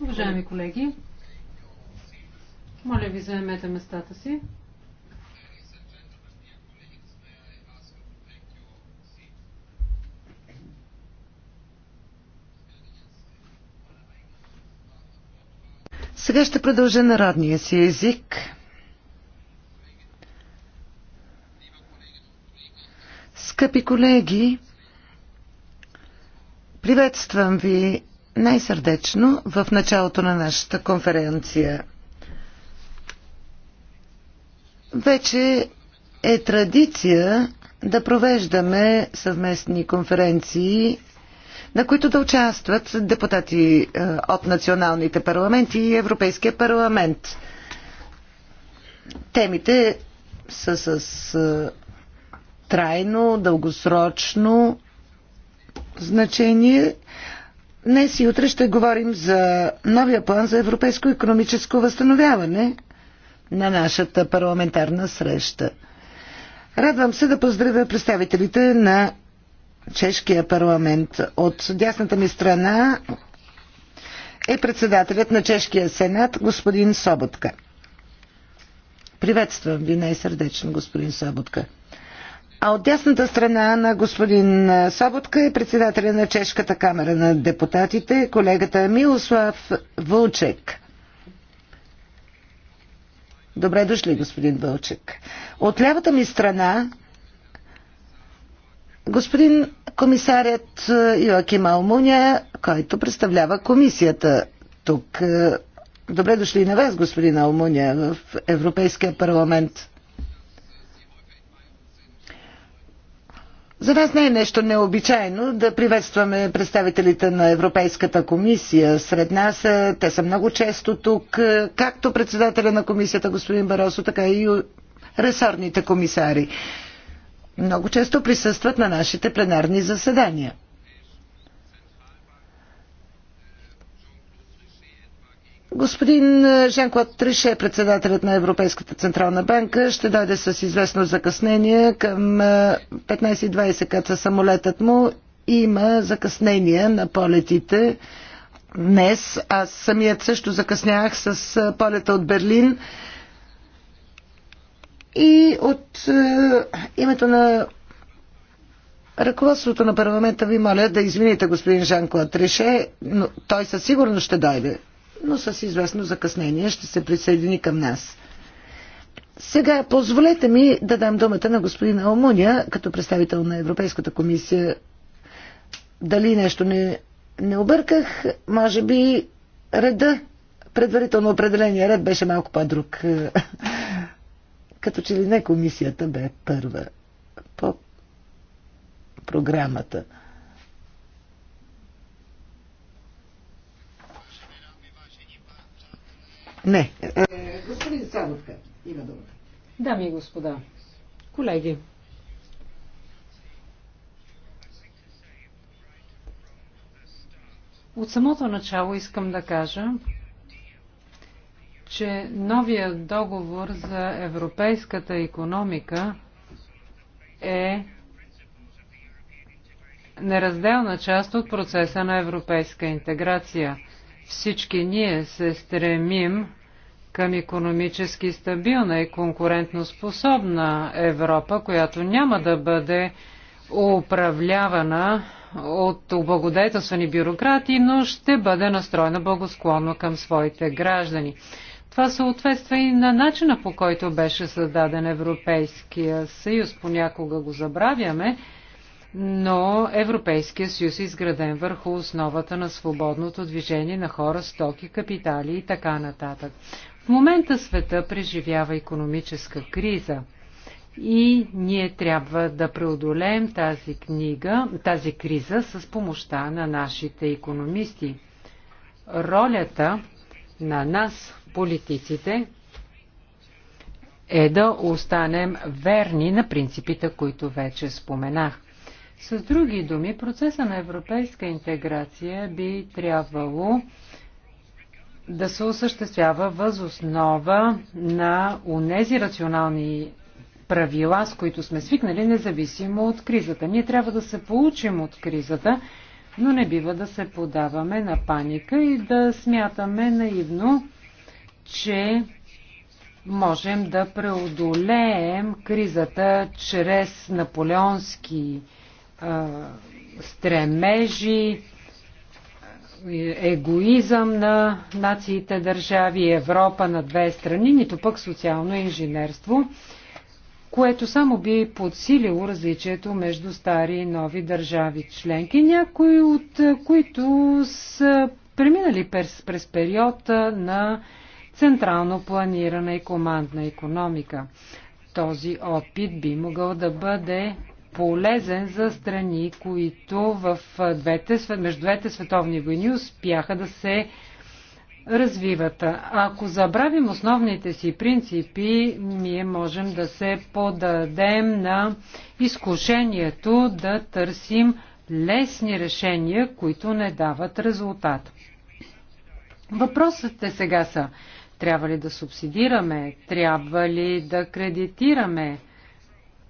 Уважаеми колеги, моля ви заемете местата си. Сега ще продължа народния си език. Скъпи колеги, Приветствам ви най-сърдечно в началото на нашата конференция. Вече е традиция да провеждаме съвместни конференции, на които да участват депутати е, от националните парламенти и Европейския парламент. Темите са с е, трайно, дългосрочно значение. Днес и утре ще говорим за новия план за европейско економическо възстановяване на нашата парламентарна среща. Радвам се да поздравя представителите на чешкия парламент. От дясната ми страна е председателят на чешкия сенат господин Соботка. Приветствам ви най-сърдечно, господин Соботка. А от дясната страна на господин Соботка е председателя на Чешката камера на депутатите, колегата Милослав Вълчек. Добре дошли, господин Вълчек. От лявата ми страна господин комисарят Йоаким Алмуня, който представлява комисията тук. Добре дошли на вас, господин Алмуня, в Европейския парламент. За нас не е нещо необичайно да приветстваме представителите на Европейската комисия. Сред нас е, те са много често тук, е, както председателя на комисията господин Баросо, така и ресорните комисари. Много често присъстват на нашите пленарни заседания. Господин е, Жан-Клод Трише, е председателят на Европейската централна банка, ще дойде с известно закъснение. Към 15.20 е, като самолетът му има закъснение на полетите. Днес аз самият също закъснях с полета от Берлин. И от е, името на ръководството на парламента ви моля да извините господин Жан Клад Трише, но той със сигурност ще дойде но с известно закъснение ще се присъедини към нас. Сега позволете ми да дам думата на господин Алмуния, като представител на Европейската комисия. Дали нещо не, не обърках, може би реда, предварително определения ред беше малко по-друг. Като че ли не комисията бе първа по програмата. Не. Господин Садовка, има думата. Дами и господа, колеги, От самото начало искам да кажа, че новия договор за европейската економика е неразделна част от процеса на европейска интеграция. Всички ние се стремим към економически стабилна и конкурентноспособна Европа, която няма да бъде управлявана от облагодетелствани бюрократи, но ще бъде настроена благосклонно към своите граждани. Това съответства и на начина по който беше създаден Европейския съюз. Понякога го забравяме, но Европейския съюз е изграден върху основата на свободното движение на хора, стоки, капитали и така нататък. В момента света преживява економическа криза и ние трябва да преодолеем тази книга, тази криза с помощта на нашите економисти. Ролята на нас, политиците, е да останем верни на принципите, които вече споменах. С други думи, процеса на европейска интеграция би трябвало да се осъществява възоснова на унези рационални правила, с които сме свикнали, независимо от кризата. Ние трябва да се получим от кризата, но не бива да се подаваме на паника и да смятаме наивно, че можем да преодолеем кризата чрез наполеонски стремежи, егоизъм на нациите, държави, Европа на две страни, нито пък социално инженерство, което само би подсилило различието между стари и нови държави членки, някои от които са преминали през, през период на централно планирана и командна економика. Този опит би могъл да бъде полезен за страни, които в двете, между двете световни войни успяха да се развиват. Ако забравим основните си принципи, ние можем да се подадем на изкушението да търсим лесни решения, които не дават резултат. Въпросът е сега са, трябва ли да субсидираме, трябва ли да кредитираме,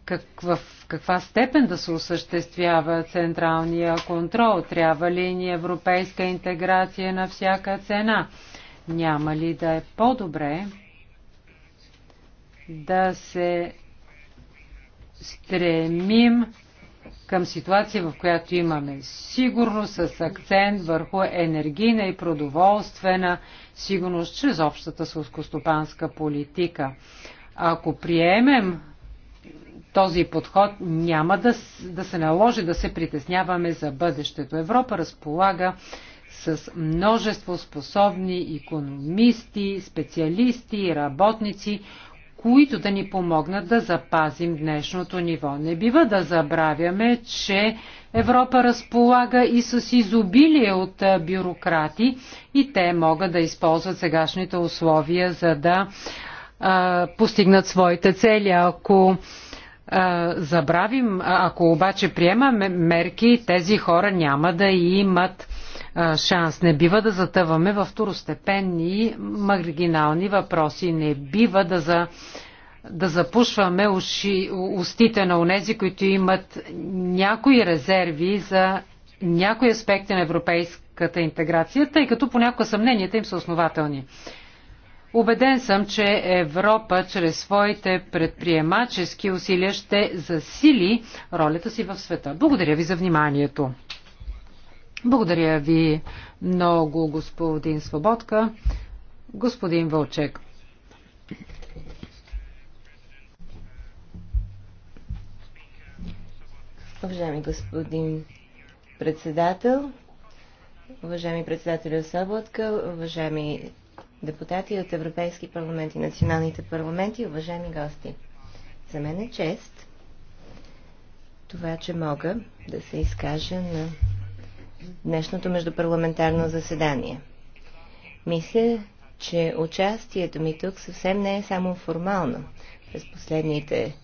как, в каква степен да се осъществява централния контрол? Трябва ли ни европейска интеграция на всяка цена? Няма ли да е по-добре да се стремим към ситуация, в която имаме сигурност с акцент върху енергийна и продоволствена сигурност чрез общата сълскостопанска политика. Ако приемем този подход няма да, да се наложи да се притесняваме за бъдещето. Европа разполага с множество способни економисти, специалисти и работници, които да ни помогнат да запазим днешното ниво. Не бива да забравяме, че Европа разполага и с изобилие от бюрократи и те могат да използват сегашните условия, за да а, постигнат своите цели. Ако а, забравим, ако обаче приемаме мерки, тези хора няма да имат шанс. Не бива да затъваме в второстепенни маргинални въпроси. Не бива да, за, да запушваме уши, устите на унези, които имат някои резерви за някои аспекти на европейската интеграция, тъй като понякога съмненията им са основателни. Убеден съм, че Европа чрез своите предприемачески усилия ще засили ролята си в света. Благодаря ви за вниманието. Благодаря ви много, господин Свободка. Господин Вълчек. Уважаеми господин председател, уважаеми председател Саботка, уважаеми депутати от Европейски парламент и националните парламенти, уважаеми гости. За мен е чест това, че мога да се изкажа на днешното междупарламентарно заседание. Мисля, че участието ми тук съвсем не е само формално. През последните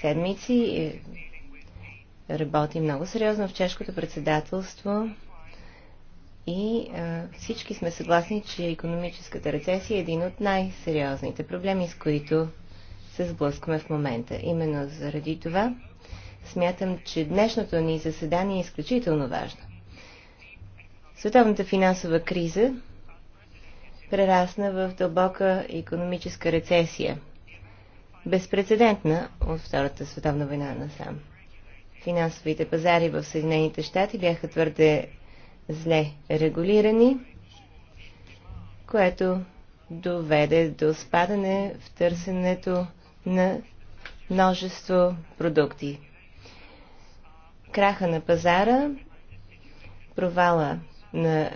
седмици е, работи много сериозно в чешкото председателство и а, е, всички сме съгласни, че економическата рецесия е един от най-сериозните проблеми, с които се сблъскваме в момента. Именно заради това смятам, че днешното ни заседание е изключително важно. Световната финансова криза прерасна в дълбока економическа рецесия, безпредседентна от Втората световна война насам. Финансовите пазари в Съединените щати бяха твърде зле регулирани, което доведе до спадане в търсенето на множество продукти. Краха на пазара, провала на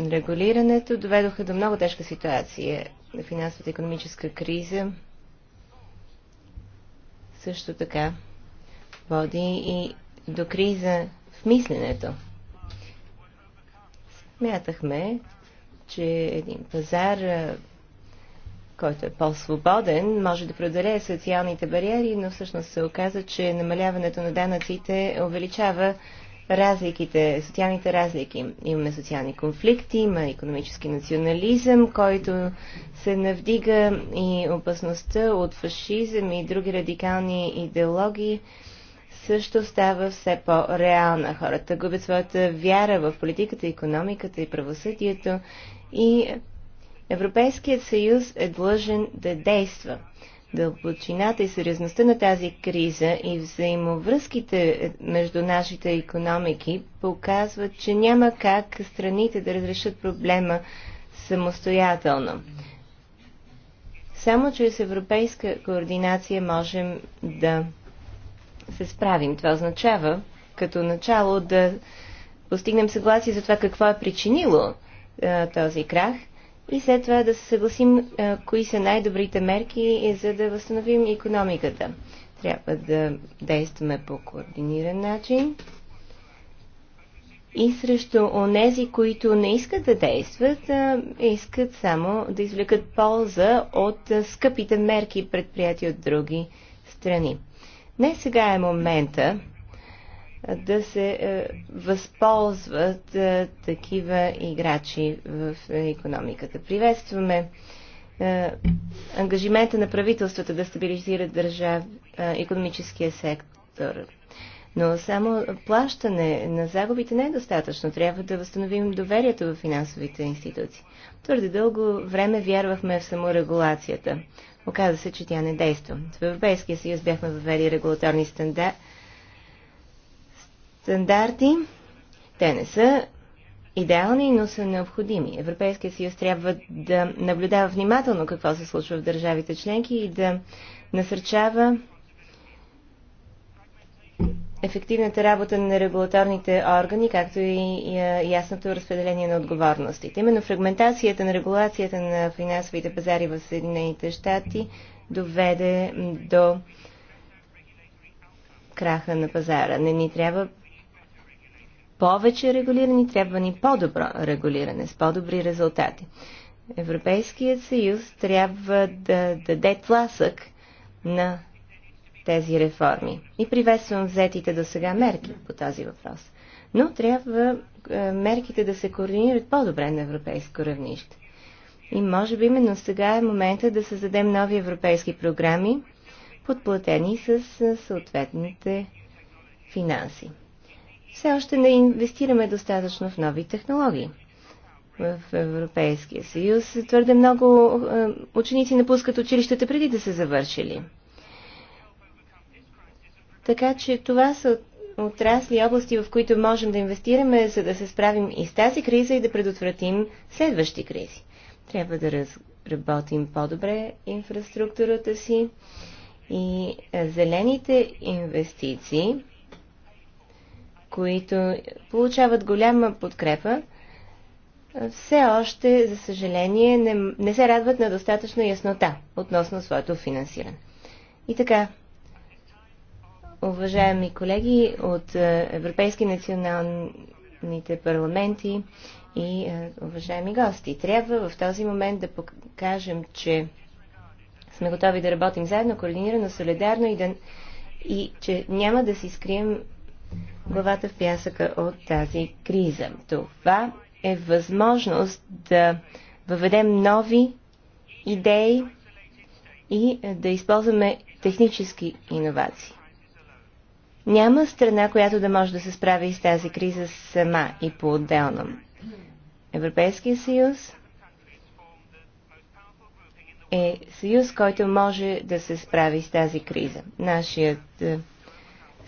регулирането доведоха до много тежка ситуация. на Финансовата економическа криза също така води и до криза в мисленето. Смятахме, че един пазар, който е по-свободен, може да преодолее социалните бариери, но всъщност се оказа, че намаляването на данъците увеличава разликите, социалните разлики. Имаме социални конфликти, има економически национализъм, който се навдига и опасността от фашизъм и други радикални идеологии също става все по-реална. Хората губят своята вяра в политиката, економиката и правосъдието и Европейският съюз е длъжен да действа. Дълбочината и сериозността на тази криза и взаимовръзките между нашите економики показват, че няма как страните да разрешат проблема самостоятелно. Само чрез европейска координация можем да се справим. Това означава като начало да постигнем съгласие за това какво е причинило а, е, този крах и след това да се съгласим а, е, кои са най-добрите мерки е, за да възстановим економиката. Трябва да действаме по координиран начин и срещу онези, които не искат да действат, а, искат само да извлекат полза от скъпите мерки предприяти от други страни. Не сега е момента да се възползват такива играчи в економиката. Приветстваме ангажимента на правителствата да стабилизират държав, економическия сектор. Но само плащане на загубите не е достатъчно. Трябва да възстановим доверието в финансовите институции. Твърде дълго време вярвахме в саморегулацията. Оказва се, че тя не действа. В Европейския съюз бяхме въвели регулаторни стандар... стандарти. Те не са идеални, но са необходими. Европейския съюз трябва да наблюдава внимателно какво се случва в държавите членки и да насърчава ефективната работа на регулаторните органи, както и ясното разпределение на отговорностите. Именно фрагментацията на регулацията на финансовите пазари в Съединените щати доведе до краха на пазара. Не ни трябва повече регулиране, трябва ни по-добро регулиране с по-добри резултати. Европейският съюз трябва да даде тласък на тези реформи. И приветствам взетите до сега мерки по този въпрос. Но трябва е, мерките да се координират по-добре на европейско равнище. И може би именно сега е момента да създадем нови европейски програми, подплатени с е, съответните финанси. Все още не инвестираме достатъчно в нови технологии в Европейския съюз. Твърде много е, ученици напускат училищата преди да са завършили. Така че това са отрасли и области, в които можем да инвестираме, за да се справим и с тази криза и да предотвратим следващи кризи. Трябва да разработим по-добре инфраструктурата си и е, зелените инвестиции, които получават голяма подкрепа, все още, за съжаление, не, не се радват на достатъчна яснота относно своето финансиране. И така, уважаеми колеги от е, Европейски националните парламенти и е, уважаеми гости. Трябва в този момент да покажем, че сме готови да работим заедно, координирано, солидарно и, да, и че няма да си скрием главата в пясъка от тази криза. Това е възможност да въведем нови идеи и е, да използваме технически иновации. Няма страна, която да може да се справи с тази криза сама и по-отделно. Европейския съюз е съюз, който може да се справи с тази криза. Нашият е,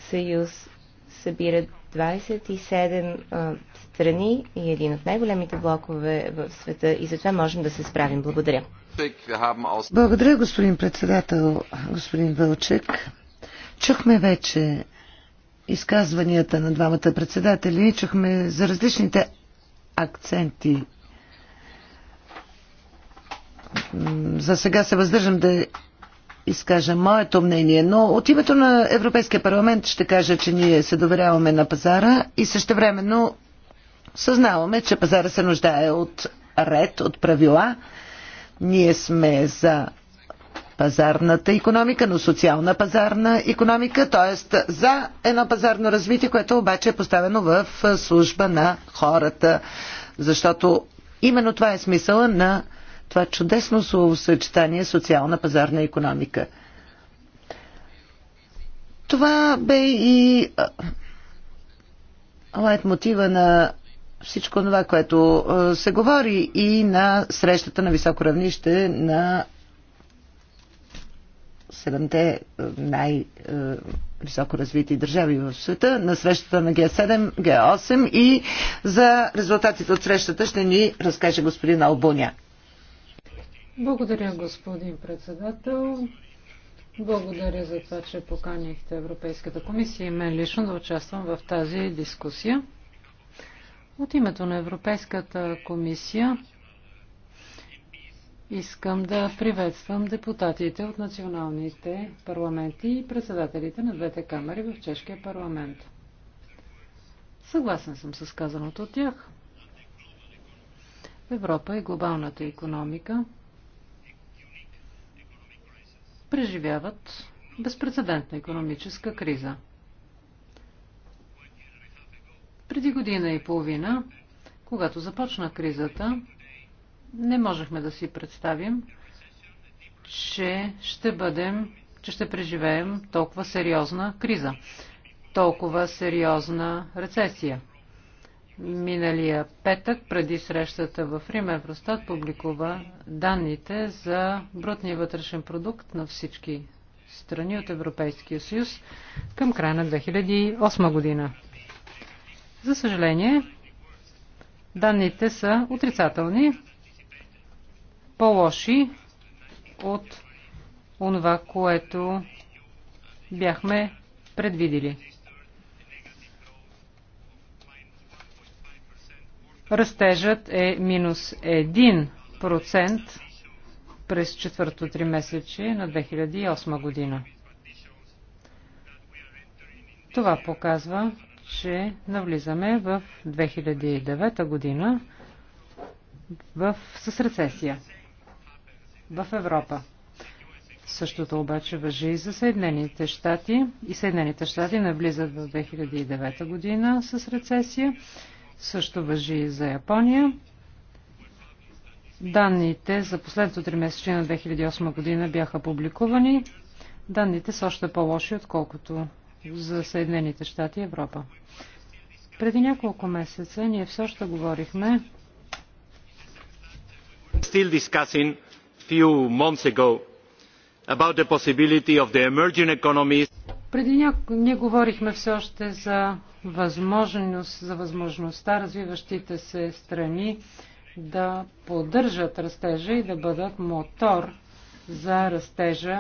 съюз събира 27 страни и един от най-големите блокове в света и затова можем да се справим. Благодаря. Благодаря, господин председател, господин Вълчек. Чухме вече изказванията на двамата председатели чухме за различните акценти. За сега се въздържам да изкажа моето мнение, но от името на Европейския парламент ще кажа, че ние се доверяваме на пазара и същевременно съзнаваме, че пазара се нуждае от ред, от правила. Ние сме за пазарната економика, но социална пазарна економика, т.е. за едно пазарно развитие, което обаче е поставено в служба на хората, защото именно това е смисъла на това чудесно словосъчетание социална пазарна економика. Това бе и лайт мотива на всичко това, което се говори и на срещата на високо равнище на седемте е, най-високо развити държави в света на срещата на Г7, Г8 и за резултатите от срещата ще ни разкаже господин Албуня. Благодаря, господин председател. Благодаря за това, че поканихте Европейската комисия и мен лично да участвам в тази дискусия. От името на Европейската комисия Искам да приветствам депутатите от националните парламенти и председателите на двете камери в Чешкия парламент. Съгласен съм с казаното от тях. Европа и е глобалната економика преживяват безпредседентна економическа криза. Преди година и половина, когато започна кризата, не можехме да си представим, че ще бъдем, че ще преживеем толкова сериозна криза, толкова сериозна рецесия. Миналия петък, преди срещата в Рим, Евростат публикува данните за брутния вътрешен продукт на всички страни от Европейския съюз към края на 2008 година. За съжаление, данните са отрицателни по-лоши от онова, което бяхме предвидели. Растежът е минус 1% през четвърто три месече на 2008 година. Това показва, че навлизаме в 2009 година в, с рецесия в Европа. Същото обаче въжи и за Съединените щати. И Съединените щати навлизат в 2009 година с рецесия. Също въжи и за Япония. Данните за последното 3 месече на 2008 година бяха публикувани. Данните са още по-лоши, отколкото за Съединените щати и Европа. Преди няколко месеца ние все още говорихме few months ago about the possibility of the emerging economies преди няколко дни говорихме все още за възможност, за възможността развиващите се страни да поддържат растежа и да бъдат мотор за растежа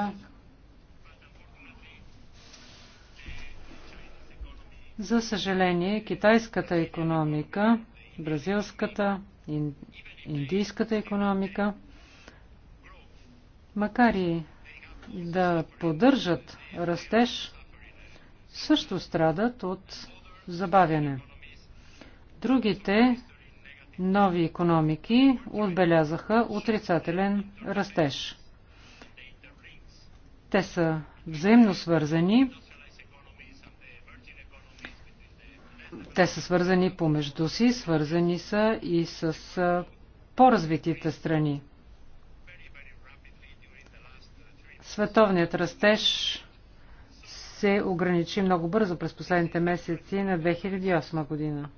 За съжаление, китайската економика, бразилската, индийската економика макар и да поддържат растеж, също страдат от забавяне. Другите нови економики отбелязаха отрицателен растеж. Те са взаимно свързани. Те са свързани помежду си, свързани са и с по-развитите страни. Световният растеж се ограничи много бързо през последните месеци на 2008 година.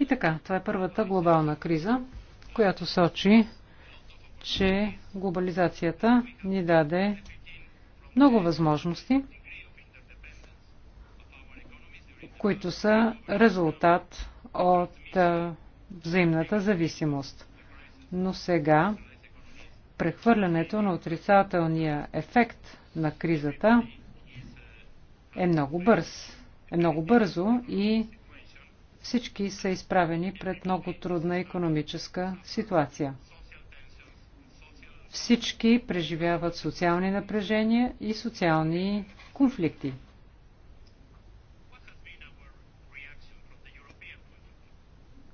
И така, това е първата глобална криза, която сочи, че глобализацията ни даде много възможности, които са резултат от взаимната зависимост. Но сега прехвърлянето на отрицателния ефект на кризата е много бърз. Е много бързо и всички са изправени пред много трудна економическа ситуация. Всички преживяват социални напрежения и социални конфликти.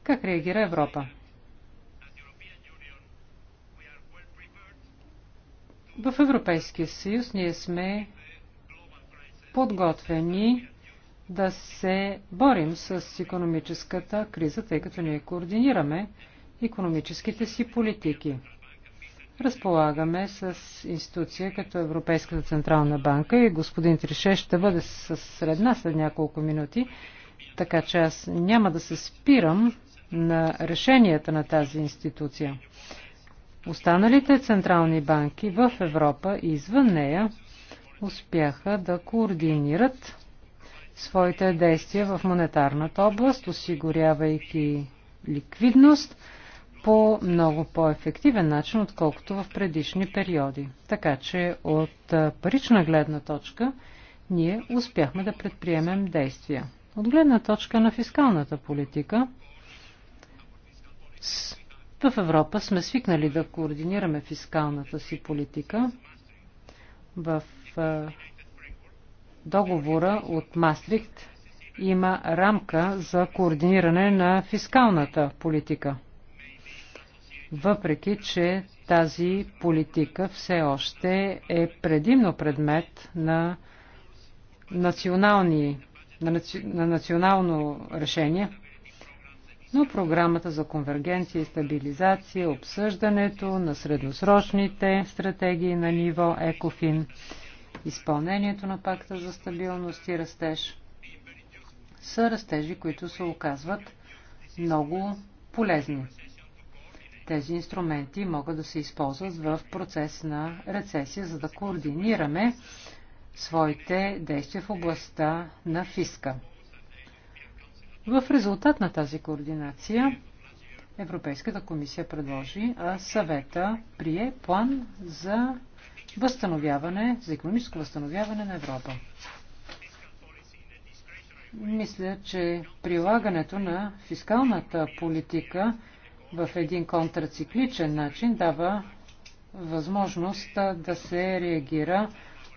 Как реагира Европа? В Европейския съюз ние сме подготвени да се борим с економическата криза, тъй като ние координираме економическите си политики. Разполагаме с институция като Европейската централна банка и господин Трише ще бъде сред нас след няколко минути, така че аз няма да се спирам на решенията на тази институция. Останалите централни банки в Европа и извън нея успяха да координират своите действия в монетарната област, осигурявайки ликвидност по много по-ефективен начин, отколкото в предишни периоди. Така че от парична гледна точка ние успяхме да предприемем действия. От гледна точка на фискалната политика, в Европа сме свикнали да координираме фискалната си политика. В договора от Мастрихт има рамка за координиране на фискалната политика. Въпреки, че тази политика все още е предимно предмет на, национални, на, наци, на национално решение, но програмата за конвергенция и стабилизация, обсъждането на средносрочните стратегии на ниво ЕКОФИН, изпълнението на пакта за стабилност и растеж са растежи, които се оказват много полезни. Тези инструменти могат да се използват в процес на рецесия, за да координираме своите действия в областта на фиска. В резултат на тази координация Европейската комисия предложи, а съвета прие план за възстановяване, за економическо възстановяване на Европа. Мисля, че прилагането на фискалната политика в един контрацикличен начин дава възможност да се реагира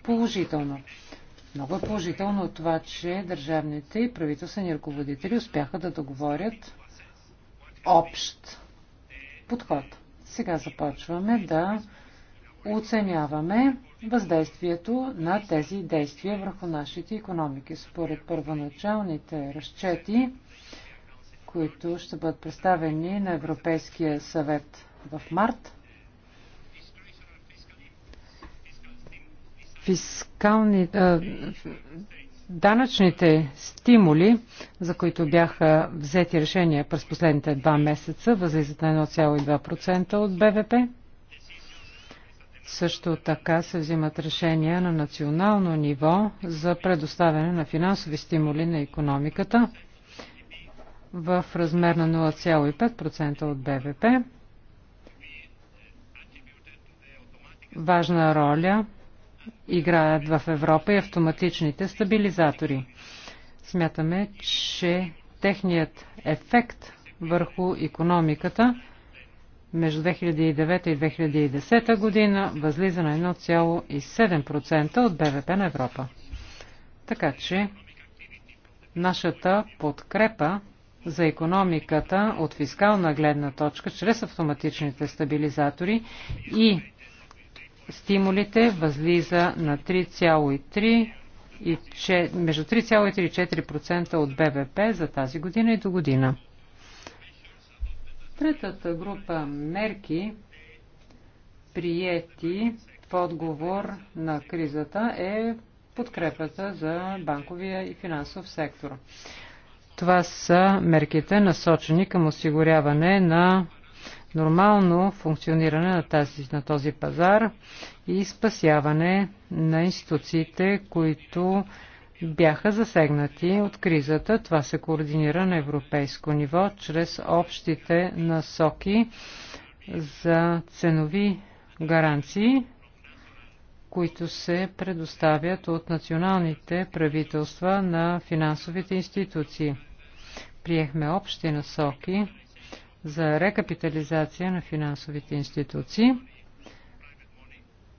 положително. Много е положително от това, че държавните и правителствени ръководители успяха да договорят общ подход. Сега започваме да оценяваме въздействието на тези действия върху нашите економики. Според първоначалните разчети, които ще бъдат представени на Европейския съвет в март, фискални, а, данъчните стимули, за които бяха взети решения през последните два месеца, възлизат на 1,2% от БВП. Също така се взимат решения на национално ниво за предоставяне на финансови стимули на економиката в размер на 0,5% от БВП. Важна роля играят в Европа и автоматичните стабилизатори. Смятаме, че техният ефект върху економиката между 2009 и 2010 година възлиза на 1,7% от БВП на Европа. Така че нашата подкрепа за економиката от фискална гледна точка чрез автоматичните стабилизатори и стимулите възлиза на 3,3 и че, между 3,3 и 4% от БВП за тази година и до година. Третата група мерки, приети в отговор на кризата, е подкрепата за банковия и финансов сектор. Това са мерките насочени към осигуряване на нормално функциониране на, тази, на този пазар и спасяване на институциите, които бяха засегнати от кризата. Това се координира на европейско ниво чрез общите насоки за ценови гаранции, които се предоставят от националните правителства на финансовите институции. Приехме общи насоки за рекапитализация на финансовите институции,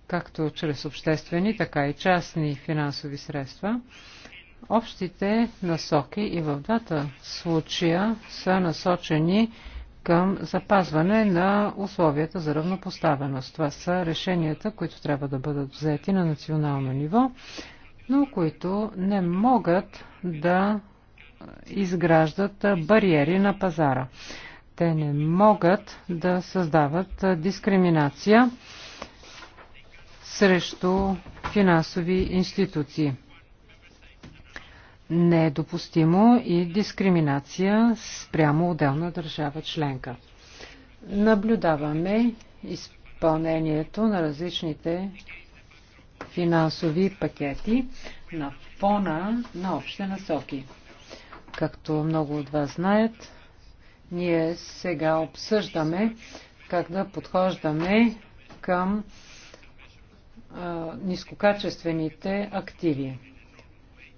както чрез обществени, така и частни финансови средства. Общите насоки и в двата случая са насочени към запазване на условията за равнопоставеност. Това са решенията, които трябва да бъдат взети на национално ниво, но които не могат да изграждат бариери на пазара. Те не могат да създават дискриминация срещу финансови институции. Не е допустимо и дискриминация спрямо отделна държава членка. Наблюдаваме изпълнението на различните финансови пакети на фона на общи насоки. Както много от вас знаят, ние сега обсъждаме как да подхождаме към а, нискокачествените активи.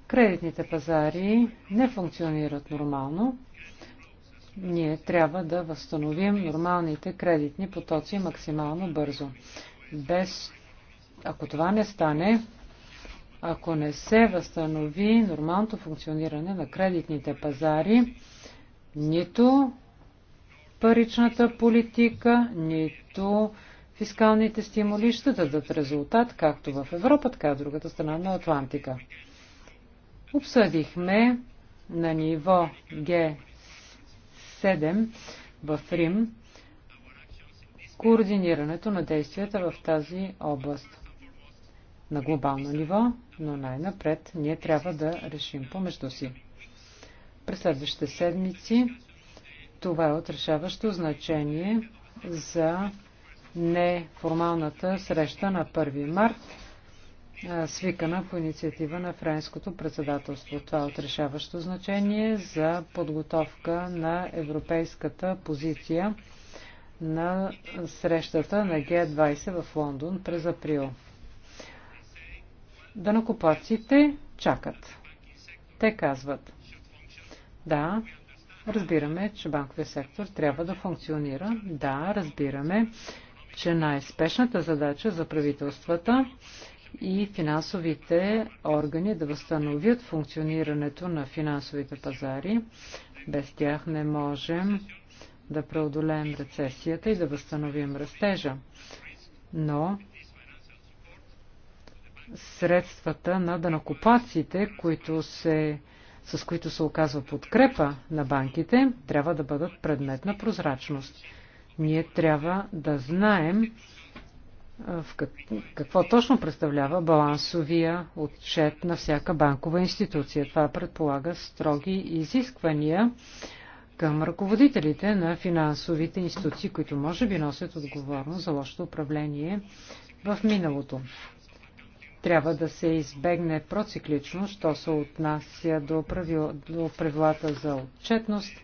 Кредитните пазари не функционират нормално. Ние трябва да възстановим нормалните кредитни потоци максимално бързо. Без, ако това не стане, ако не се възстанови нормалното функциониране на кредитните пазари, нито паричната политика, нито фискалните стимули ще дадат резултат, както в Европа, така и в другата страна на Атлантика. Обсъдихме на ниво Г7 в Рим координирането на действията в тази област. На глобално ниво, но най-напред ние трябва да решим помежду си през следващите седмици. Това е отрешаващо значение за неформалната среща на 1 март, свикана по инициатива на Френското председателство. Това е отрешаващо значение за подготовка на европейската позиция на срещата на Г20 в Лондон през април. Данокопаците чакат. Те казват – да, разбираме, че банковия сектор трябва да функционира. Да, разбираме, че най-спешната задача за правителствата и финансовите органи да възстановят функционирането на финансовите пазари. Без тях не можем да преодолеем рецесията и да възстановим растежа. Но средствата на данакопаците, които се с които се оказва подкрепа на банките, трябва да бъдат предмет на прозрачност. Ние трябва да знаем в как, какво точно представлява балансовия отчет на всяка банкова институция. Това предполага строги изисквания към ръководителите на финансовите институции, които може би носят отговорност за лошото управление в миналото. Трябва да се избегне проциклично, що се отнася до, правил, до правилата за отчетност,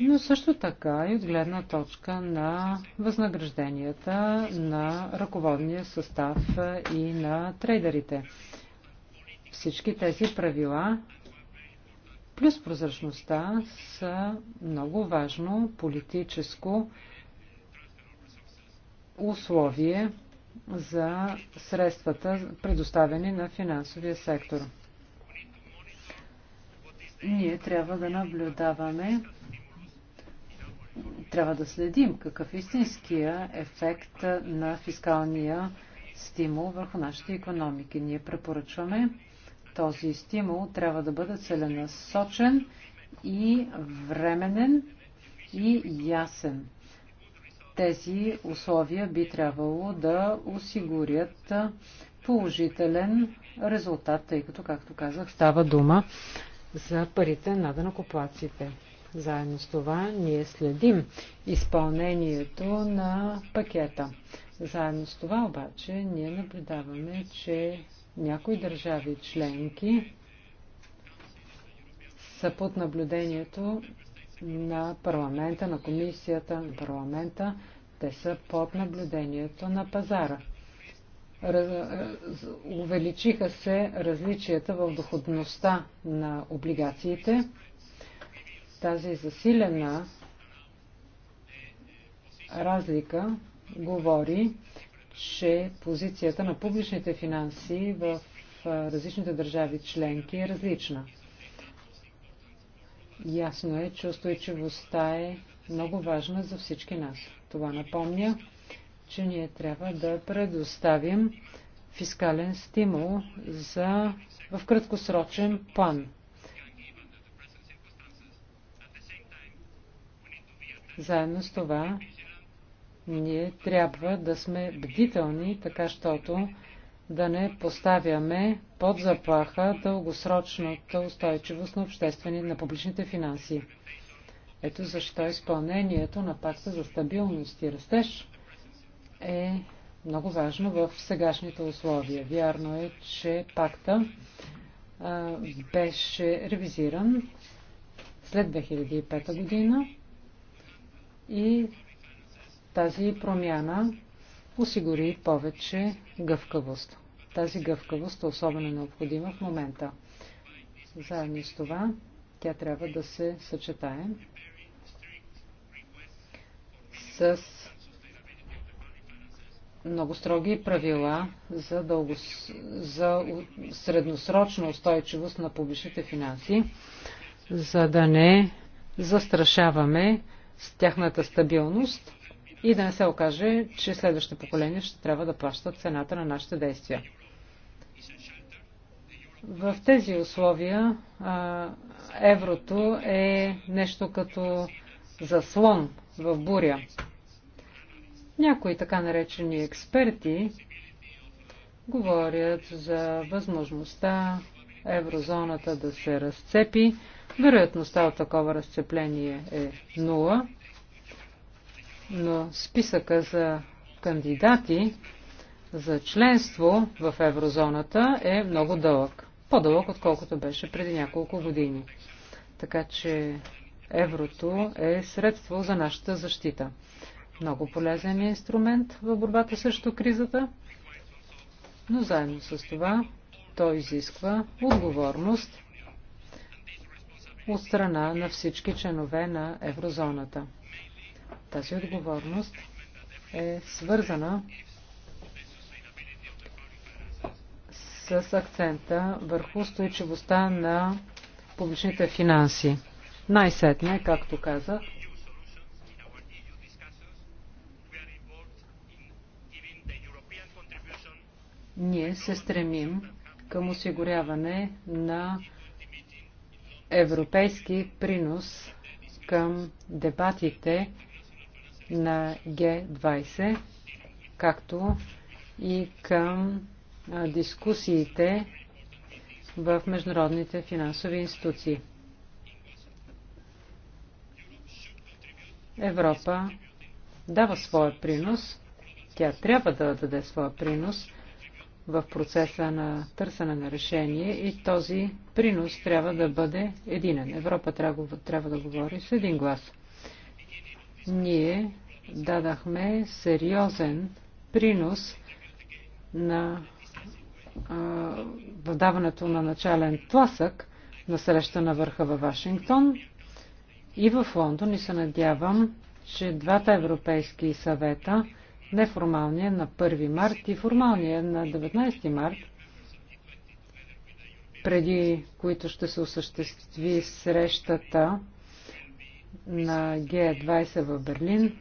но също така и от гледна точка на възнагражденията на ръководния състав и на трейдерите. Всички тези правила плюс прозрачността са много важно политическо условие за средствата, предоставени на финансовия сектор. Ние трябва да наблюдаваме, трябва да следим какъв е истинския ефект на фискалния стимул върху нашите економики. Ние препоръчваме този стимул трябва да бъде целенасочен и временен и ясен. Тези условия би трябвало да осигурят положителен резултат, тъй като, както казах, става дума за парите на данакоплаците. Заедно с това ние следим изпълнението на пакета. Заедно с това обаче ние наблюдаваме, че някои държави членки са под наблюдението на парламента, на комисията, на парламента. Те са под наблюдението на пазара. Раз, раз, увеличиха се различията в доходността на облигациите. Тази засилена разлика говори, че позицията на публичните финанси в различните държави членки е различна. Ясно е, че устойчивостта е много важна за всички нас. Това напомня, че ние трябва да предоставим фискален стимул за, в краткосрочен план. Заедно с това, ние трябва да сме бдителни, така щото да не поставяме под заплаха дългосрочната устойчивост на обществени на публичните финанси. Ето защо изпълнението на пакта за стабилност и растеж е много важно в сегашните условия. Вярно е, че пакта а, беше ревизиран след 2005 година и тази промяна осигури повече гъвкавост. Тази гъвкавост е особено необходима в момента. Заедно с това, тя трябва да се съчетае с много строги правила за, дълго, за средносрочна устойчивост на публичните финанси, за да не застрашаваме с тяхната стабилност и да не се окаже, че следващите поколения ще трябва да плащат цената на нашите действия. В тези условия а, еврото е нещо като заслон в буря. Някои така наречени експерти говорят за възможността еврозоната да се разцепи. Вероятността от такова разцепление е нула, но списъка за кандидати за членство в еврозоната е много дълъг по-дълъг, отколкото беше преди няколко години. Така че еврото е средство за нашата защита. Много полезен е инструмент в борбата срещу кризата, но заедно с това той изисква отговорност от страна на всички членове на еврозоната. Тази отговорност е свързана с акцента върху устойчивостта на публичните финанси. Най-сетне, както казах, ние се стремим към осигуряване на европейски принос към дебатите на Г-20, както и към дискусиите в международните финансови институции. Европа дава своя принос, тя трябва да даде своя принос в процеса на търсене на решение и този принос трябва да бъде единен. Европа трябва, трябва да говори с един глас. Ние дадахме сериозен принос на в даването на начален тласък на среща на върха във Вашингтон и в Лондон и се надявам, че двата европейски съвета, неформалния на 1 март и формалния на 19 март, преди които ще се осъществи срещата на Г20 в Берлин,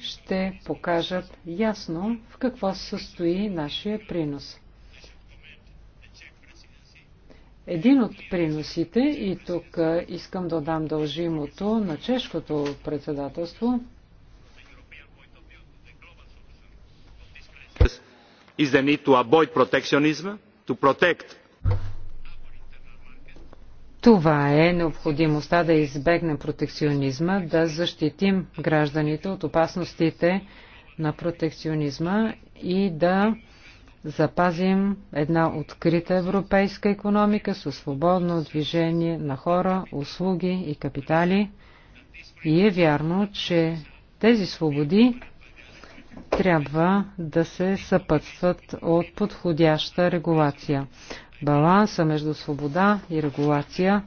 ще покажат ясно в какво състои нашия принос. Един от приносите, и тук искам да дам дължимото на чешкото председателство, is the need to avoid protectionism, to protect това е необходимостта да избегнем протекционизма, да защитим гражданите от опасностите на протекционизма и да запазим една открита европейска економика със свободно движение на хора, услуги и капитали. И е вярно, че тези свободи трябва да се съпътстват от подходяща регулация баланса между свобода и регулация,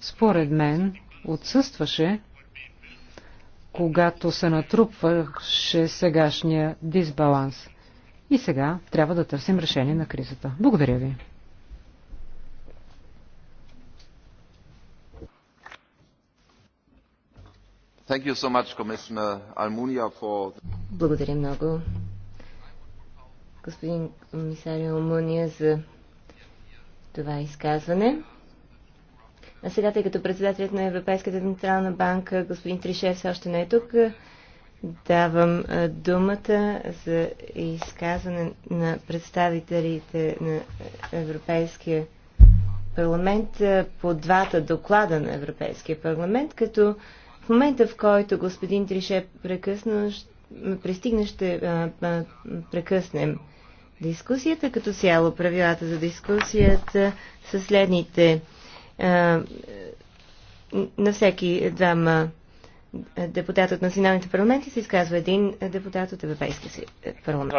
според мен, отсъстваше, когато се натрупваше сегашния дисбаланс. И сега трябва да търсим решение на кризата. Благодаря ви. So much, for... Благодаря много, господин комисар Алмуния, за това изказване. А сега, тъй като председателят на Европейската централна банка, господин Тришев, все още не е тук, давам думата за изказване на представителите на Европейския парламент по двата доклада на Европейския парламент, като в момента, в който господин Тришев прекъсна, пристигна, ще прекъснем дискусията. Като цяло правилата за дискусията са следните. На всеки двама депутат от националните парламенти се изказва един депутат от Европейския парламент.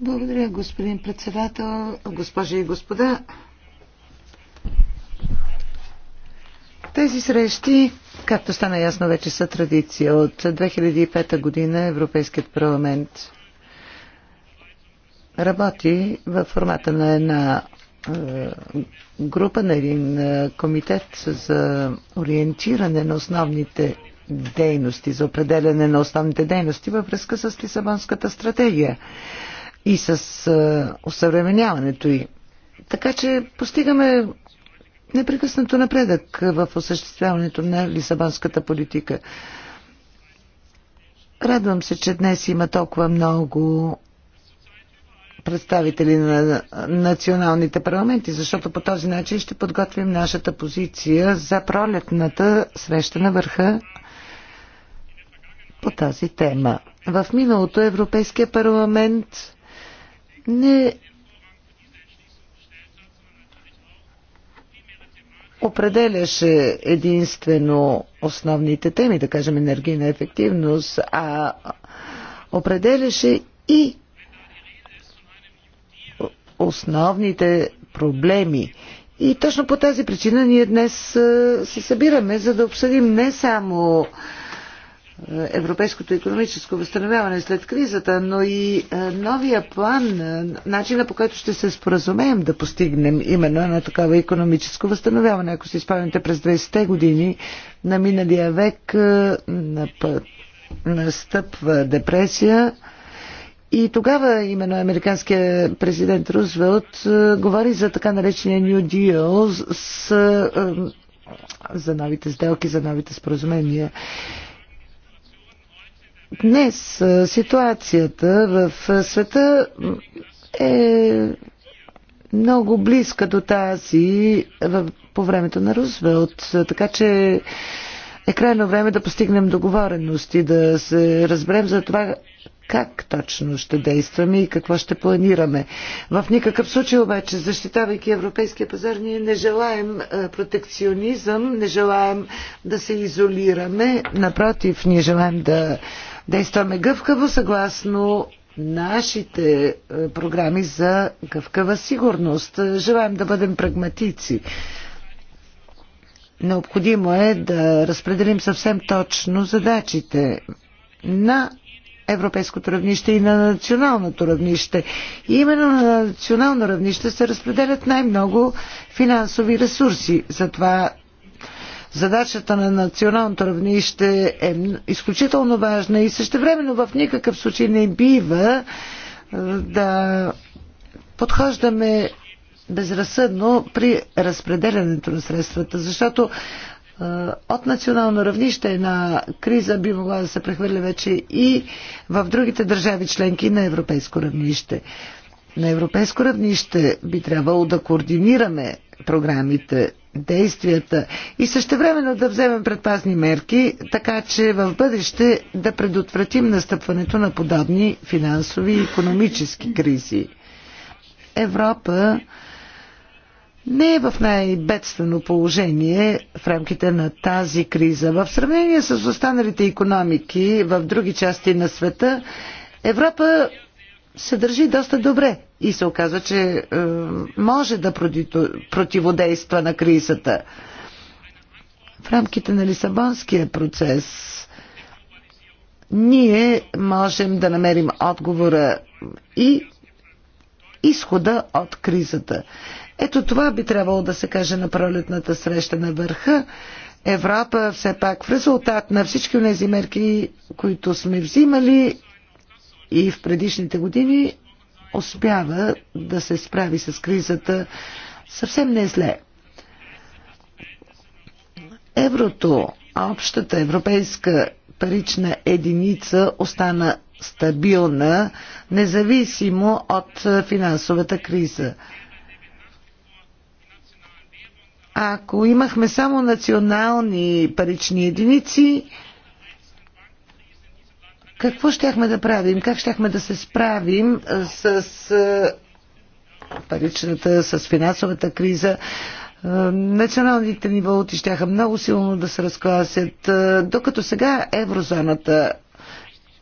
Благодаря, господин председател, госпожи и господа. Тези срещи, както стана ясно, вече са традиция. От 2005 година Европейският парламент работи в формата на една е, група, на един е, комитет за ориентиране на основните дейности, за определяне на основните дейности във връзка с Лисабонската стратегия и с е, осъвременяването й. Така че постигаме непрекъснато напредък в осъществяването на Лисабонската политика. Радвам се, че днес има толкова много представители на националните парламенти, защото по този начин ще подготвим нашата позиция за пролетната среща на върха по тази тема. В миналото Европейския парламент не определяше единствено основните теми, да кажем енергийна ефективност, а определяше и основните проблеми. И точно по тази причина ние днес се събираме, за да обсъдим не само европейското економическо възстановяване след кризата, но и новия план, начина по който ще се споразумеем да постигнем именно на такава економическо възстановяване. Ако си спомняте през 20-те години на миналия век настъпва депресия, и тогава именно американският президент Рузвелт е, говори за така наречения New Deal с, е, е, за новите сделки, за новите споразумения. Днес ситуацията в света е много близка до тази по времето на Рузвелт, така че е крайно време да постигнем договореност и да се разберем за това как точно ще действаме и какво ще планираме. В никакъв случай обаче, защитавайки европейския пазар, ние не желаем е, протекционизъм, не желаем да се изолираме. Напротив, ние желаем да действаме гъвкаво, съгласно нашите е, програми за гъвкава сигурност. Желаем да бъдем прагматици Необходимо е да разпределим съвсем точно задачите на европейското равнище и на националното равнище. И именно на национално равнище се разпределят най-много финансови ресурси. Затова задачата на националното равнище е изключително важна и същевременно в никакъв случай не бива да подхождаме безразсъдно при разпределянето на средствата, защото е, от национално равнище една криза би могла да се прехвърля вече и в другите държави членки на европейско равнище. На европейско равнище би трябвало да координираме програмите, действията и същевременно да вземем предпазни мерки, така че в бъдеще да предотвратим настъпването на подобни финансови и економически кризи. Европа не е в най-бедствено положение в рамките на тази криза. В сравнение с останалите економики в други части на света, Европа се държи доста добре и се оказва, че е, може да противодейства на кризата. В рамките на Лисабонския процес ние можем да намерим отговора и изхода от кризата. Ето това би трябвало да се каже на пролетната среща на върха. Европа все пак в резултат на всички тези мерки, които сме взимали и в предишните години, успява да се справи с кризата съвсем не е зле. Еврото, общата европейска парична единица остана стабилна, независимо от финансовата криза. Ако имахме само национални парични единици, какво щяхме да правим? Как щяхме да се справим с паричната, с финансовата криза? Националните ни валути щяха много силно да се разкласят, докато сега еврозоната,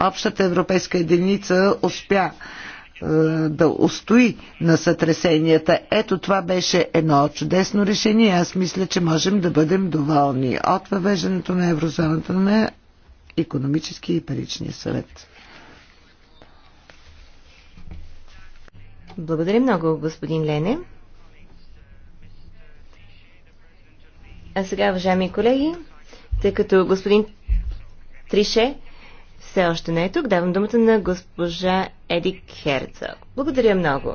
общата европейска единица, успя е, да устои на сътресенията. Ето това беше едно чудесно решение. Аз мисля, че можем да бъдем доволни от въвеждането на еврозоната на економически и паричния съвет. Благодаря много, господин Лене. А сега, уважаеми колеги, тъй като господин Трише все още не е тук. Давам думата на госпожа Едик Херцог. Благодаря много.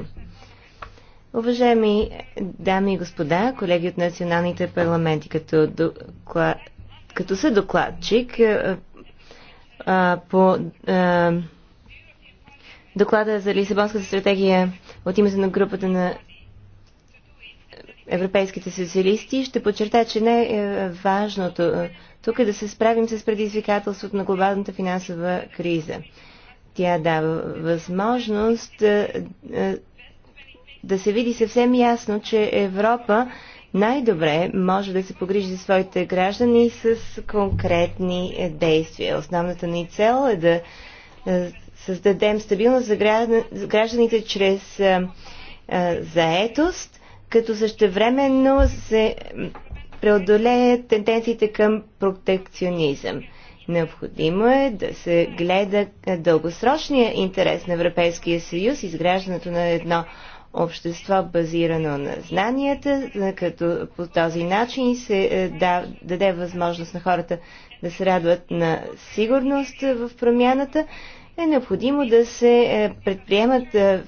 Уважаеми дами и господа, колеги от националните парламенти, като, доклад, като са докладчик е, е, а, по а, е, доклада за Лисабонската стратегия от името на групата на европейските социалисти, ще подчертая, че не е важното тук е да се справим с предизвикателството на глобалната финансова криза. Тя дава възможност е, е, да, се види съвсем ясно, че Европа най-добре може да се погрижи за своите граждани с конкретни е, действия. Основната ни цел е да създадем стабилност за гражданите чрез заетост, като същевременно се преодолеят тенденциите към протекционизъм. Необходимо е да се гледа дългосрочния интерес на Европейския съюз, изграждането на едно общество базирано на знанията, като по този начин се е, даде възможност на хората да се радват на сигурност в промяната, е необходимо да се е, предприемат е,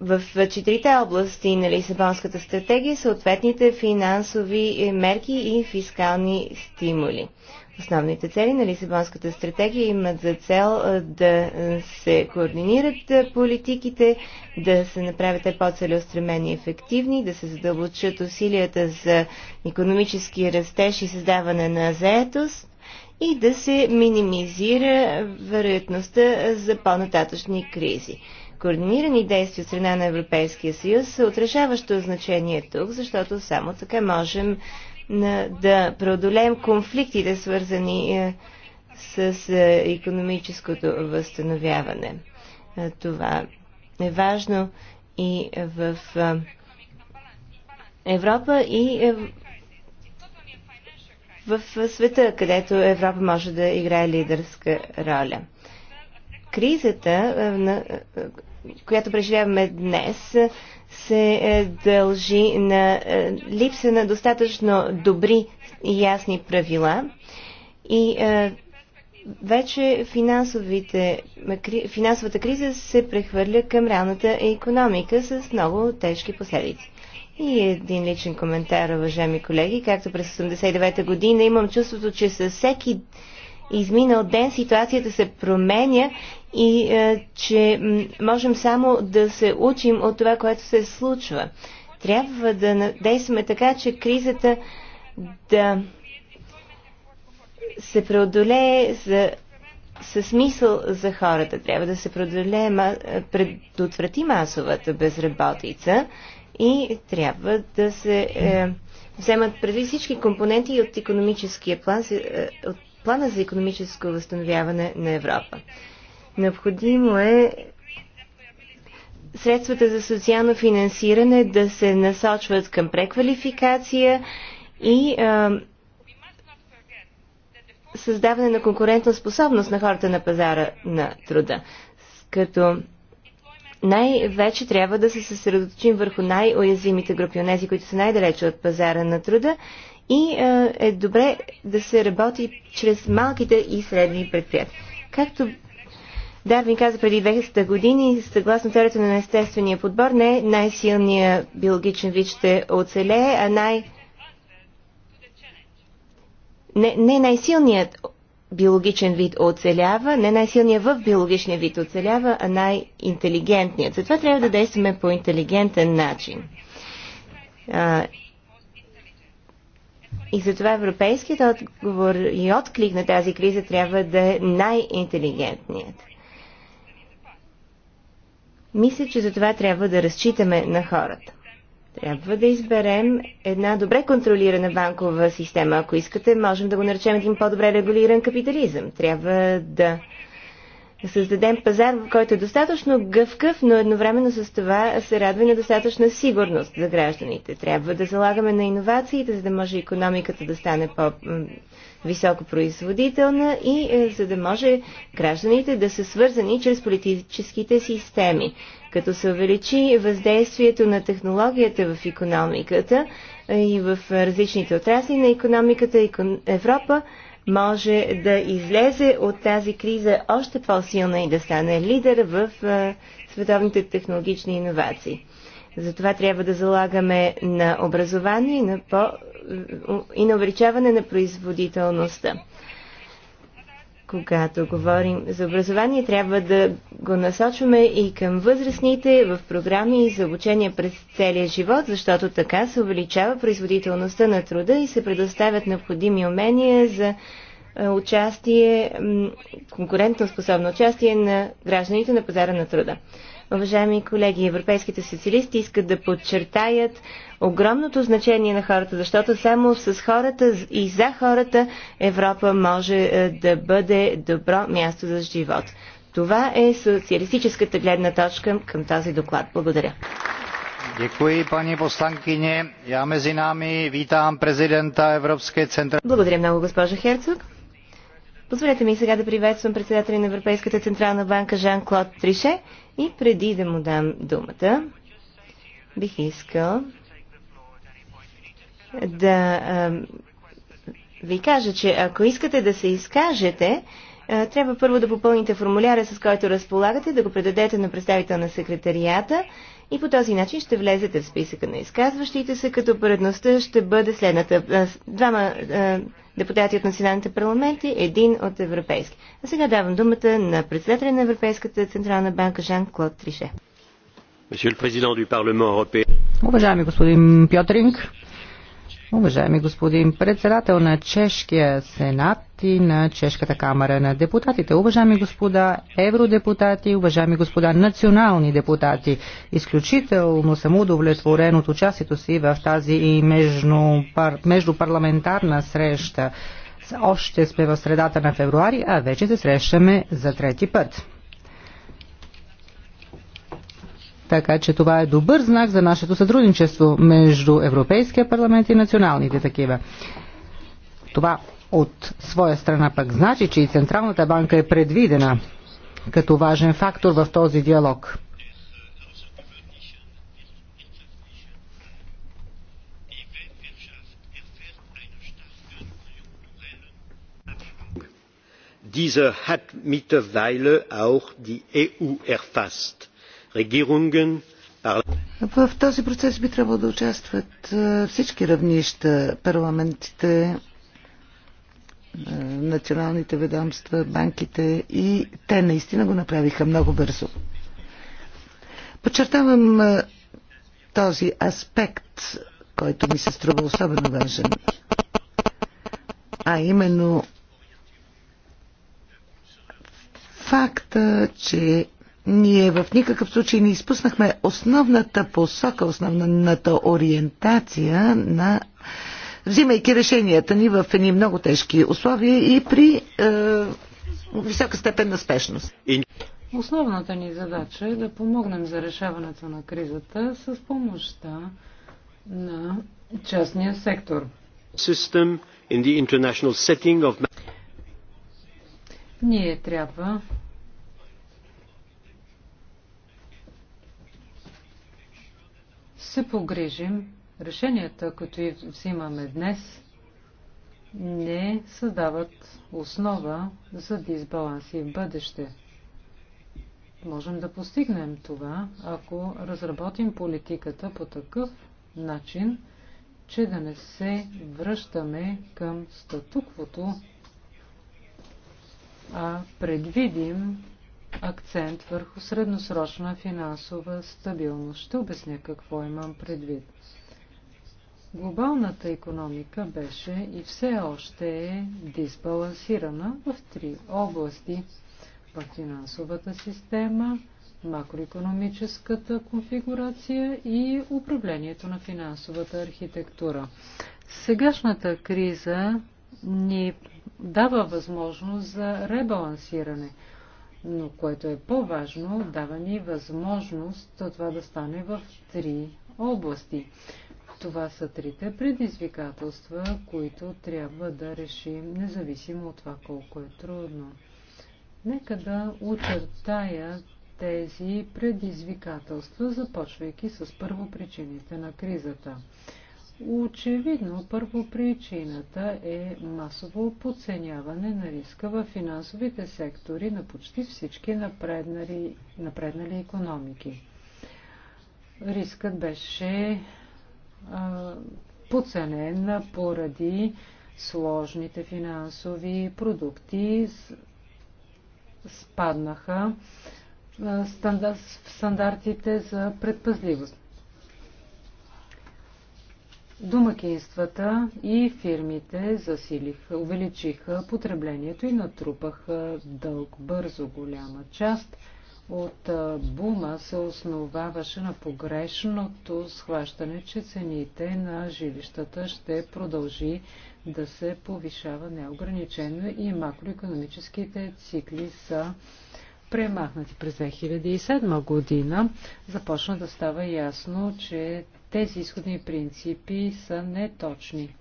в четирите области на Лисабонската стратегия съответните финансови е, мерки и фискални стимули. Основните цели на Лисабонската стратегия имат за цел е, да се координират е, политиките, да се направят те по-целеустремени и ефективни, да се задълбочат усилията за економически растеж и създаване на заетост и да се минимизира вероятността за по-нататъчни кризи координирани действия от страна на Европейския съюз са е отражаващо значение тук, защото само така можем да преодолеем конфликтите, свързани е, с економическото възстановяване. Е, това е важно и в Европа и в света, където Европа може да играе лидерска роля. Кризата, която преживяваме днес, се е, дължи на е, липса на достатъчно добри и ясни правила и е, вече финансовата криза се прехвърля към реалната економика с много тежки последици. И един личен коментар, уважаеми колеги. Както през 89-та година имам чувството, че със всеки изминал ден ситуацията се променя и е, че можем само да се учим от това, което се случва. Трябва да действаме така, че кризата да се преодолее за, със смисъл за хората. Трябва да се преодолее, е, предотврати масовата безработица и трябва да се е, вземат преди всички компоненти от економическия план, е, от плана за економическо възстановяване на Европа. Необходимо е средствата за социално финансиране да се насочват към преквалификация и а, създаване на конкурентна способност на хората на пазара на труда. Като най-вече трябва да се съсредоточим върху най-уязвимите групи, онези, които са най-далече от пазара на труда и е, е добре да се работи чрез малките и средни предприятия. Както Дарвин каза преди 200 години, съгласно теорията на естествения подбор, не най-силният биологичен вид ще оцелее, а най... Не, не най-силният биологичен вид оцелява, не най-силният в биологичния вид оцелява, а най-интелигентният. Затова трябва да действаме по интелигентен начин. А, и затова европейският отговор и отклик на тази криза трябва да е най-интелигентният. Мисля, че за това трябва да разчитаме на хората. Трябва да изберем една добре контролирана банкова система. Ако искате, можем да го наречем един по-добре регулиран капитализъм. Трябва да създадем пазар, в който е достатъчно гъвкав, но едновременно с това се радва на достатъчна сигурност за гражданите. Трябва да залагаме на иновациите, за да може економиката да стане по- високопроизводителна и е, за да може гражданите да са свързани чрез политическите системи. Като се увеличи въздействието на технологията в економиката е, и в различните отрасли на економиката, Европа може да излезе от тази криза още по-силна и да стане лидер в е, световните технологични иновации. Затова трябва да залагаме на образование и на, по... и на увеличаване на производителността. Когато говорим за образование, трябва да го насочваме и към възрастните в програми за обучение през целия живот, защото така се увеличава производителността на труда и се предоставят необходими умения за е, участие, конкурентно способно участие на гражданите на пазара на труда. Уважаеми колеги, европейските социалисти искат да подчертаят огромното значение на хората, защото само с хората и за хората Европа може е, да бъде добро място за живот. Това е социалистическата гледна точка към този доклад. Благодаря. Děkuji, paní poslankyně. Já mezi námi vítám prezidenta Evropské centrální. Благодаря много, госпожо Херцог. Позволете ми сега да приветствам председателя на Европейската Централна банка Жан-Клод Трише и преди да му дам думата, бих искал да а, ви кажа, че ако искате да се изкажете, а, трябва първо да попълните формуляра, с който разполагате, да го предадете на представител на секретарията и по този начин ще влезете в списъка на изказващите се, като поредността ще бъде следната. Двама депутати от националните парламенти, един от европейски. А сега давам думата на председателя на Европейската централна банка Жан-Клод Трише. Уважаеми господин Пьотринг, Уважаеми господин председател на Чешкия сенат и на Чешката камера на депутатите, уважаеми господа евродепутати, уважаеми господа национални депутати, изключително съм удовлетворен от участието си в тази и междупарламентарна среща. Още сме в средата на февруари, а вече се срещаме за трети път. Така че това е добър знак за нашето сътрудничество между Европейския парламент и националните такива. Това от своя страна пък значи, че и Централната банка е предвидена като важен фактор в този диалог. Diese hat mittlerweile auch die EU erfasst Regierungen, в този процес би трябвало да участват всички равнища, парламентите, националните ведомства, банките и те наистина го направиха много бързо. Подчертавам този аспект, който ми се струва особено важен, а именно факта, че ние в никакъв случай не изпуснахме основната посока, основната ориентация на взимайки решенията ни в едни много тежки условия и при е, висока степен на спешност. Основната ни задача е да помогнем за решаването на кризата с помощта на частния сектор. Of... Ние трябва се погрижим решенията, които взимаме днес, не създават основа за дисбаланси в бъдеще. Можем да постигнем това, ако разработим политиката по такъв начин, че да не се връщаме към статуквото, а предвидим акцент върху средносрочна финансова стабилност. Ще обясня какво имам предвид. Глобалната економика беше и все още е дисбалансирана в три области в финансовата система, макроекономическата конфигурация и управлението на финансовата архитектура. Сегашната криза ни дава възможност за ребалансиране – но което е по-важно, дава ни възможност това да стане в три области. Това са трите предизвикателства, които трябва да решим, независимо от това колко е трудно. Нека да очертая тези предизвикателства, започвайки с първопричините на кризата. Очевидно, първо причината е масово подценяване на риска в финансовите сектори на почти всички напреднали, напреднали економики. Рискът беше а, подценен поради сложните финансови продукти, спаднаха стандар, стандартите за предпазливост. Домакинствата и фирмите засилиха, увеличиха потреблението и натрупаха дълг бързо. Голяма част от бума се основаваше на погрешното схващане, че цените на жилищата ще продължи да се повишава неограничено и макроекономическите цикли са премахнати през 2007 година. Започна да става ясно, че тези изходни принципи са неточни.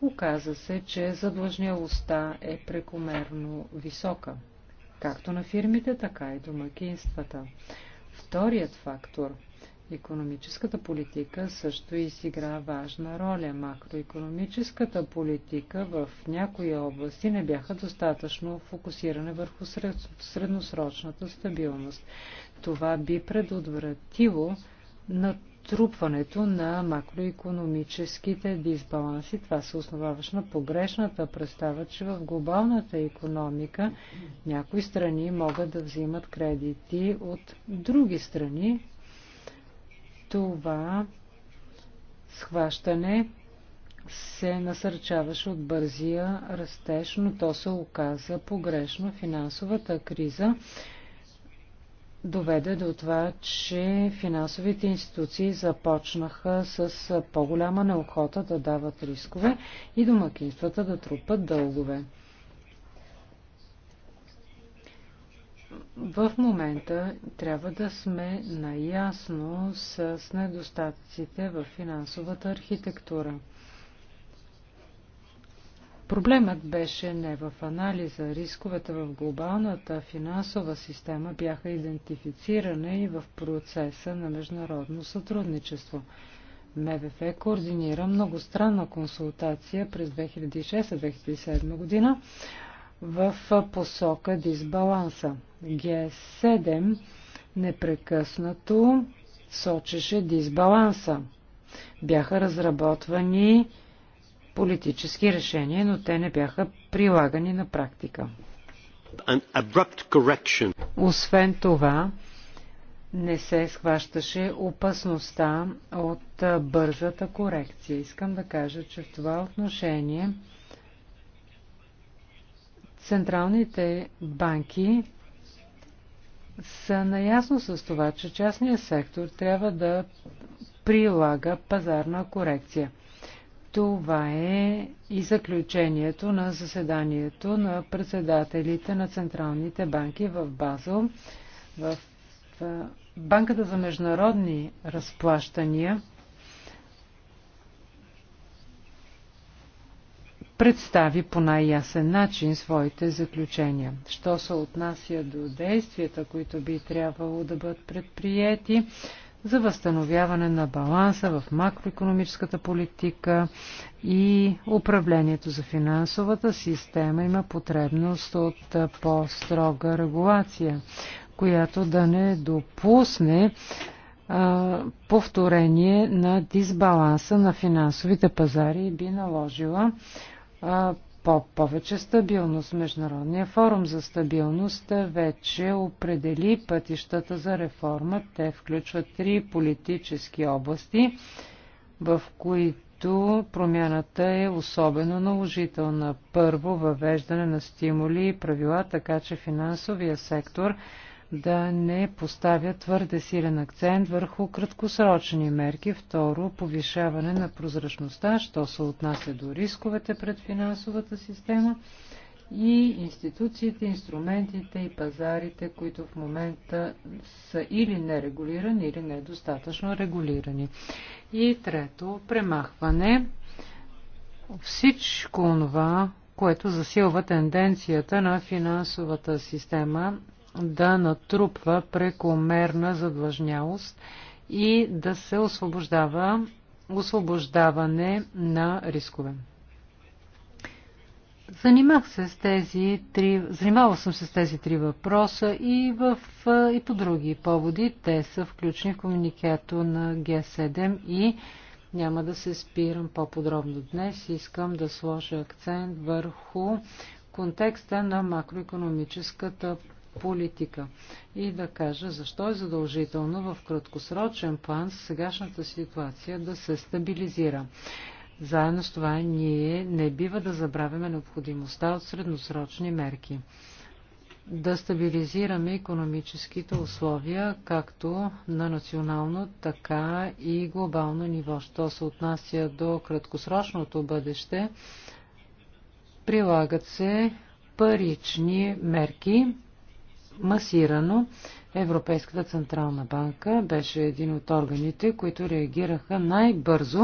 Оказа се, че задлъжнялостта е прекомерно висока, както на фирмите, така и домакинствата. Вторият фактор Економическата политика също изигра важна роля. Макроекономическата политика в някои области не бяха достатъчно фокусирани върху средносрочната стабилност. Това би предотвратило на натрупването на макроекономическите дисбаланси. Това се основаваш на погрешната представа, че в глобалната економика някои страни могат да взимат кредити от други страни. Това схващане се насърчаваше от бързия растеж, но то се оказа погрешно. Финансовата криза доведе до това, че финансовите институции започнаха с по-голяма неохота да дават рискове и домакинствата да трупат дългове. В момента трябва да сме наясно с недостатъците в финансовата архитектура. Проблемът беше не в анализа. Рисковете в глобалната финансова система бяха идентифицирани и в процеса на международно сътрудничество. МВФ координира многостранна консултация през 2006-2007 година в посока дисбаланса. Г7 непрекъснато сочеше дисбаланса. Бяха разработвани политически решения, но те не бяха прилагани на практика. Освен това, не се схващаше опасността от бързата корекция. Искам да кажа, че в това отношение централните банки са наясно с това, че частният сектор трябва да прилага пазарна корекция. Това е и заключението на заседанието на председателите на централните банки в Базел. В Банката за международни разплащания представи по най-ясен начин своите заключения. Що се отнася до действията, които би трябвало да бъдат предприяти, за възстановяване на баланса в макроекономическата политика и управлението за финансовата система има потребност от по-строга регулация, която да не допусне повторение на дисбаланса на финансовите пазари и би наложила по повече стабилност. Международния форум за стабилност вече определи пътищата за реформа. Те включват три политически области, в които промяната е особено наложителна. Първо, въвеждане на стимули и правила, така че финансовия сектор – да не поставя твърде силен акцент върху краткосрочни мерки. Второ, повишаване на прозрачността, що се отнася до рисковете пред финансовата система и институциите, инструментите и пазарите, които в момента са или нерегулирани, или недостатъчно регулирани. И трето, премахване. Всичко това, което засилва тенденцията на финансовата система да натрупва прекомерна задлъжнялост и да се освобождава освобождаване на рискове. Занимах се с тези три, занимавал съм се с тези три въпроса и, в, и по други поводи. Те са включени в комуникето на Г7 и няма да се спирам по-подробно днес. Искам да сложа акцент върху контекста на макроекономическата политика и да кажа защо е задължително в краткосрочен план сегашната ситуация да се стабилизира. Заедно с това ние не бива да забравяме необходимостта от средносрочни мерки. Да стабилизираме економическите условия, както на национално, така и глобално ниво. Що се отнася до краткосрочното бъдеще, прилагат се парични мерки, масирано. Европейската централна банка беше един от органите, които реагираха най-бързо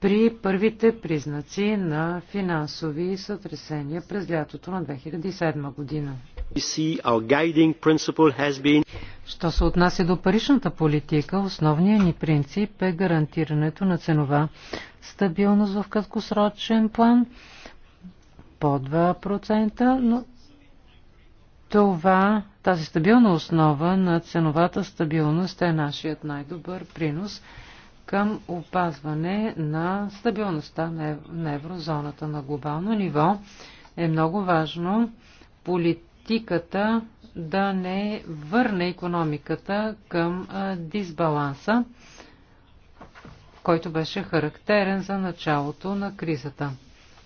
при първите признаци на финансови сътресения през лятото на 2007 година. Що се отнася до паричната политика, основният ни принцип е гарантирането на ценова стабилност в краткосрочен план по 2%, но това, тази стабилна основа на ценовата стабилност е нашият най-добър принос към опазване на стабилността на еврозоната на глобално ниво. Е много важно политиката да не върне економиката към дисбаланса, който беше характерен за началото на кризата.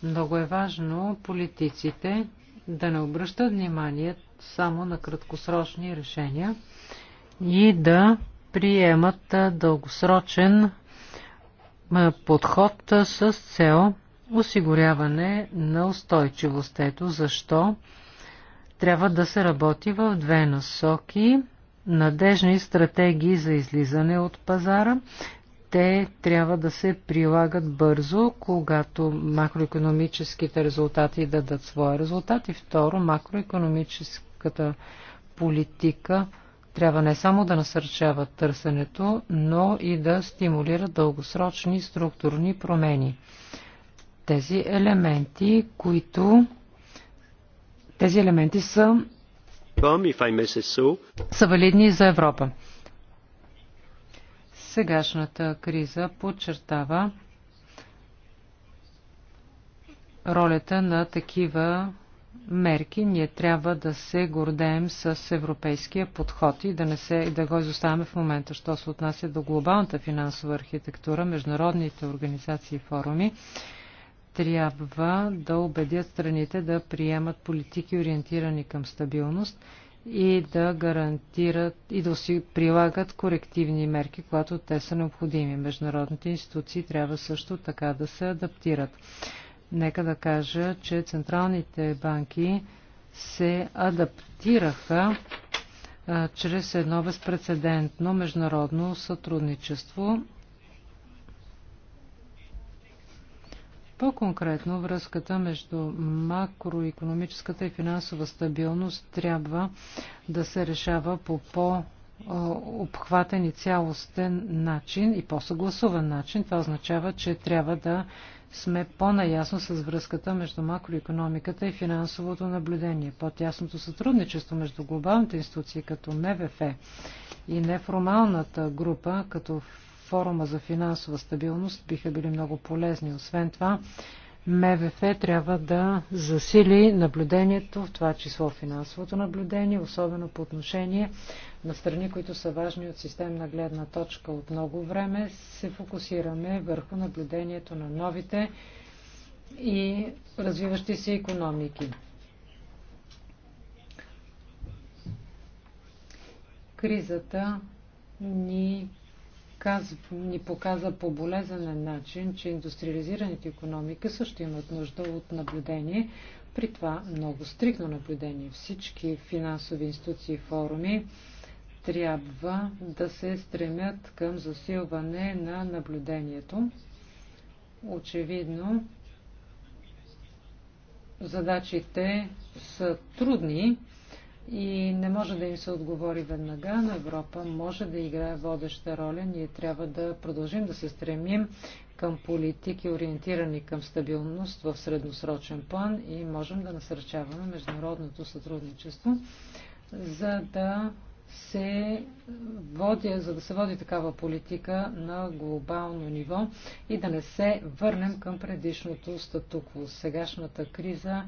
Много е важно политиците да не обръщат внимание само на краткосрочни решения и да приемат дългосрочен подход с цел осигуряване на устойчивост. Ето защо трябва да се работи в две насоки надежни стратегии за излизане от пазара, те трябва да се прилагат бързо, когато макроекономическите резултати дадат своя резултат. И второ, макроекономическата политика трябва не само да насърчава търсенето, но и да стимулира дългосрочни структурни промени. Тези елементи, които тези елементи са, са валидни за Европа. Сегашната криза подчертава ролята на такива мерки. Ние трябва да се гордеем с европейския подход и да, не се, да го изоставяме в момента. Що се отнася до глобалната финансова архитектура, международните организации и форуми, трябва да убедят страните да приемат политики ориентирани към стабилност – и да гарантират и да си прилагат корективни мерки, когато те са необходими. Международните институции трябва също така да се адаптират. Нека да кажа, че централните банки се адаптираха а, чрез едно безпредседентно международно сътрудничество По-конкретно връзката между макроекономическата и финансова стабилност трябва да се решава по по- обхватен и цялостен начин и по-съгласуван начин. Това означава, че трябва да сме по-наясно с връзката между макроекономиката и финансовото наблюдение. По-тясното сътрудничество между глобалните институции като МВФ и неформалната група като форума за финансова стабилност биха били много полезни. Освен това, МВФ трябва да засили наблюдението, в това число финансовото наблюдение, особено по отношение на страни, които са важни от системна гледна точка. От много време се фокусираме върху наблюдението на новите и развиващи се економики. Кризата ни показва, ни показа по болезнен начин, че индустриализираните економики също имат нужда от наблюдение, при това много стрикно наблюдение. Всички финансови институции и форуми трябва да се стремят към засилване на наблюдението. Очевидно, задачите са трудни, и не може да им се отговори веднага, но Европа може да играе водеща роля. Ние трябва да продължим да се стремим към политики, ориентирани към стабилност в средносрочен план и можем да насърчаваме международното сътрудничество, за да се води, за да се води такава политика на глобално ниво и да не се върнем към предишното статукво. Сегашната криза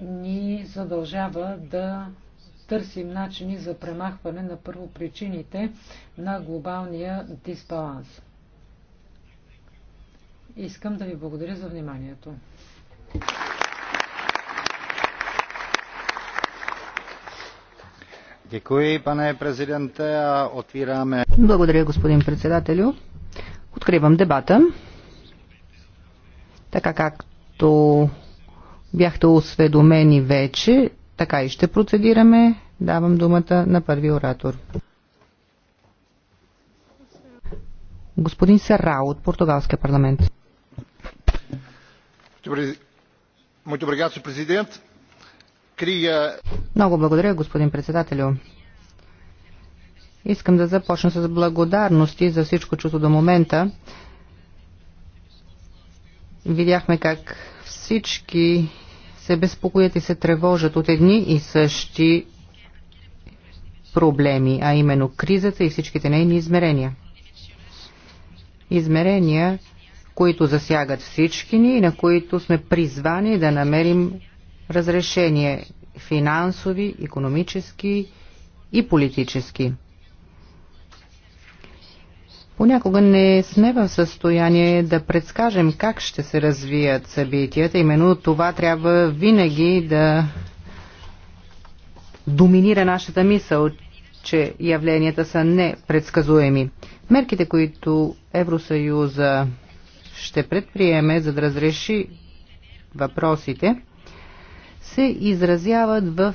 ни задължава да търсим начини за премахване на първопричините на глобалния дисбаланс. Искам да ви благодаря за вниманието. Благодаря, господин председателю. Откривам дебата. Така както Бяхте осведомени вече, така и ще процедираме. Давам думата на първи оратор. Господин Сарао от Португалския парламент. Много благодаря, господин председателю. Искам да започна с благодарности за всичко чуто до момента. Видяхме как всички се безпокоят и се тревожат от едни и същи проблеми, а именно кризата и всичките нейни измерения. Измерения, които засягат всички ни и на които сме призвани да намерим разрешение финансови, економически и политически. Понякога не сме в състояние да предскажем как ще се развият събитията. Именно това трябва винаги да доминира нашата мисъл, че явленията са непредсказуеми. Мерките, които Евросъюза ще предприеме, за да разреши въпросите, се изразяват в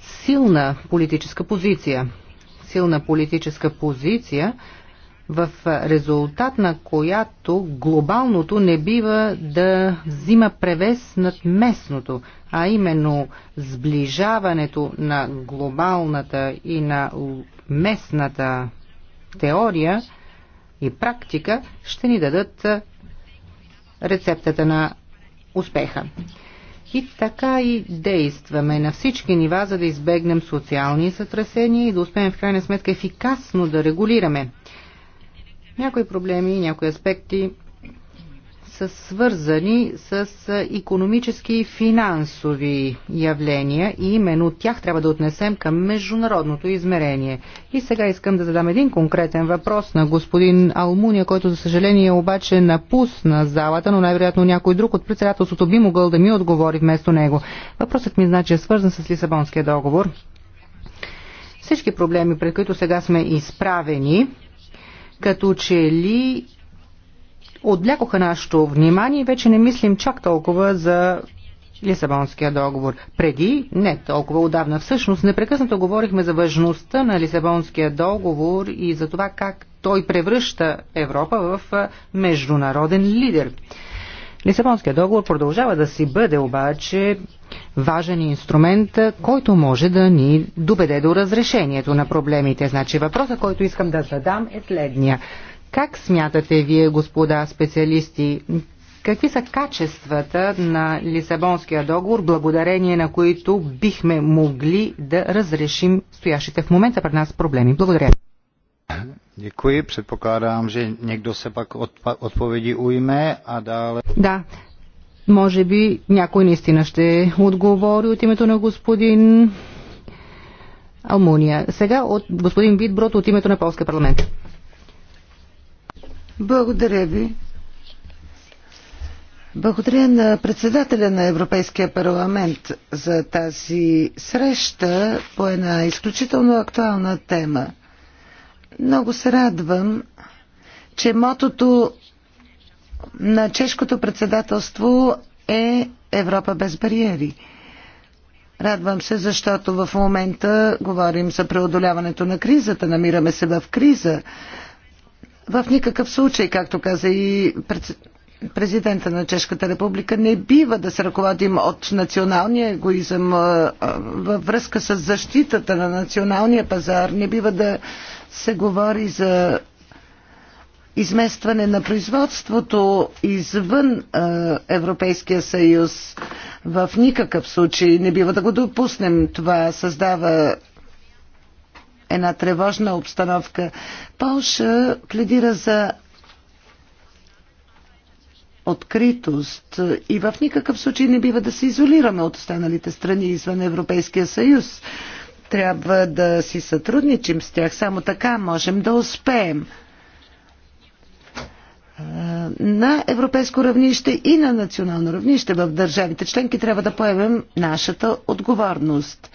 силна политическа позиция силна политическа позиция, в резултат на която глобалното не бива да взима превес над местното, а именно сближаването на глобалната и на местната теория и практика ще ни дадат рецептата на успеха. И така и действаме на всички нива, за да избегнем социални сътресения и да успеем в крайна сметка ефикасно да регулираме. Някои проблеми и някои аспекти са свързани с економически и финансови явления и именно от тях трябва да отнесем към международното измерение. И сега искам да задам един конкретен въпрос на господин Алмуния, който за съжаление обаче напусна залата, но най-вероятно някой друг от председателството би могъл да ми отговори вместо него. Въпросът ми значи е свързан с Лисабонския договор. Всички проблеми, пред които сега сме изправени, като че ли отвлякоха нашето внимание и вече не мислим чак толкова за Лисабонския договор. Преди, не толкова отдавна всъщност, непрекъснато говорихме за важността на Лисабонския договор и за това как той превръща Европа в международен лидер. Лисабонския договор продължава да си бъде обаче важен инструмент, който може да ни доведе до разрешението на проблемите. Значи въпросът, който искам да задам е следния. Как смятате вие, господа специалисти, какви са качествата на Лисабонския договор, благодарение на които бихме могли да разрешим стоящите в момента пред нас проблеми? Благодаря. Děkuji, předpokládám, že někdo se pak odpovědi ujme a dále. Да, може би някой наистина ще отговори от името на господин Алмуния. Сега от господин Витброд от името на Полска парламент. Благодаря ви. Благодаря на председателя на Европейския парламент за тази среща по една изключително актуална тема. Много се радвам, че мотото на чешкото председателство е Европа без бариери. Радвам се, защото в момента говорим за преодоляването на кризата, намираме се в криза в никакъв случай, както каза и президента на Чешката република, не бива да се ръководим от националния егоизъм във връзка с защитата на националния пазар. Не бива да се говори за изместване на производството извън Европейския съюз. В никакъв случай не бива да го допуснем. Това създава една тревожна обстановка. Полша пледира за откритост и в никакъв случай не бива да се изолираме от останалите страни извън Европейския съюз. Трябва да си сътрудничим с тях. Само така можем да успеем на европейско равнище и на национално равнище в държавите членки трябва да поемем нашата отговорност.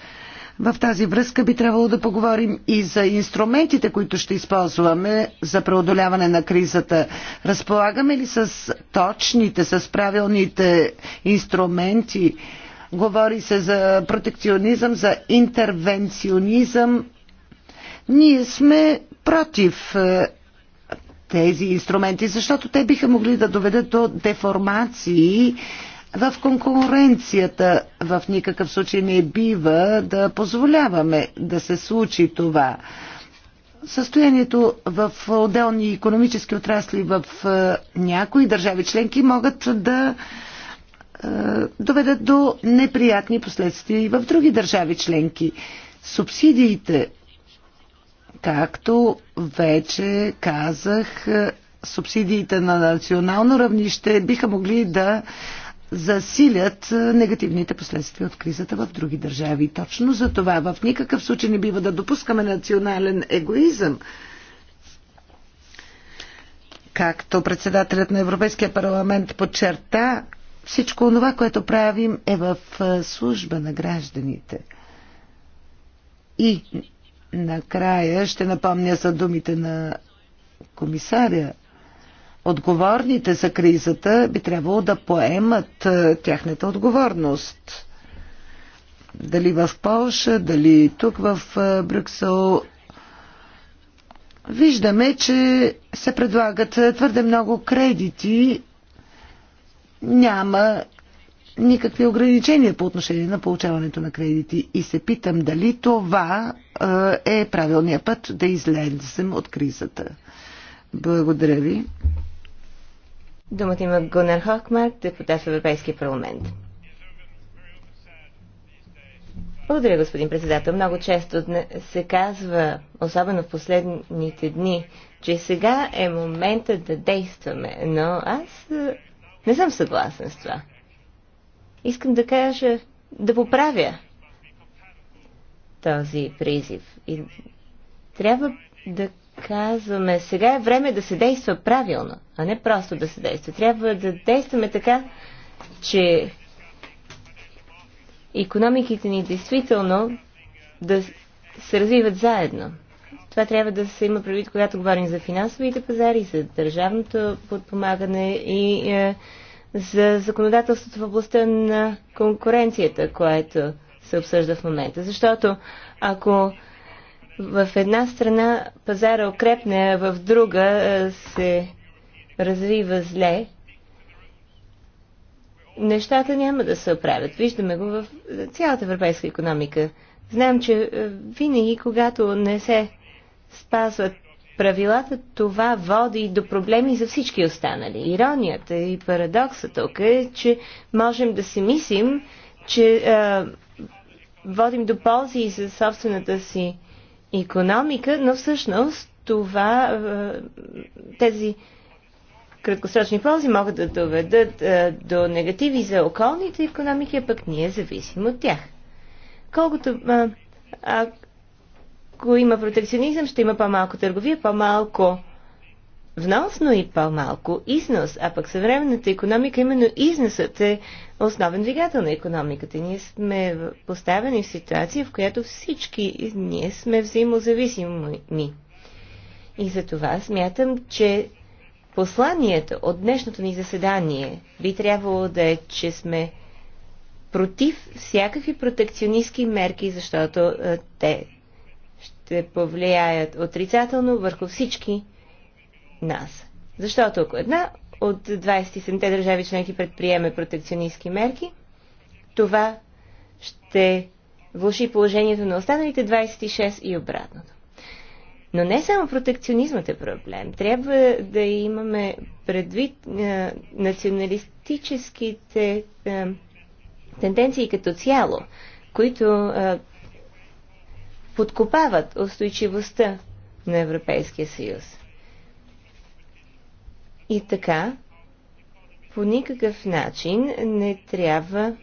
В тази връзка би трябвало да поговорим и за инструментите, които ще използваме за преодоляване на кризата. Разполагаме ли с точните, с правилните инструменти? Говори се за протекционизъм, за интервенционизъм. Ние сме против е, тези инструменти, защото те биха могли да доведат до деформации в конкуренцията в никакъв случай не бива да позволяваме да се случи това. Състоянието в отделни економически отрасли в е, някои държави членки могат да е, доведат до неприятни последствия и в други държави членки. Субсидиите, както вече казах, е, субсидиите на национално равнище биха могли да засилят е, негативните последствия от кризата в други държави. Точно за това в никакъв случай не бива да допускаме национален егоизъм. Както председателят на Европейския парламент подчерта, всичко това, което правим е в е, служба на гражданите. И накрая ще напомня за думите на комисаря отговорните за кризата би трябвало да поемат е, тяхната отговорност. Дали в Польша, дали тук в е, Брюксел. Виждаме, че се предлагат е, твърде много кредити. Няма никакви ограничения по отношение на получаването на кредити. И се питам дали това е правилният път да излезем от кризата. Благодаря ви. Думата има Гунар Хокмарк, депутат в Европейския парламент. Благодаря, господин председател. Много често се казва, особено в последните дни, че сега е момента да действаме, но аз е, не съм съгласен с това. Искам да кажа, да поправя този призив. И трябва да казваме, сега е време да се действа правилно, а не просто да се действа. Трябва да действаме така, че економиките ни действително да се развиват заедно. Това трябва да се има предвид, когато говорим за финансовите пазари, за държавното подпомагане и е, за законодателството в областта на конкуренцията, което се обсъжда в момента. Защото ако в една страна пазара укрепне, а в друга се развива зле, нещата няма да се оправят. Виждаме го в цялата европейска економика. Знам, че винаги, когато не се спазват правилата, това води до проблеми за всички останали. Иронията е и парадокса тук е, че можем да си мислим, че а, водим до ползи и за собствената си економика, но всъщност това, е, тези краткосрочни ползи могат да доведат е, до негативи за околните економики, а пък ние зависим от тях. Колкото е, ако има протекционизъм, ще има по-малко търговия, по-малко внос, но и по-малко износ. А пък съвременната економика, именно износът е основен двигател на економиката. Ние сме поставени в ситуация, в която всички ние сме взаимозависими. И за това смятам, че посланието от днешното ни заседание би трябвало да е, че сме против всякакви протекционистски мерки, защото те ще повлияят отрицателно върху всички нас. Защото ако една от 27-те държави членки предприеме протекционистски мерки, това ще влуши положението на останалите 26 и обратното. Но не само протекционизмът е проблем. Трябва да имаме предвид е, националистическите тенденции като цяло, които подкопават устойчивостта на Европейския съюз. И така, по никакъв начин не трябва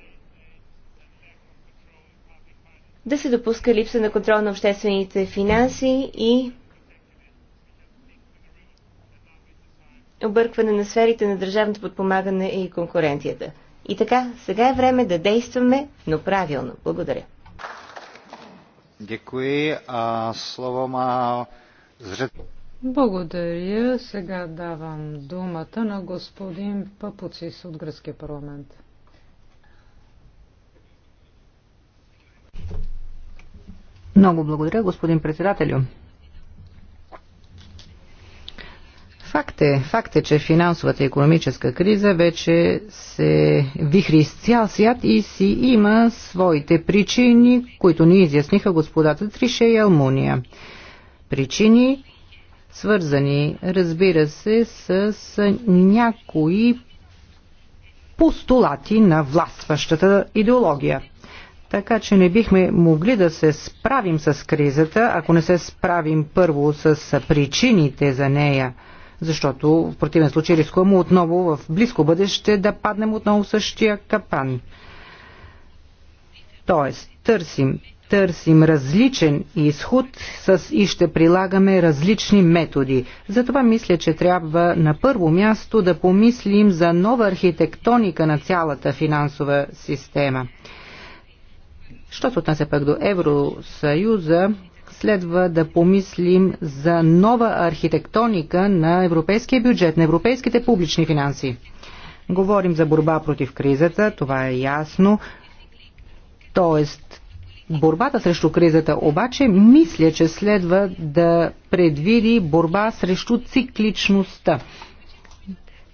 да се допуска липса на контрол на обществените финанси и объркване на сферите на държавното подпомагане и конкуренцията. И така, сега е време да действаме, но правилно. Благодаря. Děkuji a slovo má благодаря. Сега давам думата на господин Папуцис от Гръцкия парламент. Много благодаря, господин председателю. Факт е, факт е, че финансовата и економическа криза вече се вихри с цял свят и си има своите причини, които ни изясниха господата Трише и Алмуния. Причини, свързани, разбира се, с някои постулати на властващата идеология. Така че не бихме могли да се справим с кризата, ако не се справим първо с причините за нея защото в противен случай рискуваме отново в близко бъдеще да паднем отново в същия капан. Тоест, търсим търсим различен изход с и ще прилагаме различни методи. Затова мисля, че трябва на първо място да помислим за нова архитектоника на цялата финансова система. Що се отнася пък до Евросъюза, следва да помислим за нова архитектоника на европейския бюджет, на европейските публични финанси. Говорим за борба против кризата, това е ясно. Тоест, борбата срещу кризата обаче мисля, че следва да предвиди борба срещу цикличността.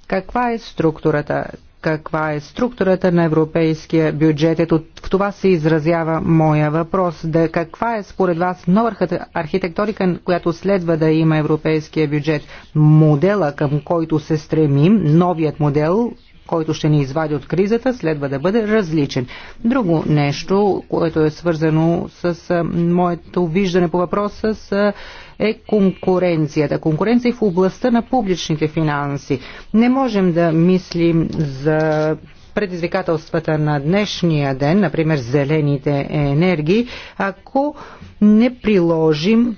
Каква е структурата? Каква е структурата на европейския бюджет? Ето в това се изразява моя въпрос. Да, каква е според вас нова архитекторика, която следва да има европейския бюджет? Модела, към който се стремим, новият модел който ще ни извади от кризата, следва да бъде различен. Друго нещо, което е свързано с моето виждане по въпроса, с е конкуренцията. Конкуренция в областта на публичните финанси. Не можем да мислим за предизвикателствата на днешния ден, например зелените енергии, ако не приложим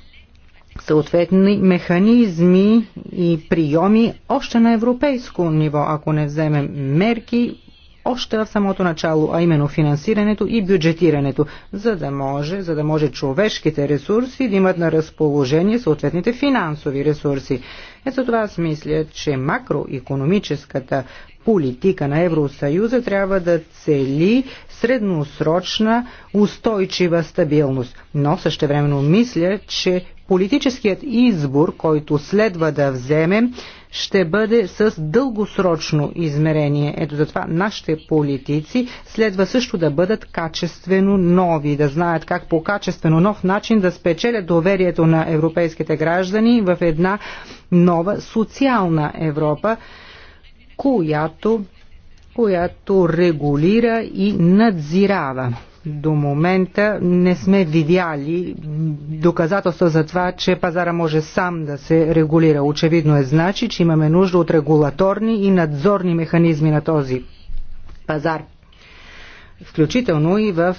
съответни механизми и приеми още на европейско ниво, ако не вземем мерки още в самото начало, а именно финансирането и бюджетирането, за да може, за да може човешките ресурси да имат на разположение съответните финансови ресурси. Е за това аз мисля, че макроекономическата политика на Евросъюза трябва да цели средносрочна устойчива стабилност. Но същевременно мисля, че политическият избор, който следва да вземем, ще бъде с дългосрочно измерение. Ето затова нашите политици следва също да бъдат качествено нови, да знаят как по качествено нов начин да спечелят доверието на европейските граждани в една нова социална Европа, която, която регулира и надзирава до момента не сме видяли доказателство за това, че пазара може сам да се регулира. Очевидно е значи, че имаме нужда от регулаторни и надзорни механизми на този пазар. Включително и в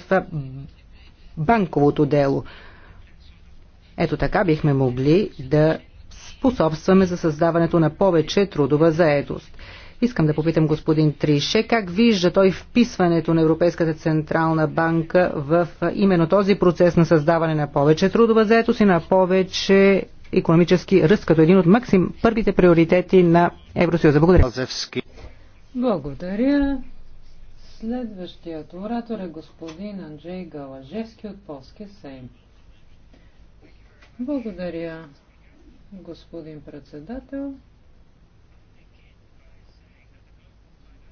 банковото дело. Ето така бихме могли да способстваме за създаването на повече трудова заедост. Искам да попитам господин Трише, как вижда той вписването на Европейската Централна банка в именно този процес на създаване на повече трудова заетост и на повече економически ръст, като един от максим първите приоритети на Евросъюза. Благодаря. Благодаря. Следващият оратор е господин Анджей Галажевски от Полския Сейм. Благодаря, господин председател.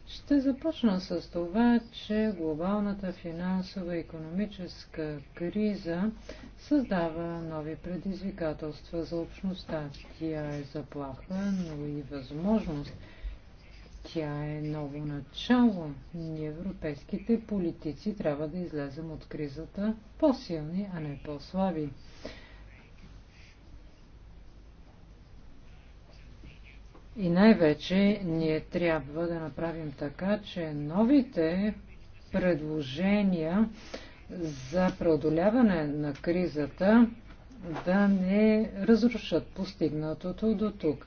Ще започна с това, че глобалната финансова и економическа криза създава нови предизвикателства за общността. Тя е заплаха, но и възможност. Тя е ново начало. Ние, европейските политици, трябва да излезем от кризата по-силни, а не по-слаби. И най-вече ние трябва да направим така, че новите предложения за преодоляване на кризата да не разрушат постигнатото до тук.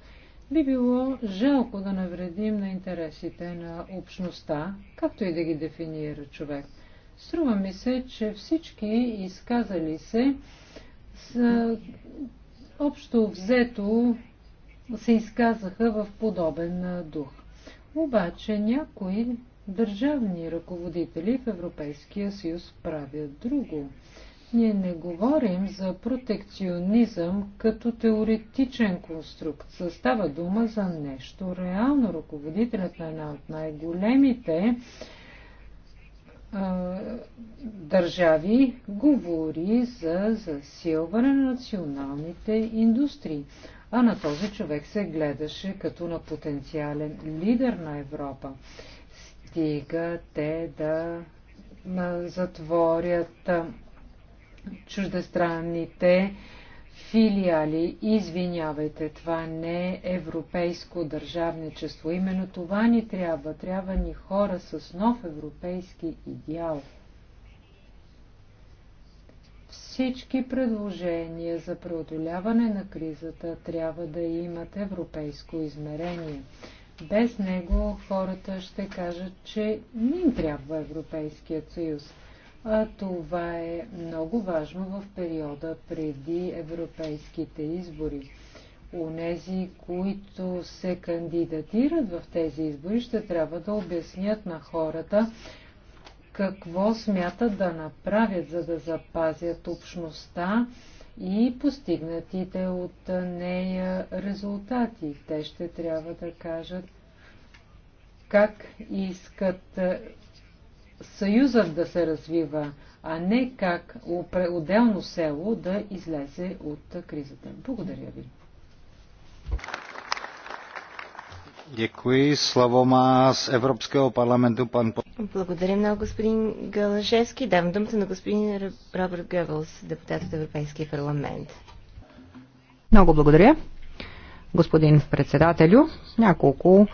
Би било жалко да навредим на интересите на общността, както и да ги дефинира човек. Струва ми се, че всички изказали се са общо взето се изказаха в подобен дух. Обаче някои държавни ръководители в Европейския съюз правят друго. Ние не говорим за протекционизъм като теоретичен конструкт. Става дума за нещо реално. Ръководителят на една от най-големите държави говори за засилване на националните индустрии а на този човек се гледаше като на потенциален лидер на Европа. Стига те да затворят чуждестранните филиали. Извинявайте, това не е европейско държавничество. Именно това ни трябва. Трябва ни хора с нов европейски идеал всички предложения за преодоляване на кризата трябва да имат европейско измерение. Без него хората ще кажат, че не им трябва Европейският съюз. А това е много важно в периода преди европейските избори. Онези, които се кандидатират в тези избори, ще трябва да обяснят на хората какво смятат да направят, за да запазят общността и постигнатите от нея резултати. Те ще трябва да кажат как искат съюзът да се развива, а не как отделно село да излезе от кризата. Благодаря ви. Благодаря много, господин Галашевски. Давам думата на господин Робърт Гъвелс, депутат от Европейския парламент. Много благодаря, господин председателю. Няколко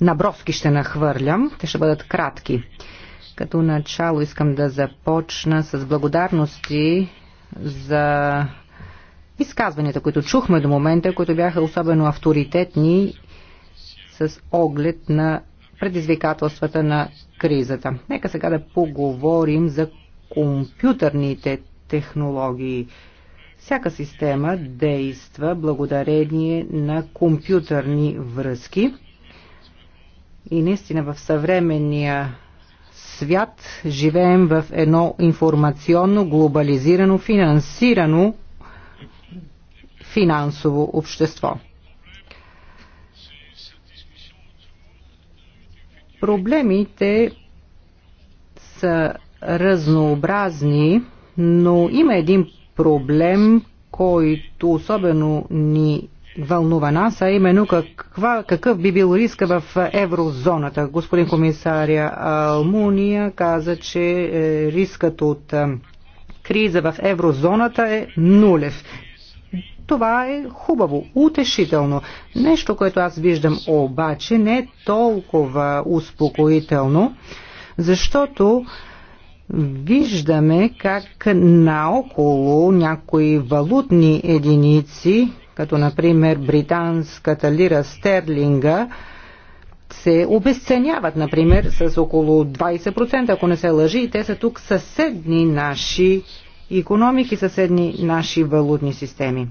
наброски ще нахвърлям. Те ще бъдат кратки. Като начало искам да започна с благодарности за изказванията, които чухме до момента, които бяха особено авторитетни с оглед на предизвикателствата на кризата. Нека сега да поговорим за компютърните технологии. Всяка система действа благодарение на компютърни връзки и наистина в съвременния свят живеем в едно информационно, глобализирано, финансирано финансово общество. Проблемите са разнообразни, но има един проблем, който особено ни вълнува нас, а именно каква, какъв би бил риска в еврозоната. Господин комисаря Алмуния каза, че е, рискът от е, криза в еврозоната е нулев. Това е хубаво, утешително. Нещо, което аз виждам обаче не е толкова успокоително, защото виждаме как наоколо някои валутни единици, като например британската лира стерлинга, се обесценяват, например, с около 20%, ако не се лъжи, и те са тук съседни наши економики, съседни наши валутни системи.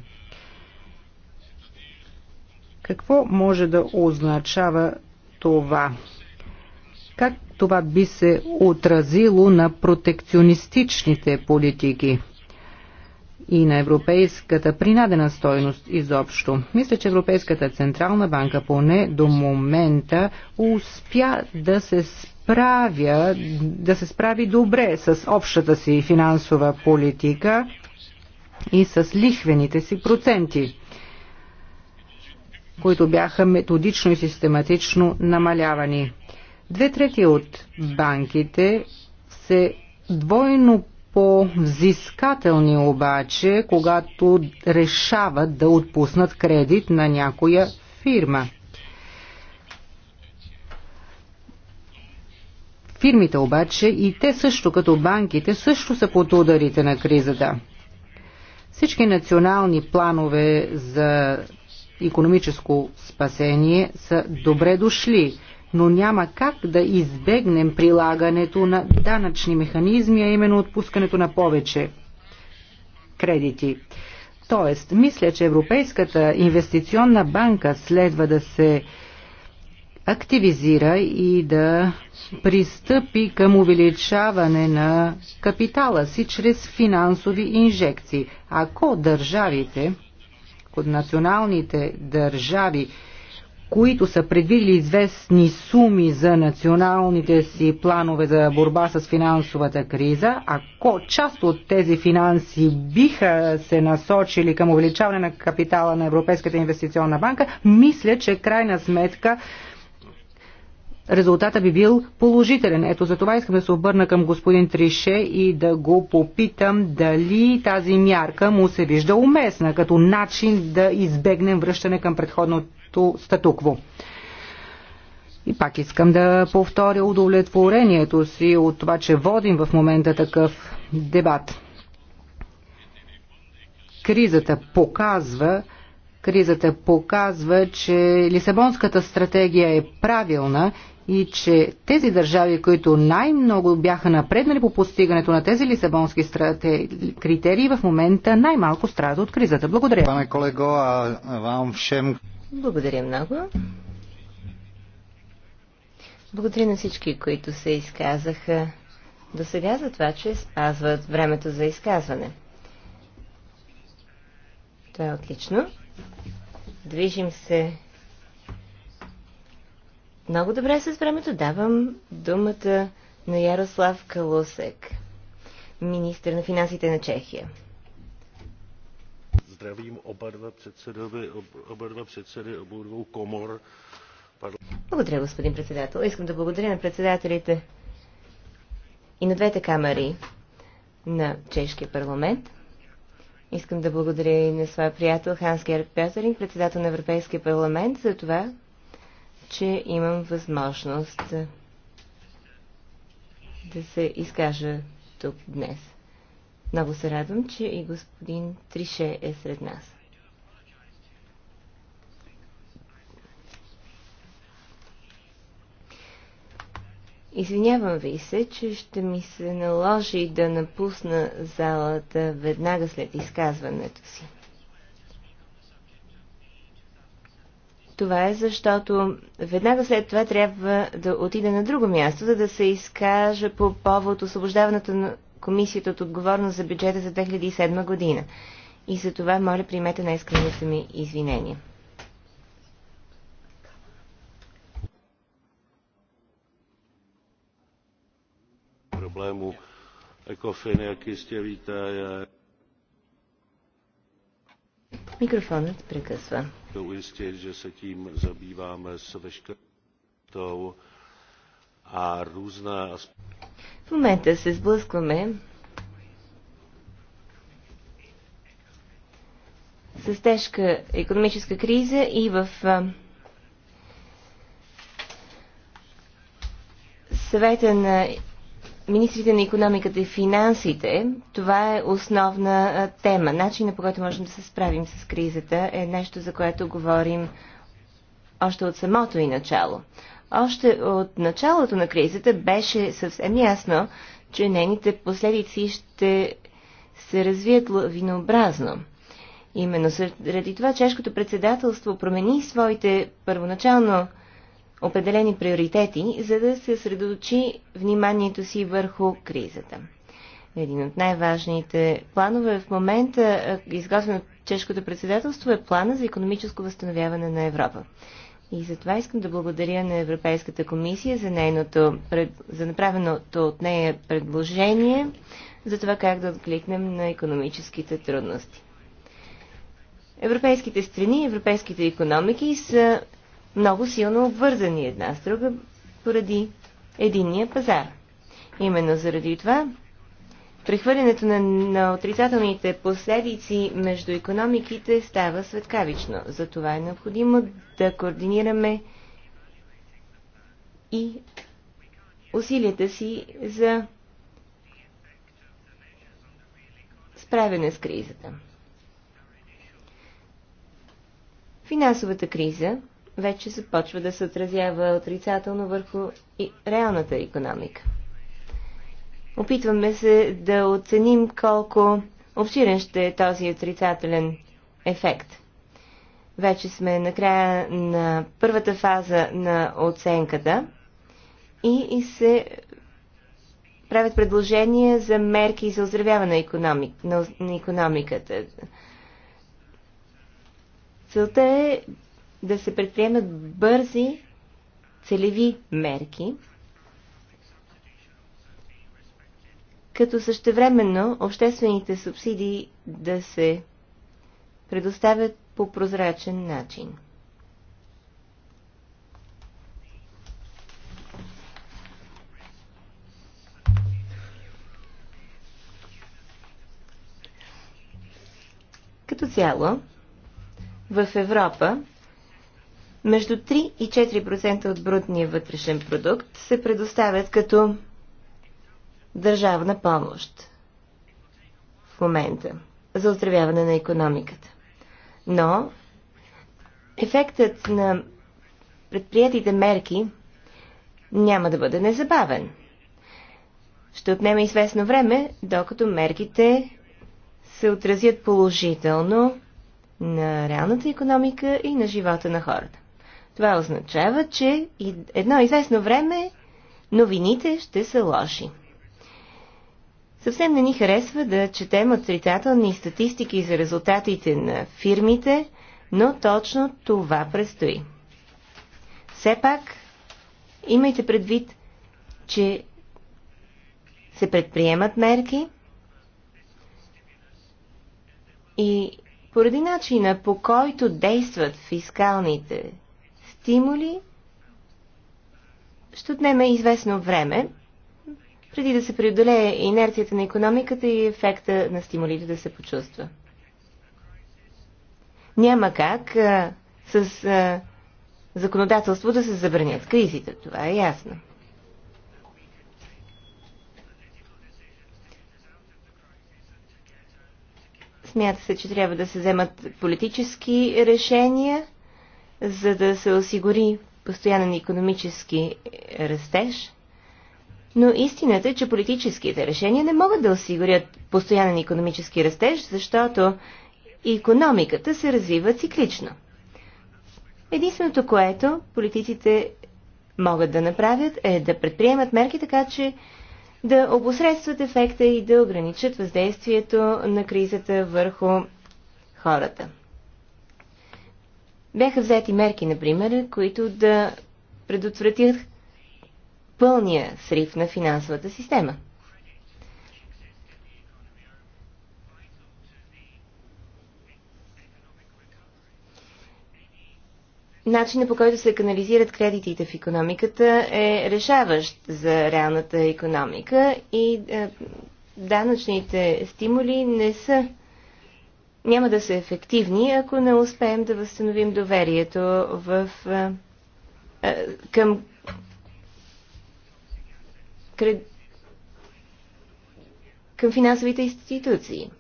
Какво може да означава това? Как това би се отразило на протекционистичните политики? и на европейската принадена стойност изобщо. Мисля, че Европейската Централна банка поне до момента успя да се справя, да се справи добре с общата си финансова политика и с лихвените си проценти които бяха методично и систематично намалявани. Две трети от банките се двойно по-взискателни обаче, когато решават да отпуснат кредит на някоя фирма. Фирмите обаче и те също като банките също са под ударите на кризата. Всички национални планове за економическо спасение са добре дошли, но няма как да избегнем прилагането на данъчни механизми, а именно отпускането на повече кредити. Тоест, мисля, че Европейската инвестиционна банка следва да се активизира и да пристъпи към увеличаване на капитала си чрез финансови инжекции. Ако държавите от националните държави, които са предвидили известни суми за националните си планове за борба с финансовата криза, ако част от тези финанси биха се насочили към увеличаване на капитала на Европейската инвестиционна банка, мисля, че крайна сметка резултата би бил положителен. Ето за това искам да се обърна към господин Трише и да го попитам дали тази мярка му се вижда уместна като начин да избегнем връщане към предходното статукво. И пак искам да повторя удовлетворението си от това, че водим в момента такъв дебат. Кризата показва, кризата показва, че Лисабонската стратегия е правилна и че тези държави, които най-много бяха напреднали по постигането на тези лисабонски критерии, в момента най-малко страдат от кризата. Благодаря. Пане колего, а вам всем... Благодаря много. Благодаря на всички, които се изказаха до сега за това, че спазват времето за изказване. Това е отлично. Движим се много добре с времето давам думата на Ярослав Калусек, министр на финансите на Чехия. Здравим oba dva předsedovi, oba dva předsedy Благодаря, господин председател. Искам да благодаря на председателите и на двете камери на Чешкия парламент. Искам да благодаря и на своя приятел Ханс Герг Пьозеринг, председател на Европейския парламент, за това, че имам възможност да се изкажа тук днес. Много се радвам, че и господин Трише е сред нас. Извинявам ви се, че ще ми се наложи да напусна залата веднага след изказването си. Това е защото веднага след това трябва да отида на друго място, за да се изкаже по повод освобождаването на комисията от отговорност за бюджета за 2007 година. И за това, моля, примете най-искрените ми извинения. problému ECOFIN, jak jistě víte, je... Микрофонът прекъсва ujistit, že se tím zabýváme s veškerou a různé В момента се сблъскваме с тежка економическа криза и в съвета на министрите на економиката и финансите, това е основна тема. Начинът по който можем да се справим с кризата е нещо, за което говорим още от самото и начало. Още от началото на кризата беше съвсем ясно, че нейните последици ще се развият лавинообразно. Именно заради това чешкото председателство промени своите първоначално определени приоритети, за да се средоточи вниманието си върху кризата. Един от най-важните планове в момента, изготвен от чешкото председателство, е плана за економическо възстановяване на Европа. И затова искам да благодаря на Европейската комисия за, нейното, за направеното от нея предложение за това как да откликнем на економическите трудности. Европейските страни, европейските економики са много силно обвързани една с друга поради единния пазар. Именно заради това прехвърлянето на, на отрицателните последици между економиките става светкавично. Затова е необходимо да координираме и усилията си за справяне с кризата. Финансовата криза вече започва да се отразява отрицателно върху и реалната економика. Опитваме се да оценим колко обширен ще е този отрицателен ефект. Вече сме на края на първата фаза на оценката и се правят предложения за мерки за оздравяване на, економик, на, на економиката. Целта е да се предприемат бързи целеви мерки, като същевременно обществените субсидии да се предоставят по прозрачен начин. Като цяло, в Европа между 3 и 4% от брутния вътрешен продукт се предоставят като държавна помощ в момента за оздравяване на економиката. Но ефектът на предприятите мерки няма да бъде незабавен. Ще отнеме известно време, докато мерките се отразят положително на реалната економика и на живота на хората. Това означава, че едно известно време новините ще са лоши. Съвсем не ни харесва да четем отрицателни статистики за резултатите на фирмите, но точно това предстои. Все пак, имайте предвид, че се предприемат мерки и поради начина по който действат фискалните стимули ще отнеме известно време, преди да се преодолее инерцията на економиката и ефекта на стимулите да се почувства. Няма как а, с а, законодателство да се забранят кризите, това е ясно. Смята се, че трябва да се вземат политически решения за да се осигури постоянен економически е, растеж. Но истината е, че политическите решения не могат да осигурят постоянен економически растеж, защото економиката се развива циклично. Единственото, което политиците могат да направят е да предприемат мерки така, че да обосредстват ефекта и да ограничат въздействието на кризата върху хората. Бяха взети мерки, например, които да предотвратят пълния срив на финансовата система. Начинът по който се канализират кредитите в економиката е решаващ за реалната економика и е, данъчните стимули не са няма да са ефективни, ако не успеем да възстановим доверието в, а, а, към кред... към финансовите институции.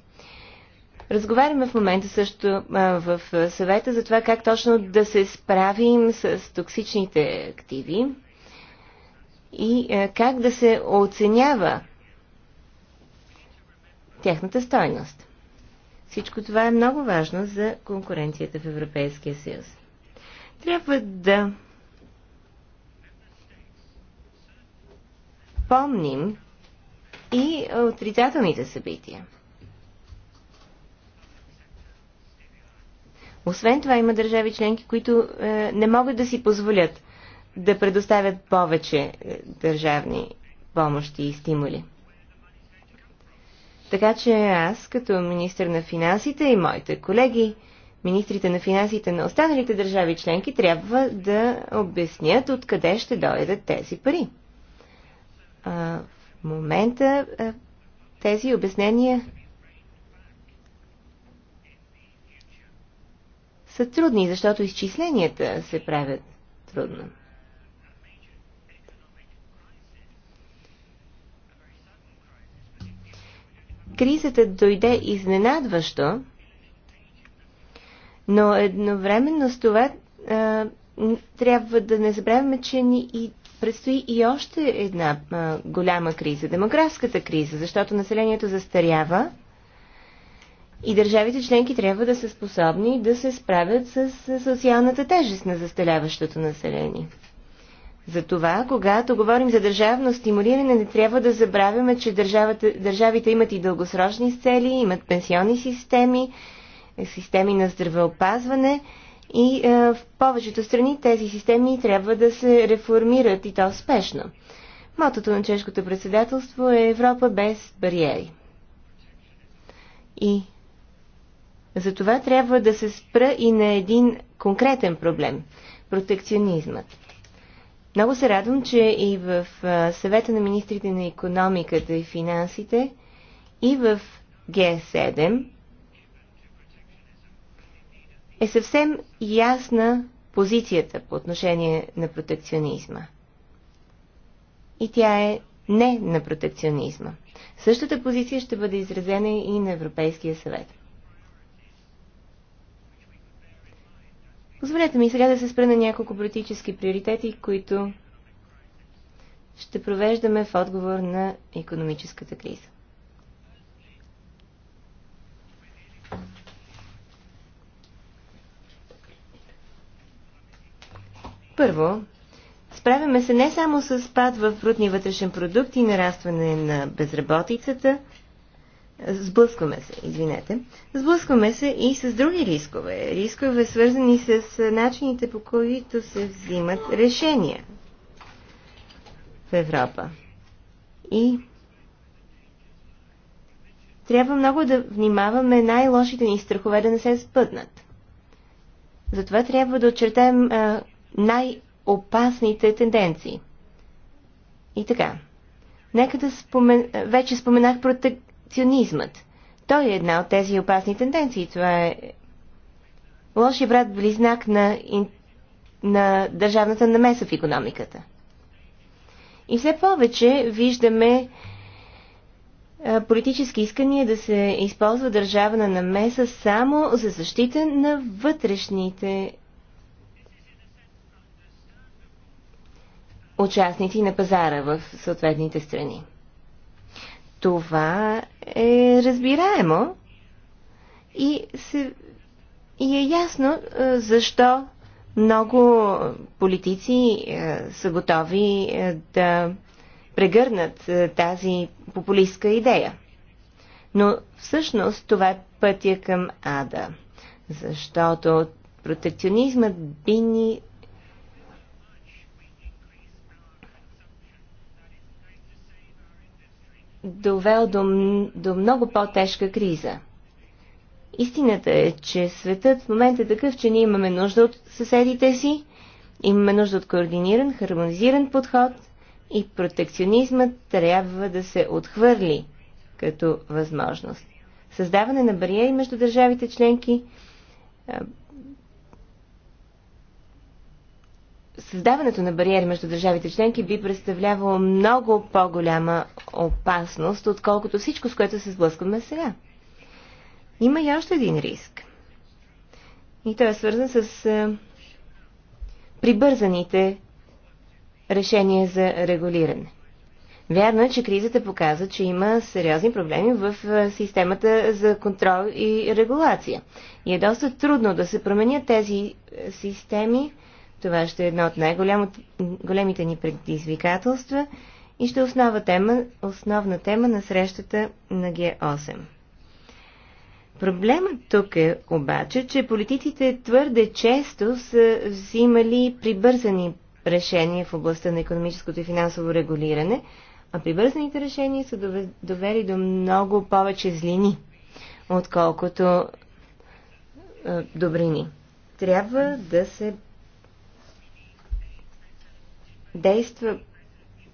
Разговаряме в момента също а, в съвета за това как точно да се справим с токсичните активи и а, как да се оценява тяхната стойност. Всичко това е много важно за конкуренцията в Европейския съюз. Трябва да помним и отрицателните събития. Освен това има държави членки, които е, не могат да си позволят да предоставят повече е, държавни помощи и стимули. Така че аз, като министр на финансите и моите колеги, министрите на финансите на останалите държави членки, трябва да обяснят откъде ще дойдат тези пари. А, в момента а, тези обяснения са трудни, защото изчисленията се правят трудно. кризата дойде изненадващо, но едновременно с това а, трябва да не забравяме, че ни и предстои и още една а, голяма криза демографската криза, защото населението застарява и държавите членки трябва да са способни да се справят с социалната тежест на застаряващото население. Затова, когато говорим за държавно стимулиране, не трябва да забравяме, че държавата, държавите имат и дългосрочни цели, имат пенсионни системи, е, системи на здравеопазване и е, в повечето страни тези системи трябва да се реформират и то успешно. Мотото на чешкото председателство е Европа без бариери. И за това трябва да се спра и на един конкретен проблем – протекционизмът – много се радвам, че и в съвета на министрите на економиката и финансите, и в Г7 е съвсем ясна позицията по отношение на протекционизма. И тя е не на протекционизма. Същата позиция ще бъде изразена и на Европейския съвет. Позволете ми сега да се спра на няколко политически приоритети, които ще провеждаме в отговор на економическата криза. Първо, справяме се не само с спад в брутния вътрешен продукт и нарастване на безработицата – Сблъскваме се, извинете. Сблъскваме се и с други рискове. Рискове свързани с начините по които се взимат решения в Европа. И трябва много да внимаваме най-лошите ни страхове да не се спътнат. Затова трябва да очертаем най-опасните тенденции. И така. Нека да спомен... Вече споменах протек перфекционизмът. Той е една от тези опасни тенденции. Това е лоши брат близнак на, на държавната намеса в економиката. И все повече виждаме политически искания да се използва държавна намеса само за защита на вътрешните участници на пазара в съответните страни. Това е разбираемо и, се, и е ясно защо много политици са готови да прегърнат тази популистка идея. Но всъщност това е пътя към ада, защото протекционизмът би ни довел до, до много по-тежка криза. Истината е, че светът в момента е такъв, че ние имаме нужда от съседите си, имаме нужда от координиран, хармонизиран подход и протекционизмът трябва да се отхвърли като възможност. Създаване на бариери между държавите членки създаването на бариери между държавите членки би представлявало много по-голяма опасност, отколкото всичко, с което се сблъскваме сега. Има и още един риск. И той е свързан с е, прибързаните решения за регулиране. Вярно е, че кризата показва, че има сериозни проблеми в е, системата за контрол и регулация. И е доста трудно да се променят тези е, системи това ще е едно от най-големите ни предизвикателства и ще е основа тема, основна тема на срещата на Г8. Проблемът тук е обаче, че политиците твърде често са взимали прибързани решения в областта на економическото и финансово регулиране, а прибързаните решения са довели до много повече злини, отколкото добрини. Трябва да се действа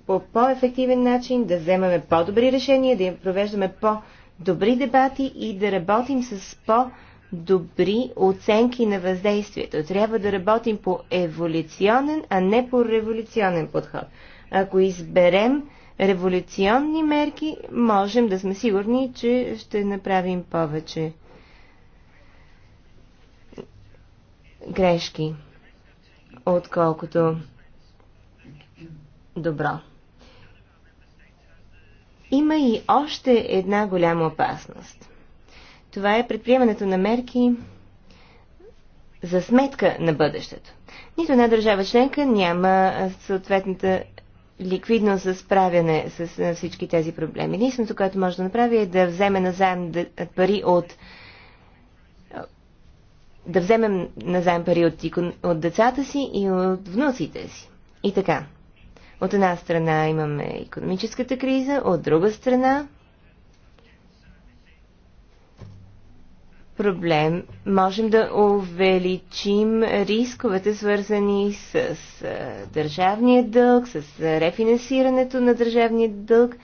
по по-ефективен начин, да вземаме по-добри решения, да провеждаме по-добри дебати и да работим с по-добри оценки на въздействието. Трябва да работим по еволюционен, а не по революционен подход. Ако изберем революционни мерки, можем да сме сигурни, че ще направим повече грешки, отколкото добро. Има и още една голяма опасност. Това е предприемането на мерки за сметка на бъдещето. Нито една държава членка няма съответната ликвидност за справяне с всички тези проблеми. Единственото, което може да направи е да вземе назаем пари от да вземем назаем пари от, от децата си и от внуците си. И така. От една страна имаме економическата криза, от друга страна проблем можем да увеличим рисковете, свързани с държавния дълг, с рефинансирането на държавния дълг,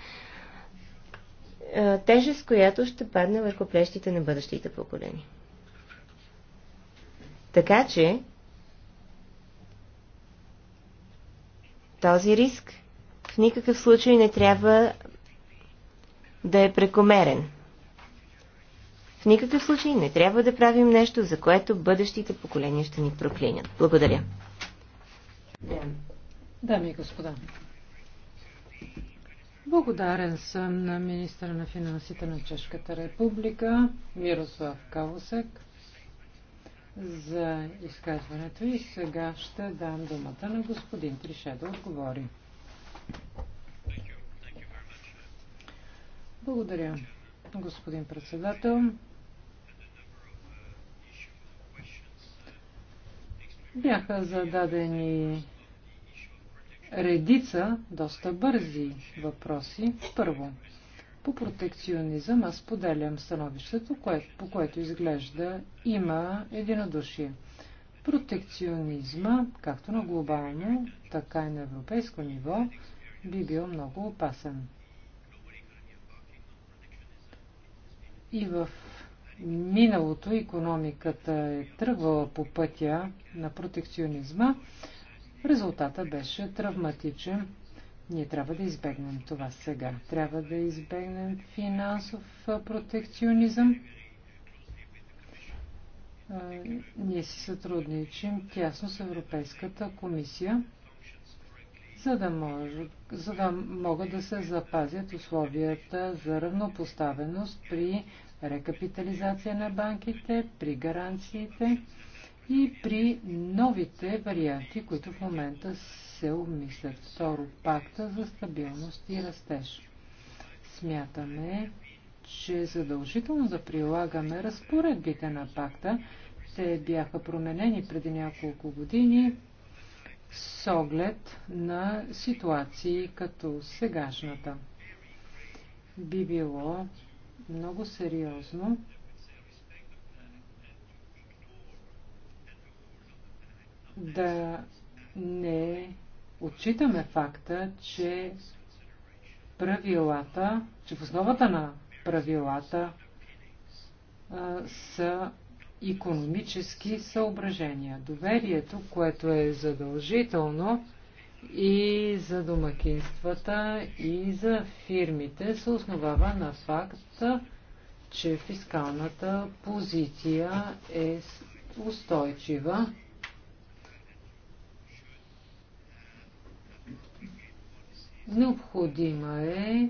тежест, която ще падне върху плещите на бъдещите поколения. Така че, Този риск в никакъв случай не трябва да е прекомерен. В никакъв случай не трябва да правим нещо, за което бъдещите поколения ще ни проклинят. Благодаря. Дами и господа, благодарен съм на министра на финансите на Чешката република Мирослав Калусек за изказването и сега ще дам думата на господин Трише да отговори. Благодаря, господин председател. Бяха зададени редица доста бързи въпроси. Първо, по протекционизъм аз поделям становището, кое, по което изглежда има единодушие. Протекционизма, както на глобално, така и на европейско ниво, би бил много опасен. И в миналото економиката е тръгвала по пътя на протекционизма. Резултата беше травматичен ние трябва да избегнем това сега. Трябва да избегнем финансов протекционизъм. Ние си сътрудничим тясно с Европейската комисия, за да, може, за да могат да се запазят условията за равнопоставеност при рекапитализация на банките, при гаранциите и при новите варианти, които в момента се обмислят. Второ, пакта за стабилност и растеж. Смятаме, че задължително за прилагаме разпоредбите на пакта. Те бяха променени преди няколко години с оглед на ситуации като сегашната. Би било много сериозно да не отчитаме факта, че правилата, че в основата на правилата а, са економически съображения. Доверието, което е задължително и за домакинствата, и за фирмите, се основава на факта, че фискалната позиция е устойчива Необходима е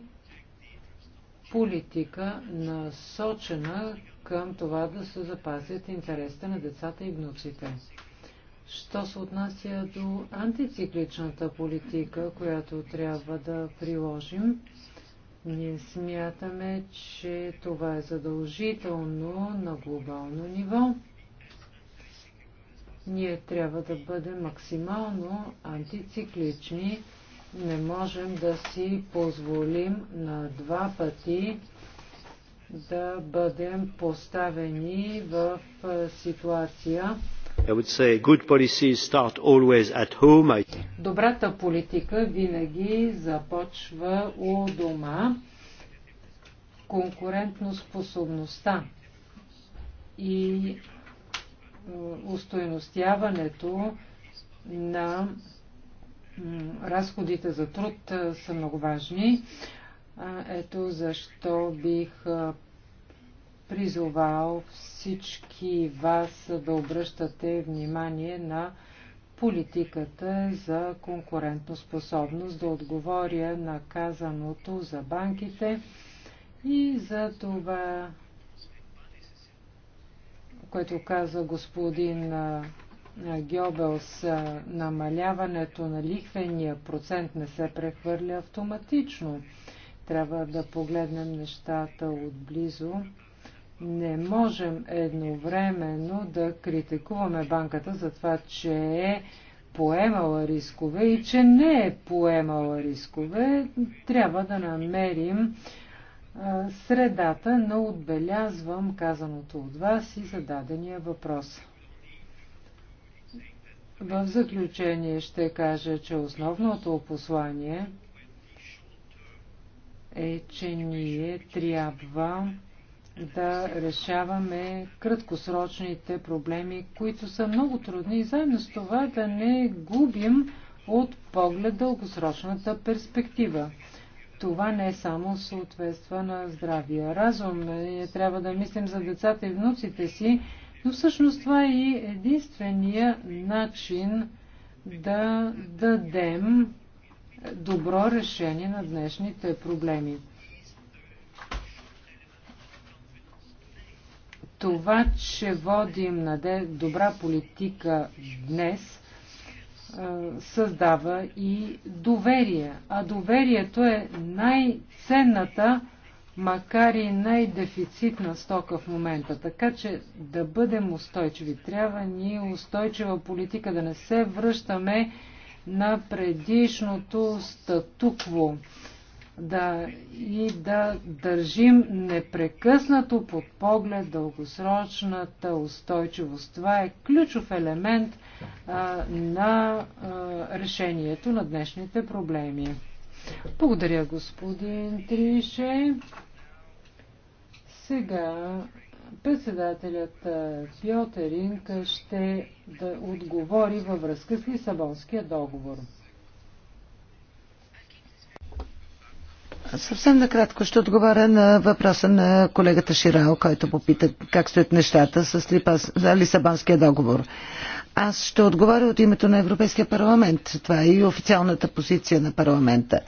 политика насочена към това да се запазят интересите на децата и внуците. Що се отнася до антицикличната политика, която трябва да приложим, ние смятаме, че това е задължително на глобално ниво. Ние трябва да бъдем максимално антициклични, не можем да си позволим на два пъти да бъдем поставени в ситуация. Добрата политика винаги започва у дома. Конкурентноспособността и е, устойностяването на разходите за труд са много важни. Ето защо бих призовал всички вас да обръщате внимание на политиката за способност, да отговоря на казаното за банките и за това, което каза господин Гьобелс, намаляването на лихвения процент не се прехвърля автоматично. Трябва да погледнем нещата отблизо. Не можем едновременно да критикуваме банката за това, че е поемала рискове и че не е поемала рискове. Трябва да намерим средата, но отбелязвам казаното от вас и зададения въпрос. В заключение ще кажа, че основното послание е, че ние трябва да решаваме краткосрочните проблеми, които са много трудни и заедно с това да не губим от поглед дългосрочната перспектива. Това не е само съответства на здравия разум. Ние трябва да мислим за децата и внуците си, но всъщност това е и единствения начин да дадем добро решение на днешните проблеми. Това, че водим на добра политика днес, създава и доверие. А доверието е най-ценната макар и най-дефицитна стока в момента. Така че да бъдем устойчиви. Трябва ни устойчива политика, да не се връщаме на предишното статукво да, и да държим непрекъснато под поглед дългосрочната устойчивост. Това е ключов елемент а, на а, решението на днешните проблеми. Благодаря, господин Трише. Сега председателят Пьотеринг ще да отговори във връзка с Лисабонския договор. Съвсем накратко ще отговоря на въпроса на колегата Ширао, който попита как стоят нещата с Лисабонския договор. Аз ще отговоря от името на Европейския парламент. Това е и официалната позиция на парламента.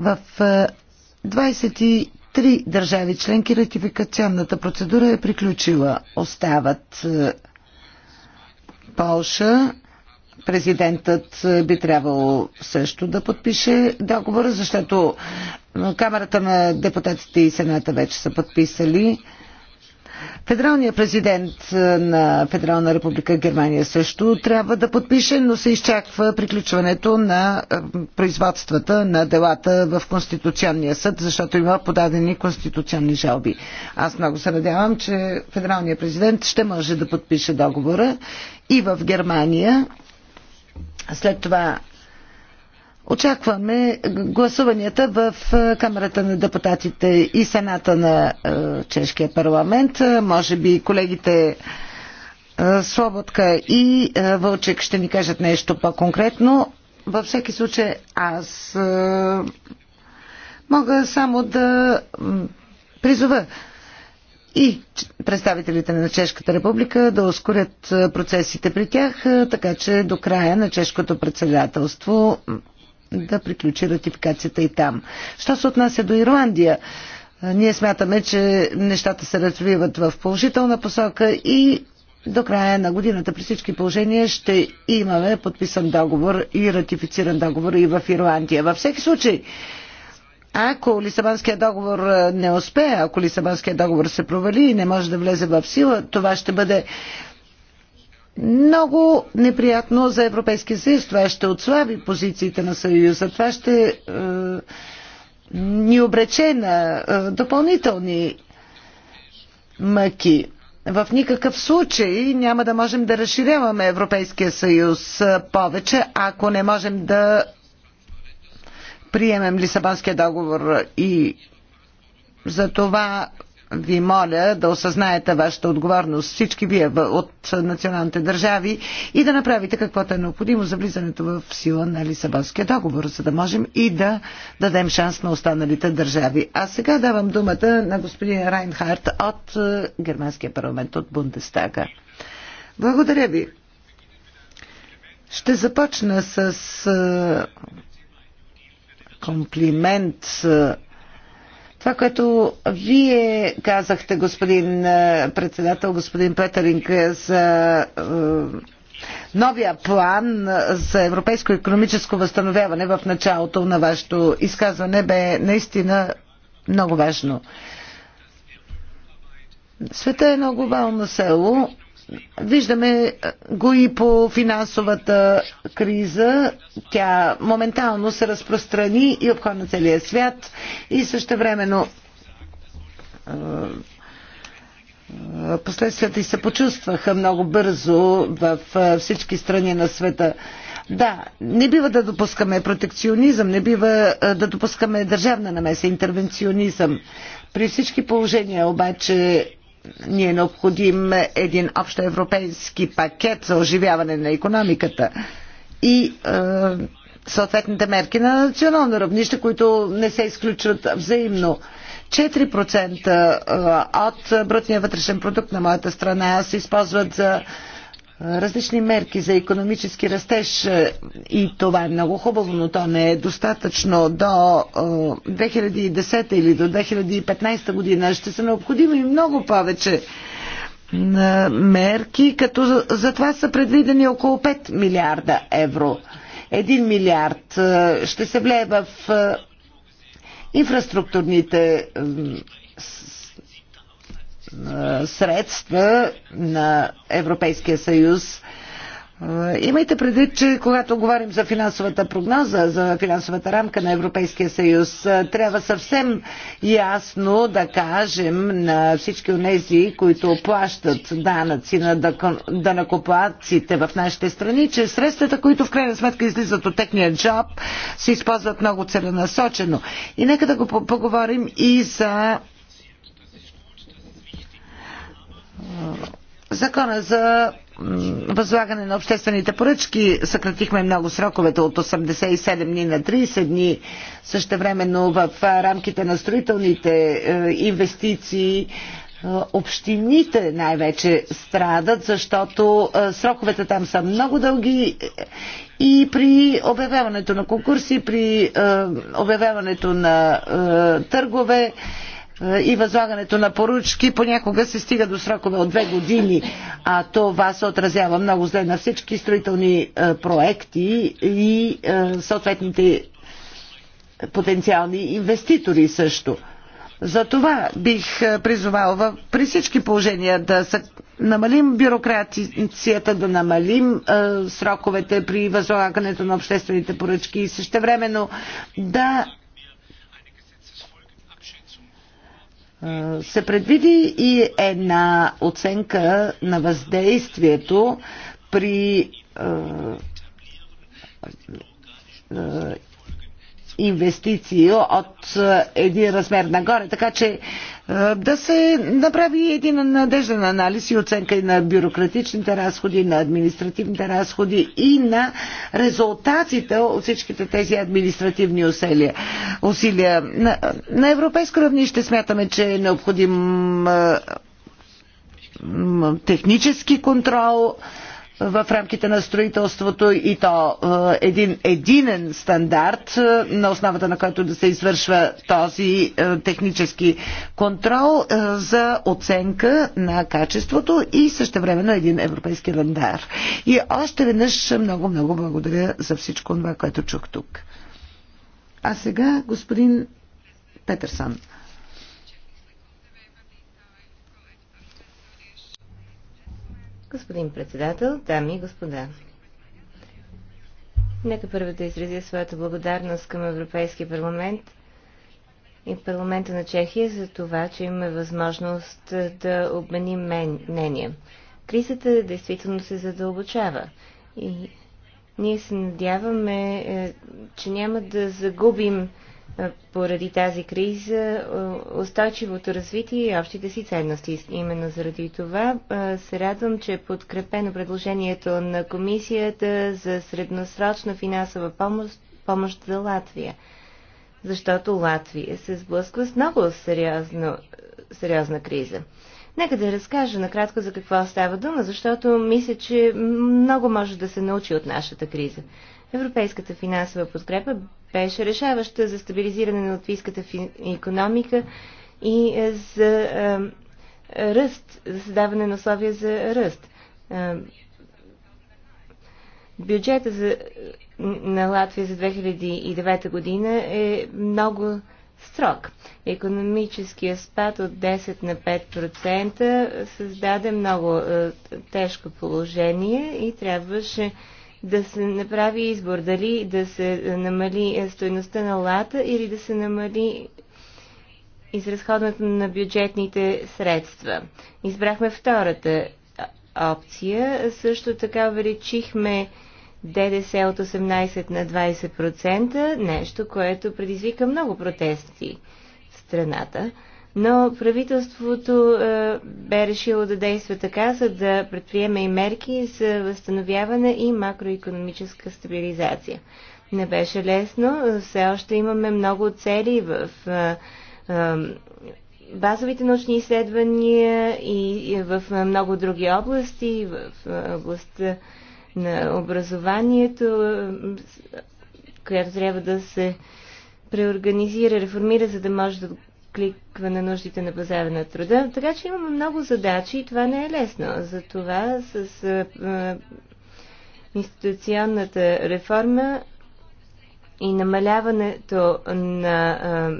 В 23 три държави членки ратификационната процедура е приключила. Остават е, Полша, президентът е, би трябвало също да подпише договора, защото е, Камерата на депутатите и Сената вече са подписали Федералният президент на Федерална република Германия също трябва да подпише, но се изчаква приключването на производствата на делата в Конституционния съд, защото има подадени конституционни жалби. Аз много се надявам, че федералният президент ще може да подпише договора и в Германия. След това Очакваме гласуванията в е, Камерата на депутатите и Сената на е, Чешкия парламент. Е, може би колегите Слободка и Вълчек ще ни кажат нещо по-конкретно. Във всеки случай аз мога само да призова и представителите на Чешката република да ускорят процесите при тях, така че до края на чешкото председателство да приключи ратификацията и там. Що се отнася до Ирландия? Ние смятаме, че нещата се развиват в положителна посока и до края на годината при всички положения ще имаме подписан договор и ратифициран договор и в Ирландия. Във всеки случай, ако Лисабанския договор не успее, ако Лисабанския договор се провали и не може да влезе в сила, това ще бъде много неприятно за Европейския съюз. Това ще отслаби позициите на съюза. Това ще е, ни обрече на е, допълнителни мъки. В никакъв случай няма да можем да разширяваме Европейския съюз повече, ако не можем да приемем Лисабонския договор и за това ви моля да осъзнаете вашата отговорност, всички вие от националните държави и да направите каквото е необходимо за влизането в сила на Лисабонския договор, за да можем и да дадем шанс на останалите държави. А сега давам думата на господин Райнхард от е, Германския парламент, от Бундестага. Благодаря ви. Ще започна с е, комплимент е, това, което вие казахте, господин е, председател, господин Петеринг, е, за е, новия план за европейско економическо възстановяване в началото на вашето изказване бе наистина много важно. Света е едно глобално село Виждаме го и по финансовата криза. Тя моментално се разпространи и обхвана целия свят и също времено последствията и се почувстваха много бързо в всички страни на света. Да, не бива да допускаме протекционизъм, не бива да допускаме държавна намеса, интервенционизъм. При всички положения обаче ни е необходим един общо европейски пакет за оживяване на економиката и е, съответните мерки на национално равнище, които не се изключват взаимно. 4% е, от брутния вътрешен продукт на моята страна се използват за различни мерки за економически растеж е, и това е много хубаво, но то не е достатъчно до 2010 е, или до 2015 година. Ще са необходими много повече е, мерки, като за това са предвидени около 5 милиарда евро. 1 милиард ще се влее в инфраструктурните е, средства на Европейския съюз. Е, имайте предвид, че когато говорим за финансовата прогноза, за финансовата рамка на Европейския съюз, е, трябва съвсем ясно да кажем на всички от тези, които плащат данъци на данакоплатците в нашите страни, че средствата, които в крайна сметка излизат от техния джоб, се използват много целенасочено. И нека да го поговорим и за Закона за възлагане на обществените поръчки съкратихме много сроковете от 87 дни на 30 дни. също времено в рамките на строителните е, инвестиции е, общините най-вече страдат, защото е, сроковете там са много дълги и при обявяването на конкурси, при обявяването на търгове и възлагането на поръчки понякога се стига до срокове от две години, а това се отразява много зле на всички строителни е, проекти и е, съответните потенциални инвеститори също. За това бих е, призовал при всички положения да са, намалим бюрокрацията, да намалим е, сроковете при възлагането на обществените поръчки и същевременно да се предвиди и една оценка на въздействието при инвестиции от един размер нагоре, така че е, да се направи един надежден анализ и оценка и на бюрократичните разходи, на административните разходи и на резултатите от всичките тези административни усилия. усилия. На, на европейско равнище смятаме, че е необходим е, технически контрол, в рамките на строителството и то е, един единен стандарт, е, на основата на който да се извършва този е, технически контрол за оценка на качеството и на един европейски рандар. И още веднъж много-много благодаря за всичко това, което чух тук. А сега господин Петърсън. Господин председател, дами и господа. Нека първо да изразя своята благодарност към Европейския парламент и парламента на Чехия за това, че имаме възможност да обменим мнение. Кризата действително се задълбочава и ние се надяваме, е, че няма да загубим поради тази криза устойчивото развитие и общите си ценности. Именно заради това се радвам, че е подкрепено предложението на комисията за средносрочна финансова помощ, помощ за Латвия. Защото Латвия се сблъсква с много сериозно, сериозна криза. Нека да разкажа накратко за какво става дума, защото мисля, че много може да се научи от нашата криза. Европейската финансова подкрепа беше решаваща за стабилизиране на латвийската економика и е, за е, ръст, за създаване на условия за ръст. Е, бюджета за, на Латвия за 2009 година е много срок. Економическия спад от 10 на 5% създаде много е, тежко положение и трябваше да се направи избор дали да се е, намали е, стоеността на лата или да се намали изразходването на бюджетните средства. Избрахме втората опция. Също така увеличихме ДДС от 18 на 20%, нещо, което предизвика много протести в страната. Но правителството е, бе решило да действа така, за да предприеме и мерки за възстановяване и макроекономическа стабилизация. Не беше лесно, все още имаме много цели в е, е, базовите научни изследвания и в е, много други области, в е, областта на образованието, която трябва да се преорганизира, реформира, за да може да кликва на нуждите на пазара на труда. Така че имаме много задачи и това не е лесно. Затова с а, институционната реформа и намаляването на а,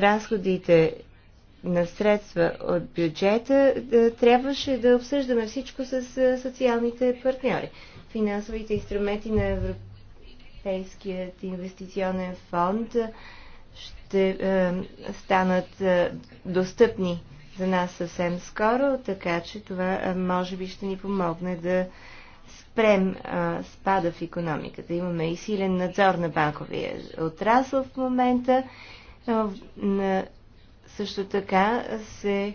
разходите на средства от бюджета, е, трябваше да обсъждаме всичко с е, социалните партньори. Финансовите инструменти на Европейският инвестиционен фонд е, ще станат достъпни за нас съвсем скоро, така че това може би ще ни помогне да спрем а, спада в економиката. Имаме и силен надзор на банковия отрасъл в момента. на също така се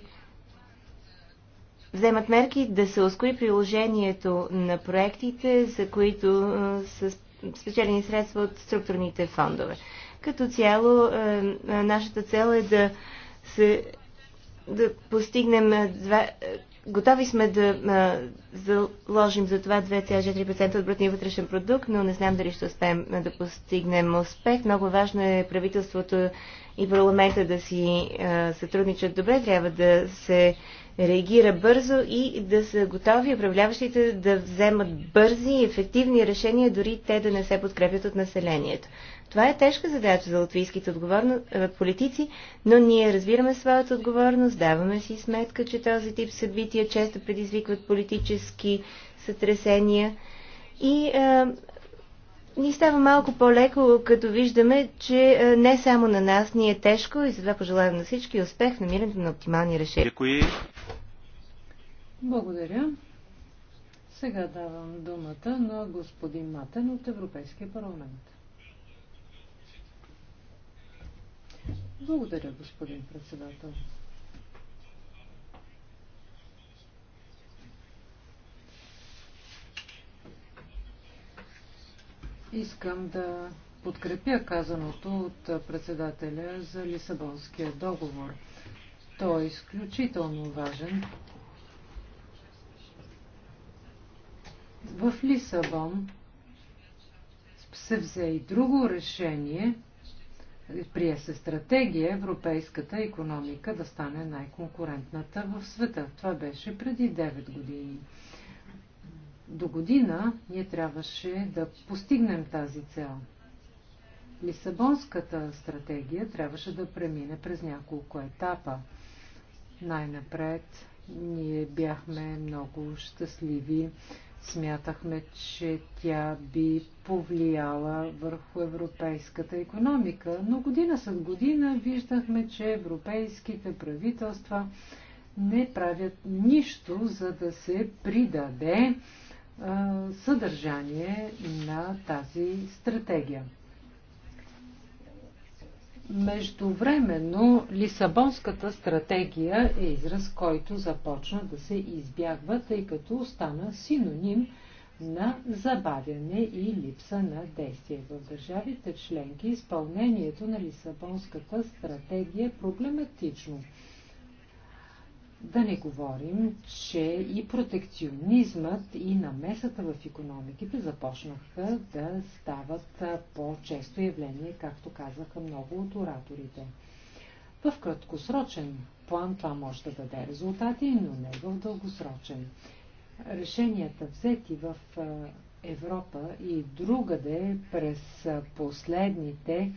вземат мерки да се ускори приложението на проектите, за които са спечелени средства от структурните фондове. Като цяло, нашата цел е да, се, да постигнем два, Готови сме да а, заложим за това 2,4% от брутния вътрешен продукт, но не знам дали ще успеем да постигнем успех. Много важно е правителството и парламента да си а, сътрудничат добре, трябва да се реагира бързо и да са готови управляващите да вземат бързи и ефективни решения, дори те да не се подкрепят от населението. Това е тежка задача за латвийските отговорно... политици, но ние разбираме своята отговорност, даваме си сметка, че този тип събития често предизвикват политически сътресения и а, ни става малко по-леко, като виждаме, че е, не само на нас ни е тежко и затова пожелавам на всички успех в намирането на оптимални решения. Благодаря. Сега давам думата на господин Матен от Европейския парламент. Благодаря, господин председател. Искам да подкрепя казаното от председателя за Лисабонския договор. Той е изключително важен. В Лисабон се взе и друго решение, прие се стратегия европейската економика да стане най-конкурентната в света. Това беше преди 9 години. До година ние трябваше да постигнем тази цел. Лисабонската стратегия трябваше да премине през няколко етапа. Най-напред ние бяхме много щастливи. Смятахме, че тя би повлияла върху европейската економика, но година след година виждахме, че европейските правителства не правят нищо, за да се придаде съдържание на тази стратегия. Междувременно Лисабонската стратегия е израз, който започна да се избягва, тъй като остана синоним на забавяне и липса на действие. В държавите членки изпълнението на Лисабонската стратегия е проблематично. Да не говорим, че и протекционизмът и намесата в економиките започнаха да стават по-често явление, както казаха много от ораторите. В краткосрочен план това може да даде резултати, но не в дългосрочен. Решенията взети в Европа и другаде през последните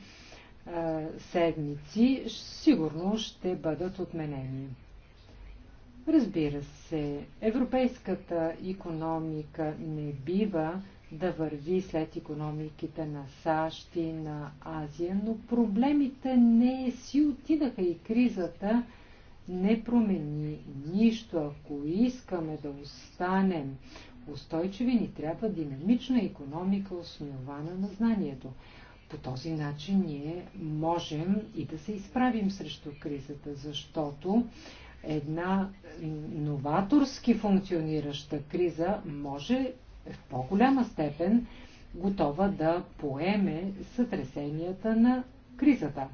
седмици сигурно ще бъдат отменени. Разбира се, европейската економика не бива да върви след економиките на САЩ и на Азия, но проблемите не си отидаха и кризата не промени нищо. Ако искаме да останем устойчиви, ни трябва динамична економика, основана на знанието. По този начин ние можем и да се изправим срещу кризата, защото една новаторски функционираща криза може в по-голяма степен готова да поеме сътресенията на кризата.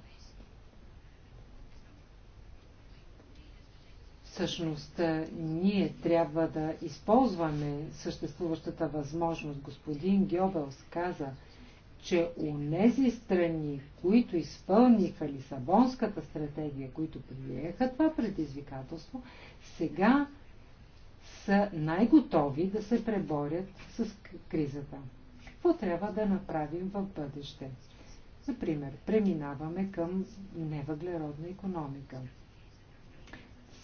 Всъщност, е, ние трябва да използваме съществуващата възможност. Господин Гьобелс каза – че у нези страни, които изпълниха Лисабонската стратегия, които приеха това предизвикателство, сега са най-готови да се преборят с кризата. Какво трябва да направим в бъдеще? Например, преминаваме към невъглеродна економика.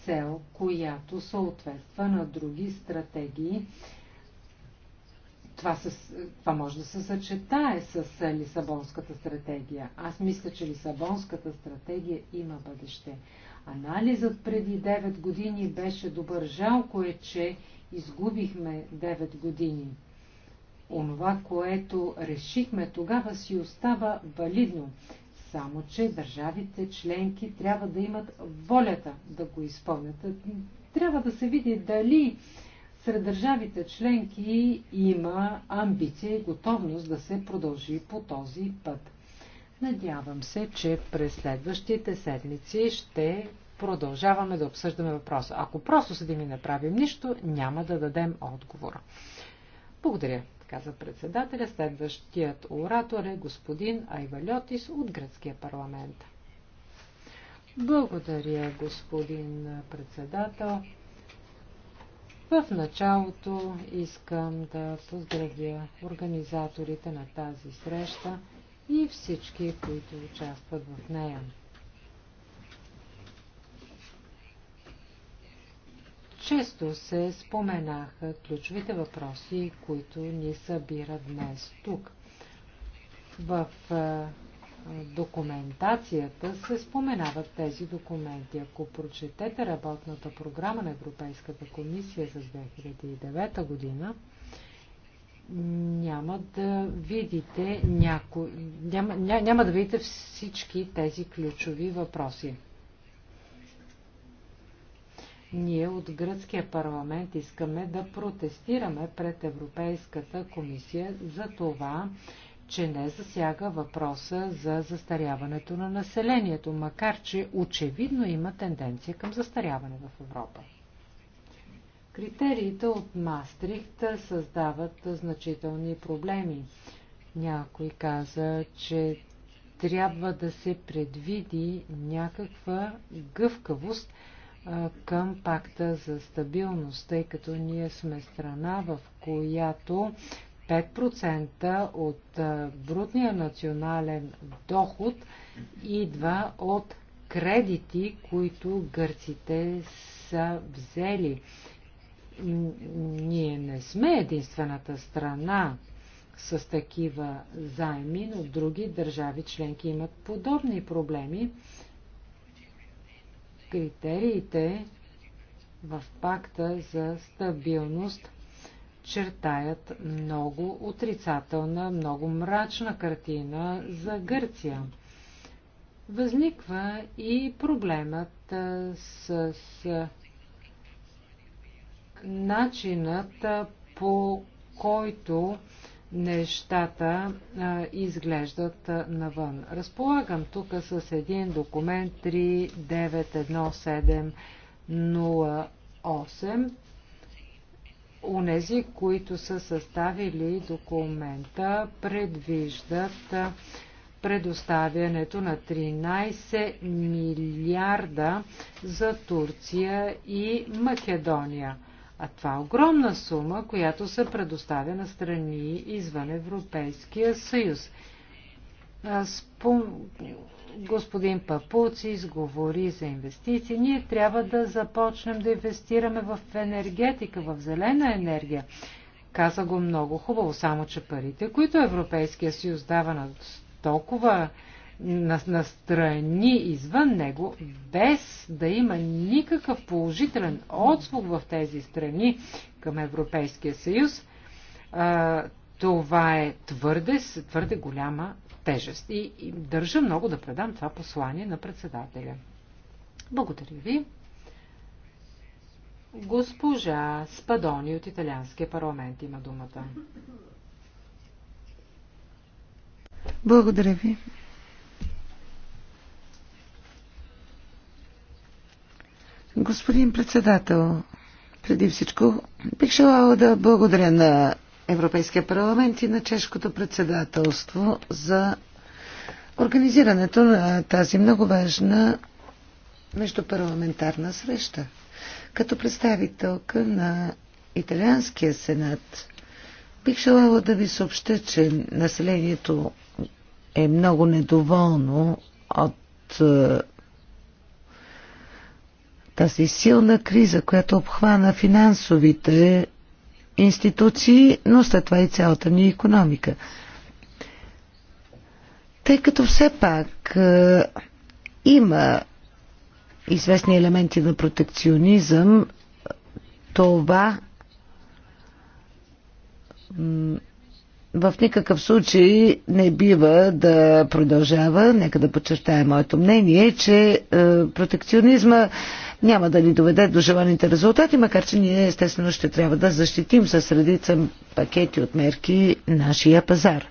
Цел, която съответства на други стратегии това, с, това може да се съчетае с е, Лисабонската стратегия. Аз мисля, че Лисабонската стратегия има бъдеще. Анализът преди 9 години беше добър. Жалко е, че изгубихме 9 години. Онова, което решихме тогава си остава валидно. Само, че държавите членки трябва да имат волята да го изпълнят. Трябва да се види дали сред държавите членки има амбиция и готовност да се продължи по този път. Надявам се, че през следващите седмици ще продължаваме да обсъждаме въпроса. Ако просто седим и не правим нищо, няма да дадем отговор. Благодаря, каза председателя. Следващият оратор е господин Айвалиотис от Гръцкия парламент. Благодаря, господин председател. В началото искам да поздравя организаторите на тази среща и всички, които участват в нея. Често се споменаха ключовите въпроси, които ни събират днес тук. В документацията се споменават тези документи. Ако прочетете работната програма на Европейската комисия за 2009 година, няма да видите няко... няма, няма да видите всички тези ключови въпроси. Ние от гръцкия парламент искаме да протестираме пред Европейската комисия за това, че не засяга въпроса за застаряването на населението, макар че очевидно има тенденция към застаряване в Европа. Критериите от Мастрихт създават значителни проблеми. Някой каза, че трябва да се предвиди някаква гъвкавост към пакта за стабилност, тъй като ние сме страна, в която 5% от брутния национален доход идва от кредити, които гърците са взели. Ние не сме единствената страна с такива заеми, но други държави членки имат подобни проблеми. Критериите в пакта за стабилност чертаят много отрицателна, много мрачна картина за Гърция. Възниква и проблемът с начинът по който нещата а, изглеждат а, навън. Разполагам тук с един документ 3.9.1708. Унези, които са съставили документа, предвиждат предоставянето на 13 милиарда за Турция и Македония. А това е огромна сума, която се предоставя на страни извън Европейския съюз. Спом... Господин Папуци изговори за инвестиции. Ние трябва да започнем да инвестираме в енергетика, в зелена енергия. Каза го много хубаво, само че парите, които Европейския съюз дава на толкова настрани на извън него, без да има никакъв положителен отзвук в тези страни към Европейския съюз, а, това е твърде, твърде голяма тежест. И, и държа много да предам това послание на председателя. Благодаря ви. Госпожа Спадони от Италианския парламент има думата. Благодаря ви. Господин председател, преди всичко бих желала да благодаря на Европейския парламент и на чешкото председателство за организирането на тази много важна междупарламентарна среща. Като представителка на Италианския сенат бих желала да ви съобща, че населението е много недоволно от е, тази силна криза, която обхвана финансовите институции, но след това и цялата ни економика. Тъй като все пак е, има известни елементи на протекционизъм, това в никакъв случай не бива да продължава, нека да подчертая моето мнение, че е, протекционизма няма да ни доведе до желаните резултати, макар че ние естествено ще трябва да защитим с редица пакети от мерки нашия пазар.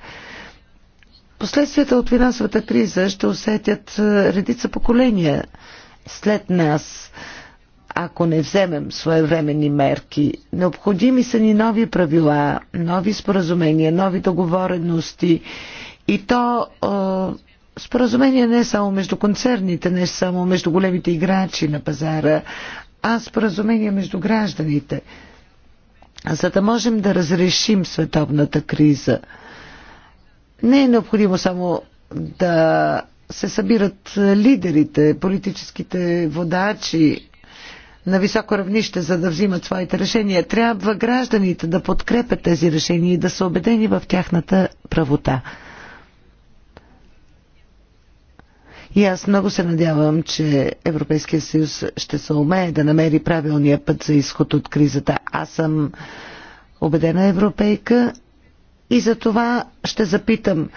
Последствията от финансовата криза ще усетят е, редица поколения след нас, ако не вземем своевременни мерки. Необходими са ни нови правила, нови споразумения, нови договорености и то е, споразумение не е само между концерните, не е само между големите играчи на пазара, а споразумение между гражданите, за да можем да разрешим световната криза. Не е необходимо само да се събират лидерите, политическите водачи на високо равнище, за да взимат своите решения. Трябва гражданите да подкрепят тези решения и да са убедени в тяхната правота. И аз много се надявам, че Европейския съюз ще се умее да намери правилния път за изход от кризата. Аз съм убедена европейка и за това ще запитам.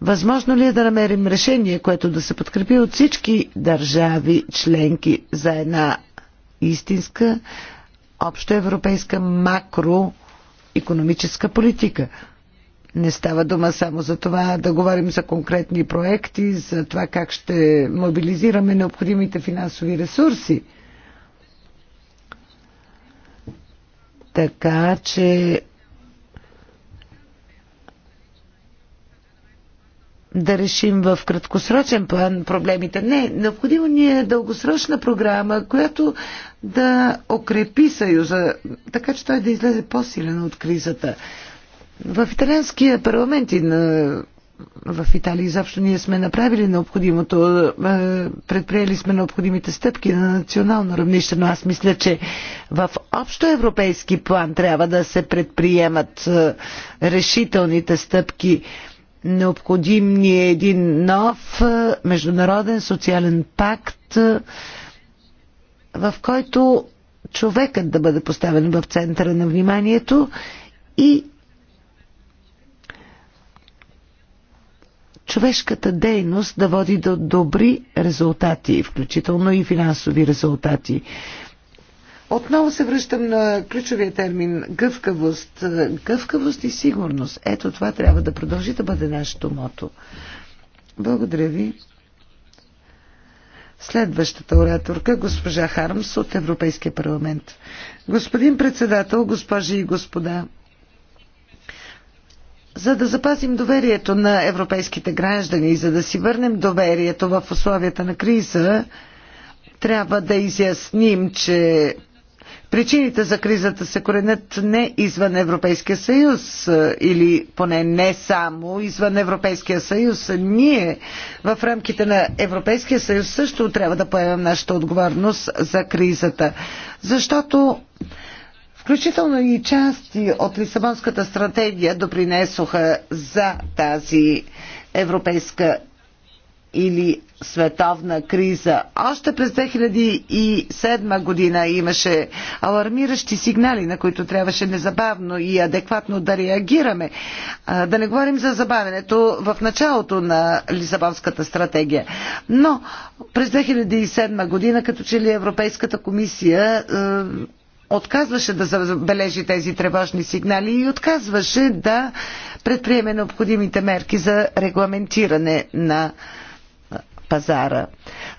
Възможно ли е да намерим решение, което да се подкрепи от всички държави членки за една истинска общоевропейска макроекономическа политика? Не става дума само за това да говорим за конкретни проекти, за това как ще мобилизираме необходимите финансови ресурси. Така че да решим в краткосрочен план проблемите. Не, необходимо ни е дългосрочна програма, която да окрепи Съюза, така че той да излезе по-силен от кризата. В италианския парламент и на в Италия изобщо ние сме направили необходимото, е, предприели сме необходимите стъпки на национално равнище, но аз мисля, че в общо европейски план трябва да се предприемат е, решителните стъпки. Необходим ни е един нов е, международен социален пакт, в който човекът да бъде поставен в центъра на вниманието и човешката дейност да води до добри резултати, включително и финансови резултати. Отново се връщам на ключовия термин гъвкавост. Гъвкавост и сигурност. Ето това трябва да продължи да бъде нашето мото. Благодаря ви. Следващата ораторка, госпожа Хармс от Европейския парламент. Господин председател, госпожи и господа, за да запазим доверието на европейските граждани и за да си върнем доверието в условията на криза, трябва да изясним, че причините за кризата се коренят не извън Европейския съюз или поне не само извън Европейския съюз. Ние в рамките на Европейския съюз също трябва да поемем нашата отговорност за кризата. Защото Включително и части от Лисабонската стратегия допринесоха за тази европейска или световна криза. Още през 2007 година имаше алармиращи сигнали, на които трябваше незабавно и адекватно да реагираме. Да не говорим за забавенето в началото на Лисабонската стратегия. Но през 2007 година, като че ли Европейската комисия отказваше да забележи тези тревожни сигнали и отказваше да предприеме необходимите мерки за регламентиране на пазара.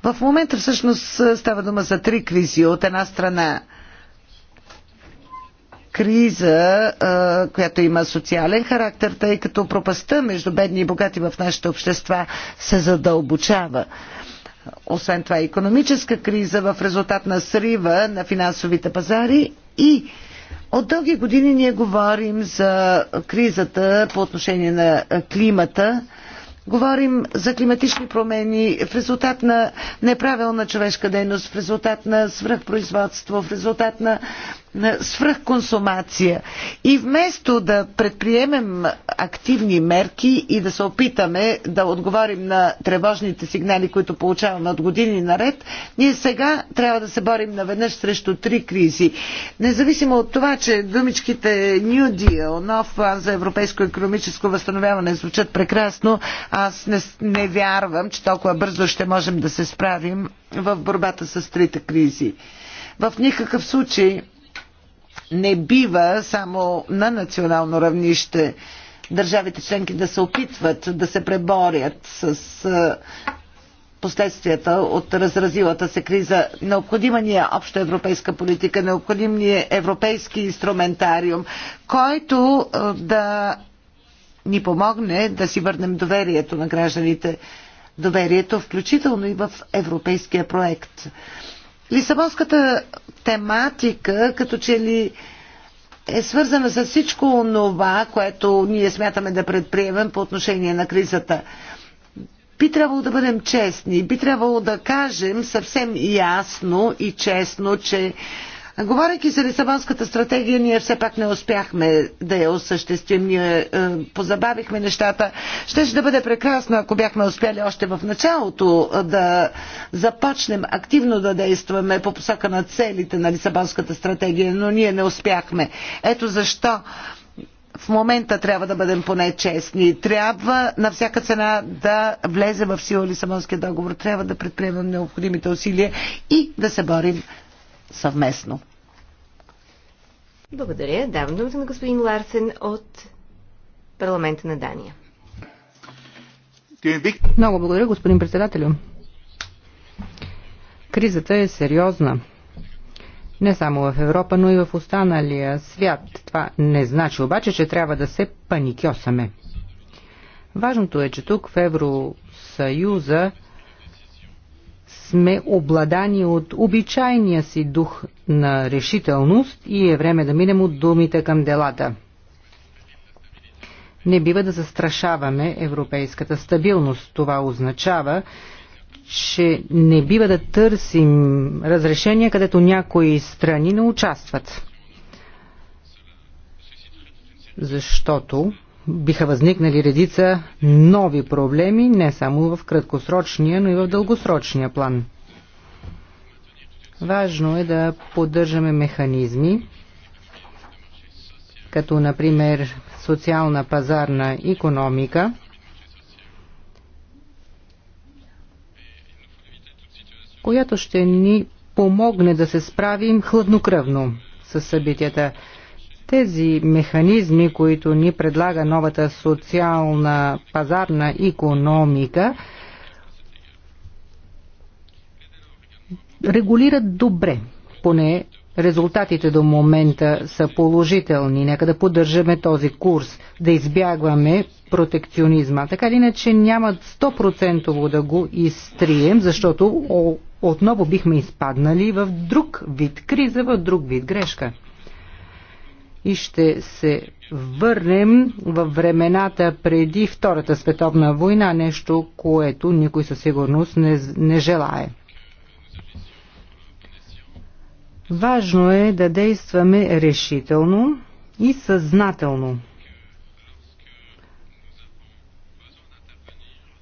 В момента всъщност става дума за три кризи. От една страна криза, която има социален характер, тъй като пропаста между бедни и богати в нашите общества се задълбочава. Освен това, економическа криза в резултат на срива на финансовите пазари и от дълги години ние говорим за кризата по отношение на климата. Говорим за климатични промени в резултат на неправилна човешка дейност, в резултат на свръхпроизводство, в резултат на свръхконсумация. И вместо да предприемем активни мерки и да се опитаме да отговорим на тревожните сигнали, които получаваме от години наред, ние сега трябва да се борим наведнъж срещу три кризи. Независимо от това, че думичките New Deal, нов план за европейско економическо възстановяване звучат прекрасно, аз не, не вярвам, че толкова бързо ще можем да се справим в борбата с трите кризи. В никакъв случай не бива само на национално равнище държавите членки да се опитват да се преборят с последствията от разразилата се криза. Необходима ни е обща европейска политика, необходим ни е европейски инструментариум, който да ни помогне да си върнем доверието на гражданите. Доверието включително и в европейския проект. Лисабонската тематика, като че ли е свързана с всичко това, което ние смятаме да предприемем по отношение на кризата. Би трябвало да бъдем честни, би трябвало да кажем съвсем ясно и честно, че Говорейки за Лисабонската стратегия, ние все пак не успяхме да я осъществим. Ние е, позабавихме нещата. Щеше да бъде прекрасно, ако бяхме успяли още в началото е, да започнем активно да действаме по посока на целите на Лисабонската стратегия, но ние не успяхме. Ето защо в момента трябва да бъдем поне честни. Трябва на всяка цена да влезе в сила Лисабонския договор. Трябва да предприемем необходимите усилия и да се борим съвместно. Благодаря. Давам думата на господин Ларсен от парламента на Дания. Много благодаря, господин председателю. Кризата е сериозна. Не само в Европа, но и в останалия свят. Това не значи обаче, че трябва да се паникьосаме. Важното е, че тук в Евросъюза сме обладани от обичайния си дух на решителност и е време да минем от думите към делата. Не бива да застрашаваме европейската стабилност. Това означава, че не бива да търсим разрешения, където някои страни не участват. Защото биха възникнали редица нови проблеми, не само в краткосрочния, но и в дългосрочния план. Важно е да поддържаме механизми, като например социална пазарна економика, която ще ни помогне да се справим хладнокръвно с събитията. Тези механизми, които ни предлага новата социална пазарна економика, регулират добре, поне Резултатите до момента са положителни. Нека да поддържаме този курс, да избягваме протекционизма. Така или иначе няма 100% да го изтрием, защото отново бихме изпаднали в друг вид криза, в друг вид грешка и ще се върнем в времената преди Втората световна война, нещо, което никой със сигурност не, не желае. Важно е да действаме решително и съзнателно.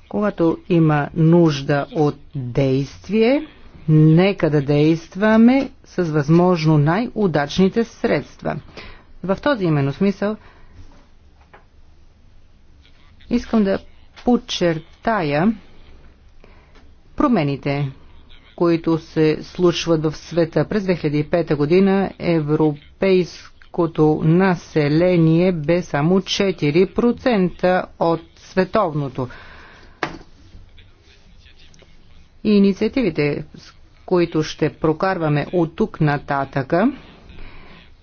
Когато има нужда от действие, нека да действаме с възможно най-удачните средства. В този именно смисъл искам да подчертая промените, които се случват в света. През 2005 година европейското население бе само 4% от световното. И инициативите, с които ще прокарваме от тук нататъка,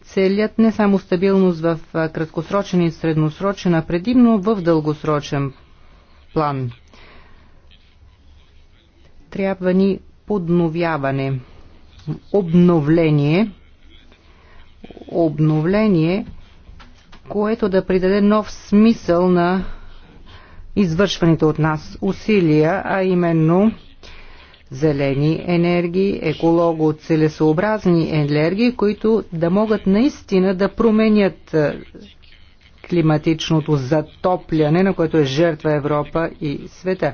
целят не само стабилност в краткосрочен и средносрочен, а предимно в дългосрочен план. Трябва ни подновяване, обновление, обновление, което да придаде нов смисъл на извършваните от нас усилия, а именно зелени енергии, еколого-целесообразни енергии, които да могат наистина да променят е, климатичното затопляне, на което е жертва Европа и света.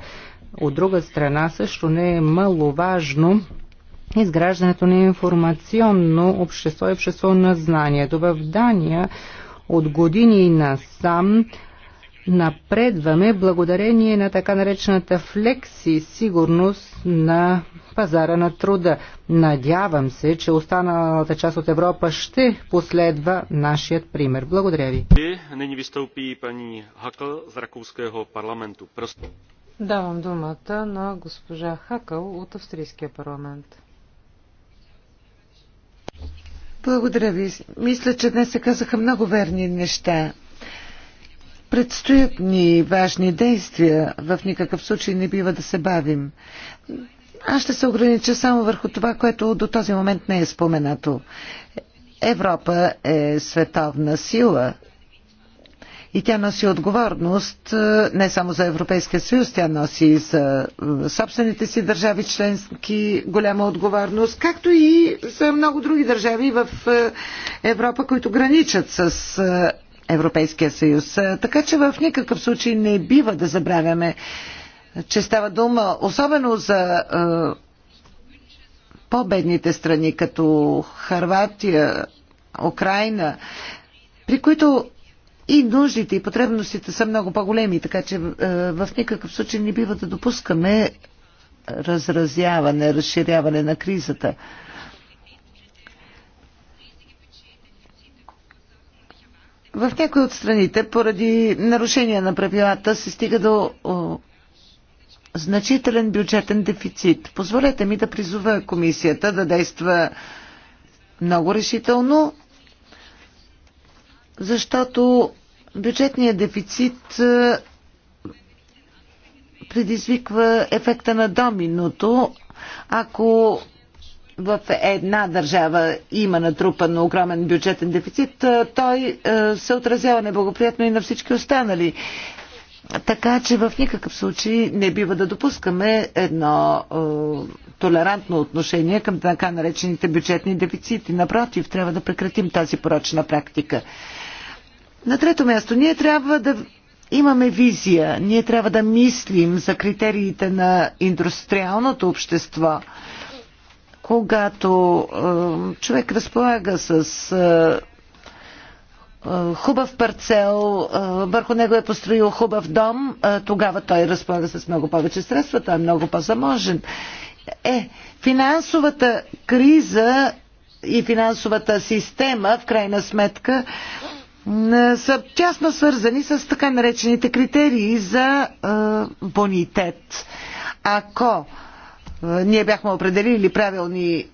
От друга страна също не е маловажно изграждането на информационно общество и общество на знанието. В Дания от години насам сам напредваме благодарение на така наречената флекси сигурност на пазара на труда. Надявам се, че останалата част от Европа ще последва нашият пример. Благодаря ви. Нині виступи пани Хакъл за Раковского парламенту. Давам думата на госпожа Хакъл от Австрийския парламент. Благодаря ви. Мисля, че днес се казаха много верни неща. Предстоят ни важни действия. В никакъв случай не бива да се бавим. Аз ще се огранича само върху това, което до този момент не е споменато. Европа е световна сила и тя носи отговорност е, не само за Европейския съюз, тя носи и за е, собствените си държави членски голяма отговорност, както и за много други държави в е, Европа, които граничат с Европейския съюз. Така че в никакъв случай не бива да забравяме, че става дума особено за по-бедните страни, като Харватия, Украина, при които и нуждите и потребностите са много по-големи, така че в никакъв случай не бива да допускаме разразяване, разширяване на кризата. В някои от страните, поради нарушения на правилата, се стига до о, значителен бюджетен дефицит. Позволете ми да призова комисията да действа много решително, защото бюджетният дефицит е, предизвиква ефекта на доминото. Ако в една държава има натрупан огромен бюджетен дефицит, той се отразява неблагоприятно и на всички останали. Така че в никакъв случай не бива да допускаме едно е, толерантно отношение към така наречените бюджетни дефицити. Напротив, трябва да прекратим тази порочна практика. На трето място, ние трябва да имаме визия, ние трябва да мислим за критериите на индустриалното общество. Е, когато е, човек разполага с е, е, хубав парцел, върху него е построил хубав дом, тогава той разполага с много повече средства, той е много по-заможен. Е, финансовата криза и финансовата система, в крайна сметка, са тясно свързани с така наречените критерии за е, бонитет. Ако е, ние бяхме определили правилни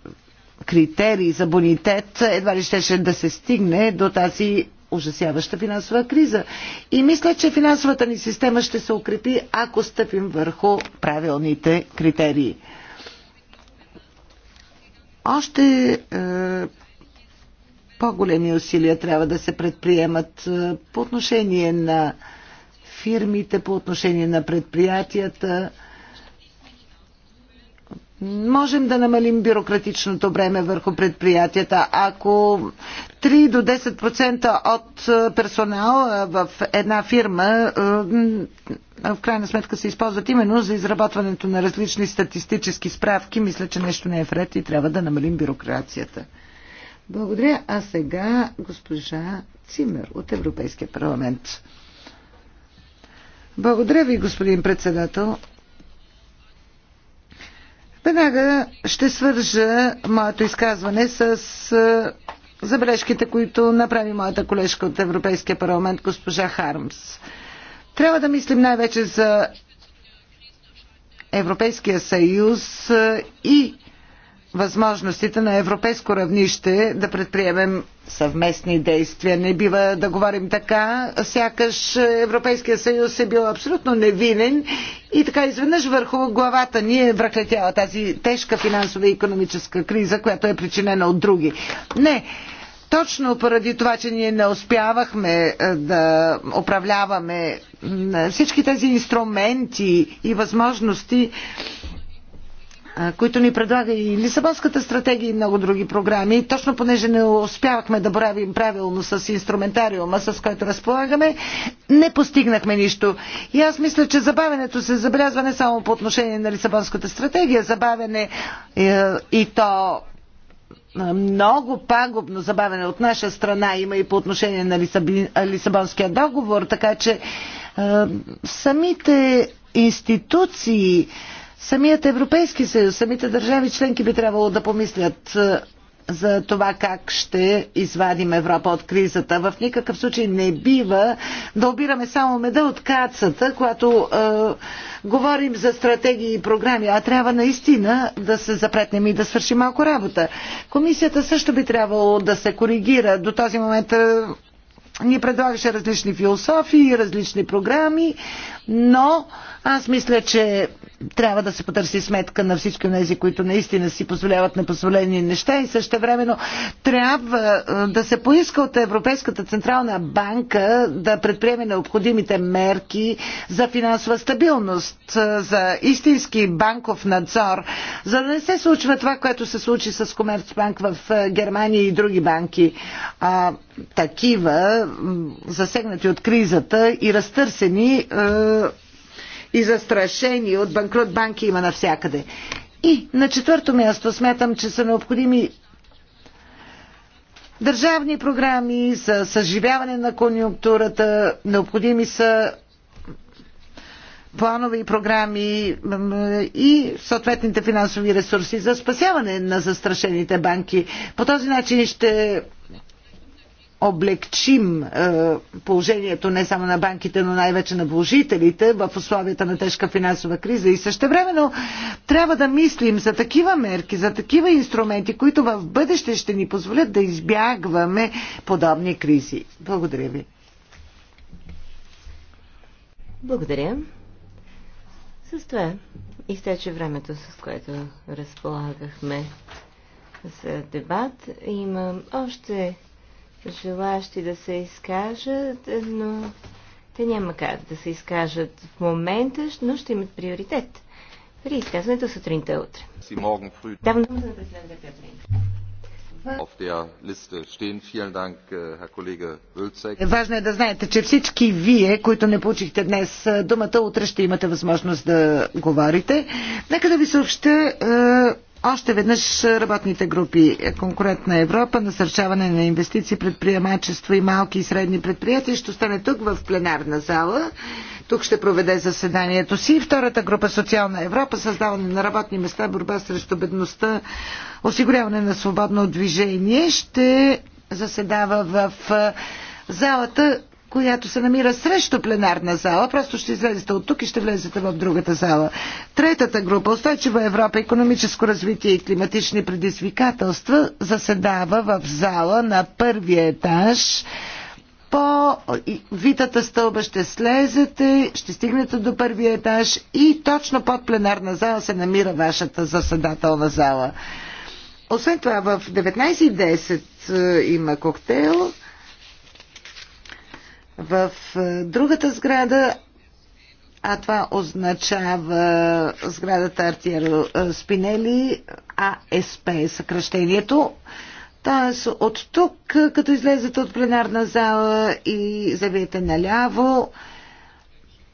критерии за бонитет, едва ли щеше да се стигне до тази ужасяваща финансова криза. И мисля, че финансовата ни система ще се укрепи, ако стъпим върху правилните критерии. Още е, по-големи усилия трябва да се предприемат е, по отношение на фирмите, по отношение на предприятията. Е, можем да намалим бюрократичното бреме върху предприятията. Ако 3 до 10% от е, персонала в една фирма е, е, в крайна сметка се използват именно за изработването на различни статистически справки, мисля, че нещо не е вред и трябва да намалим бюрокрацията. Благодаря. А сега госпожа Цимер от Европейския парламент. Благодаря ви, господин председател. Веднага ще свържа моето изказване с е, забележките, които направи моята колежка от Европейския парламент, госпожа Хармс. Трябва да мислим най-вече за Европейския съюз е, и възможностите на европейско равнище да предприемем съвместни действия. Не бива да говорим така, сякаш Европейския съюз е бил абсолютно невинен и така изведнъж върху главата ни е връхлетяла тази тежка финансова и економическа криза, която е причинена от други. Не, точно поради това, че ние не успявахме е, да управляваме всички тези инструменти и възможности, които ни предлага и Лисабонската стратегия и много други програми. И точно понеже не успявахме да правим правилно с инструментариума, с който разполагаме, не постигнахме нищо. И аз мисля, че забавенето се забелязва не само по отношение на Лисабонската стратегия, забавене е, и то много пагубно забавене от наша страна има и по отношение на Лисабонския договор, така че самите институции Самият Европейски съюз, самите държави членки би трябвало да помислят е, за това как ще извадим Европа от кризата. В никакъв случай не бива да обираме само меда от кацата, когато е, говорим за стратегии и програми, а трябва наистина да се запретнем и да свършим малко работа. Комисията също би трябвало да се коригира. До този момент е, ни предлагаше различни философии, различни програми, но аз мисля, че трябва да се потърси сметка на всички тези, които наистина си позволяват непозволени неща и също времено трябва е, да се поиска от Европейската Централна банка да предприеме необходимите мерки за финансова стабилност, е, за истински банков надзор, за да не се случва това, което се случи с Комерцбанк в е, Германия и други банки. А, такива, засегнати от кризата и разтърсени и застрашени от банкрот банки има навсякъде. И на четвърто място смятам, че са необходими държавни програми за съживяване на конюнктурата, необходими са планове и програми и съответните финансови ресурси за спасяване на застрашените банки. По този начин ще облегчим е, положението не само на банките, но най-вече на вложителите в условията на тежка финансова криза. И същевременно трябва да мислим за такива мерки, за такива инструменти, които в бъдеще ще ни позволят да избягваме подобни кризи. Благодаря ви. Благодаря. С това изтече времето, с което разполагахме за дебат. Имам още желащи да се изкажат, но те няма как да се изкажат в момента, но ще имат приоритет. При изказването сутринта утре. Давам думата на председателя Петрин. Е, Важно е да знаете, че всички вие, които не получихте днес е, думата, утре ще имате възможност да говорите. Нека да ви съобща е, още веднъж работните групи Конкурентна Европа, насърчаване на инвестиции, предприемачество и малки и средни предприятия ще стане тук в пленарна зала. Тук ще проведе заседанието си. Втората група Социална Европа, създаване на работни места, борба срещу бедността, осигуряване на свободно движение ще заседава в залата която се намира срещу пленарна зала. Просто ще излезете от тук и ще влезете в другата зала. Третата група, Устойчива Европа, економическо развитие и климатични предизвикателства, заседава в зала на първия етаж. По витата стълба ще слезете, ще стигнете до първия етаж и точно под пленарна зала се намира вашата заседателна зала. Освен това, в 19.10 е, има коктейл в е, другата сграда, а това означава сградата Артиеро е, Спинели, АСП е съкръщението. Тоест от тук, е, като излезете от пленарна зала и завиете наляво,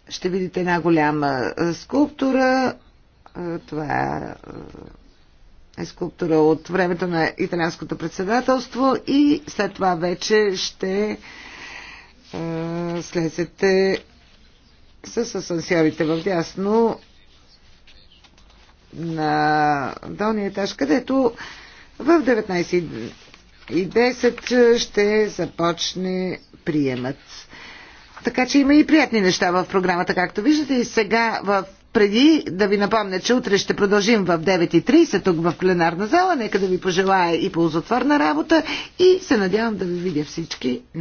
ще видите една голяма скулптура. Това е скулптура от времето на италянското председателство и след това вече ще слезете с асансьорите в дясно на долния етаж, където в 19.10 ще започне приемат. Така че има и приятни неща в програмата, както виждате. И сега в преди да ви напомня, че утре ще продължим в 9.30 тук в пленарна зала. Нека да ви пожелая и ползотворна работа и се надявам да ви видя всички.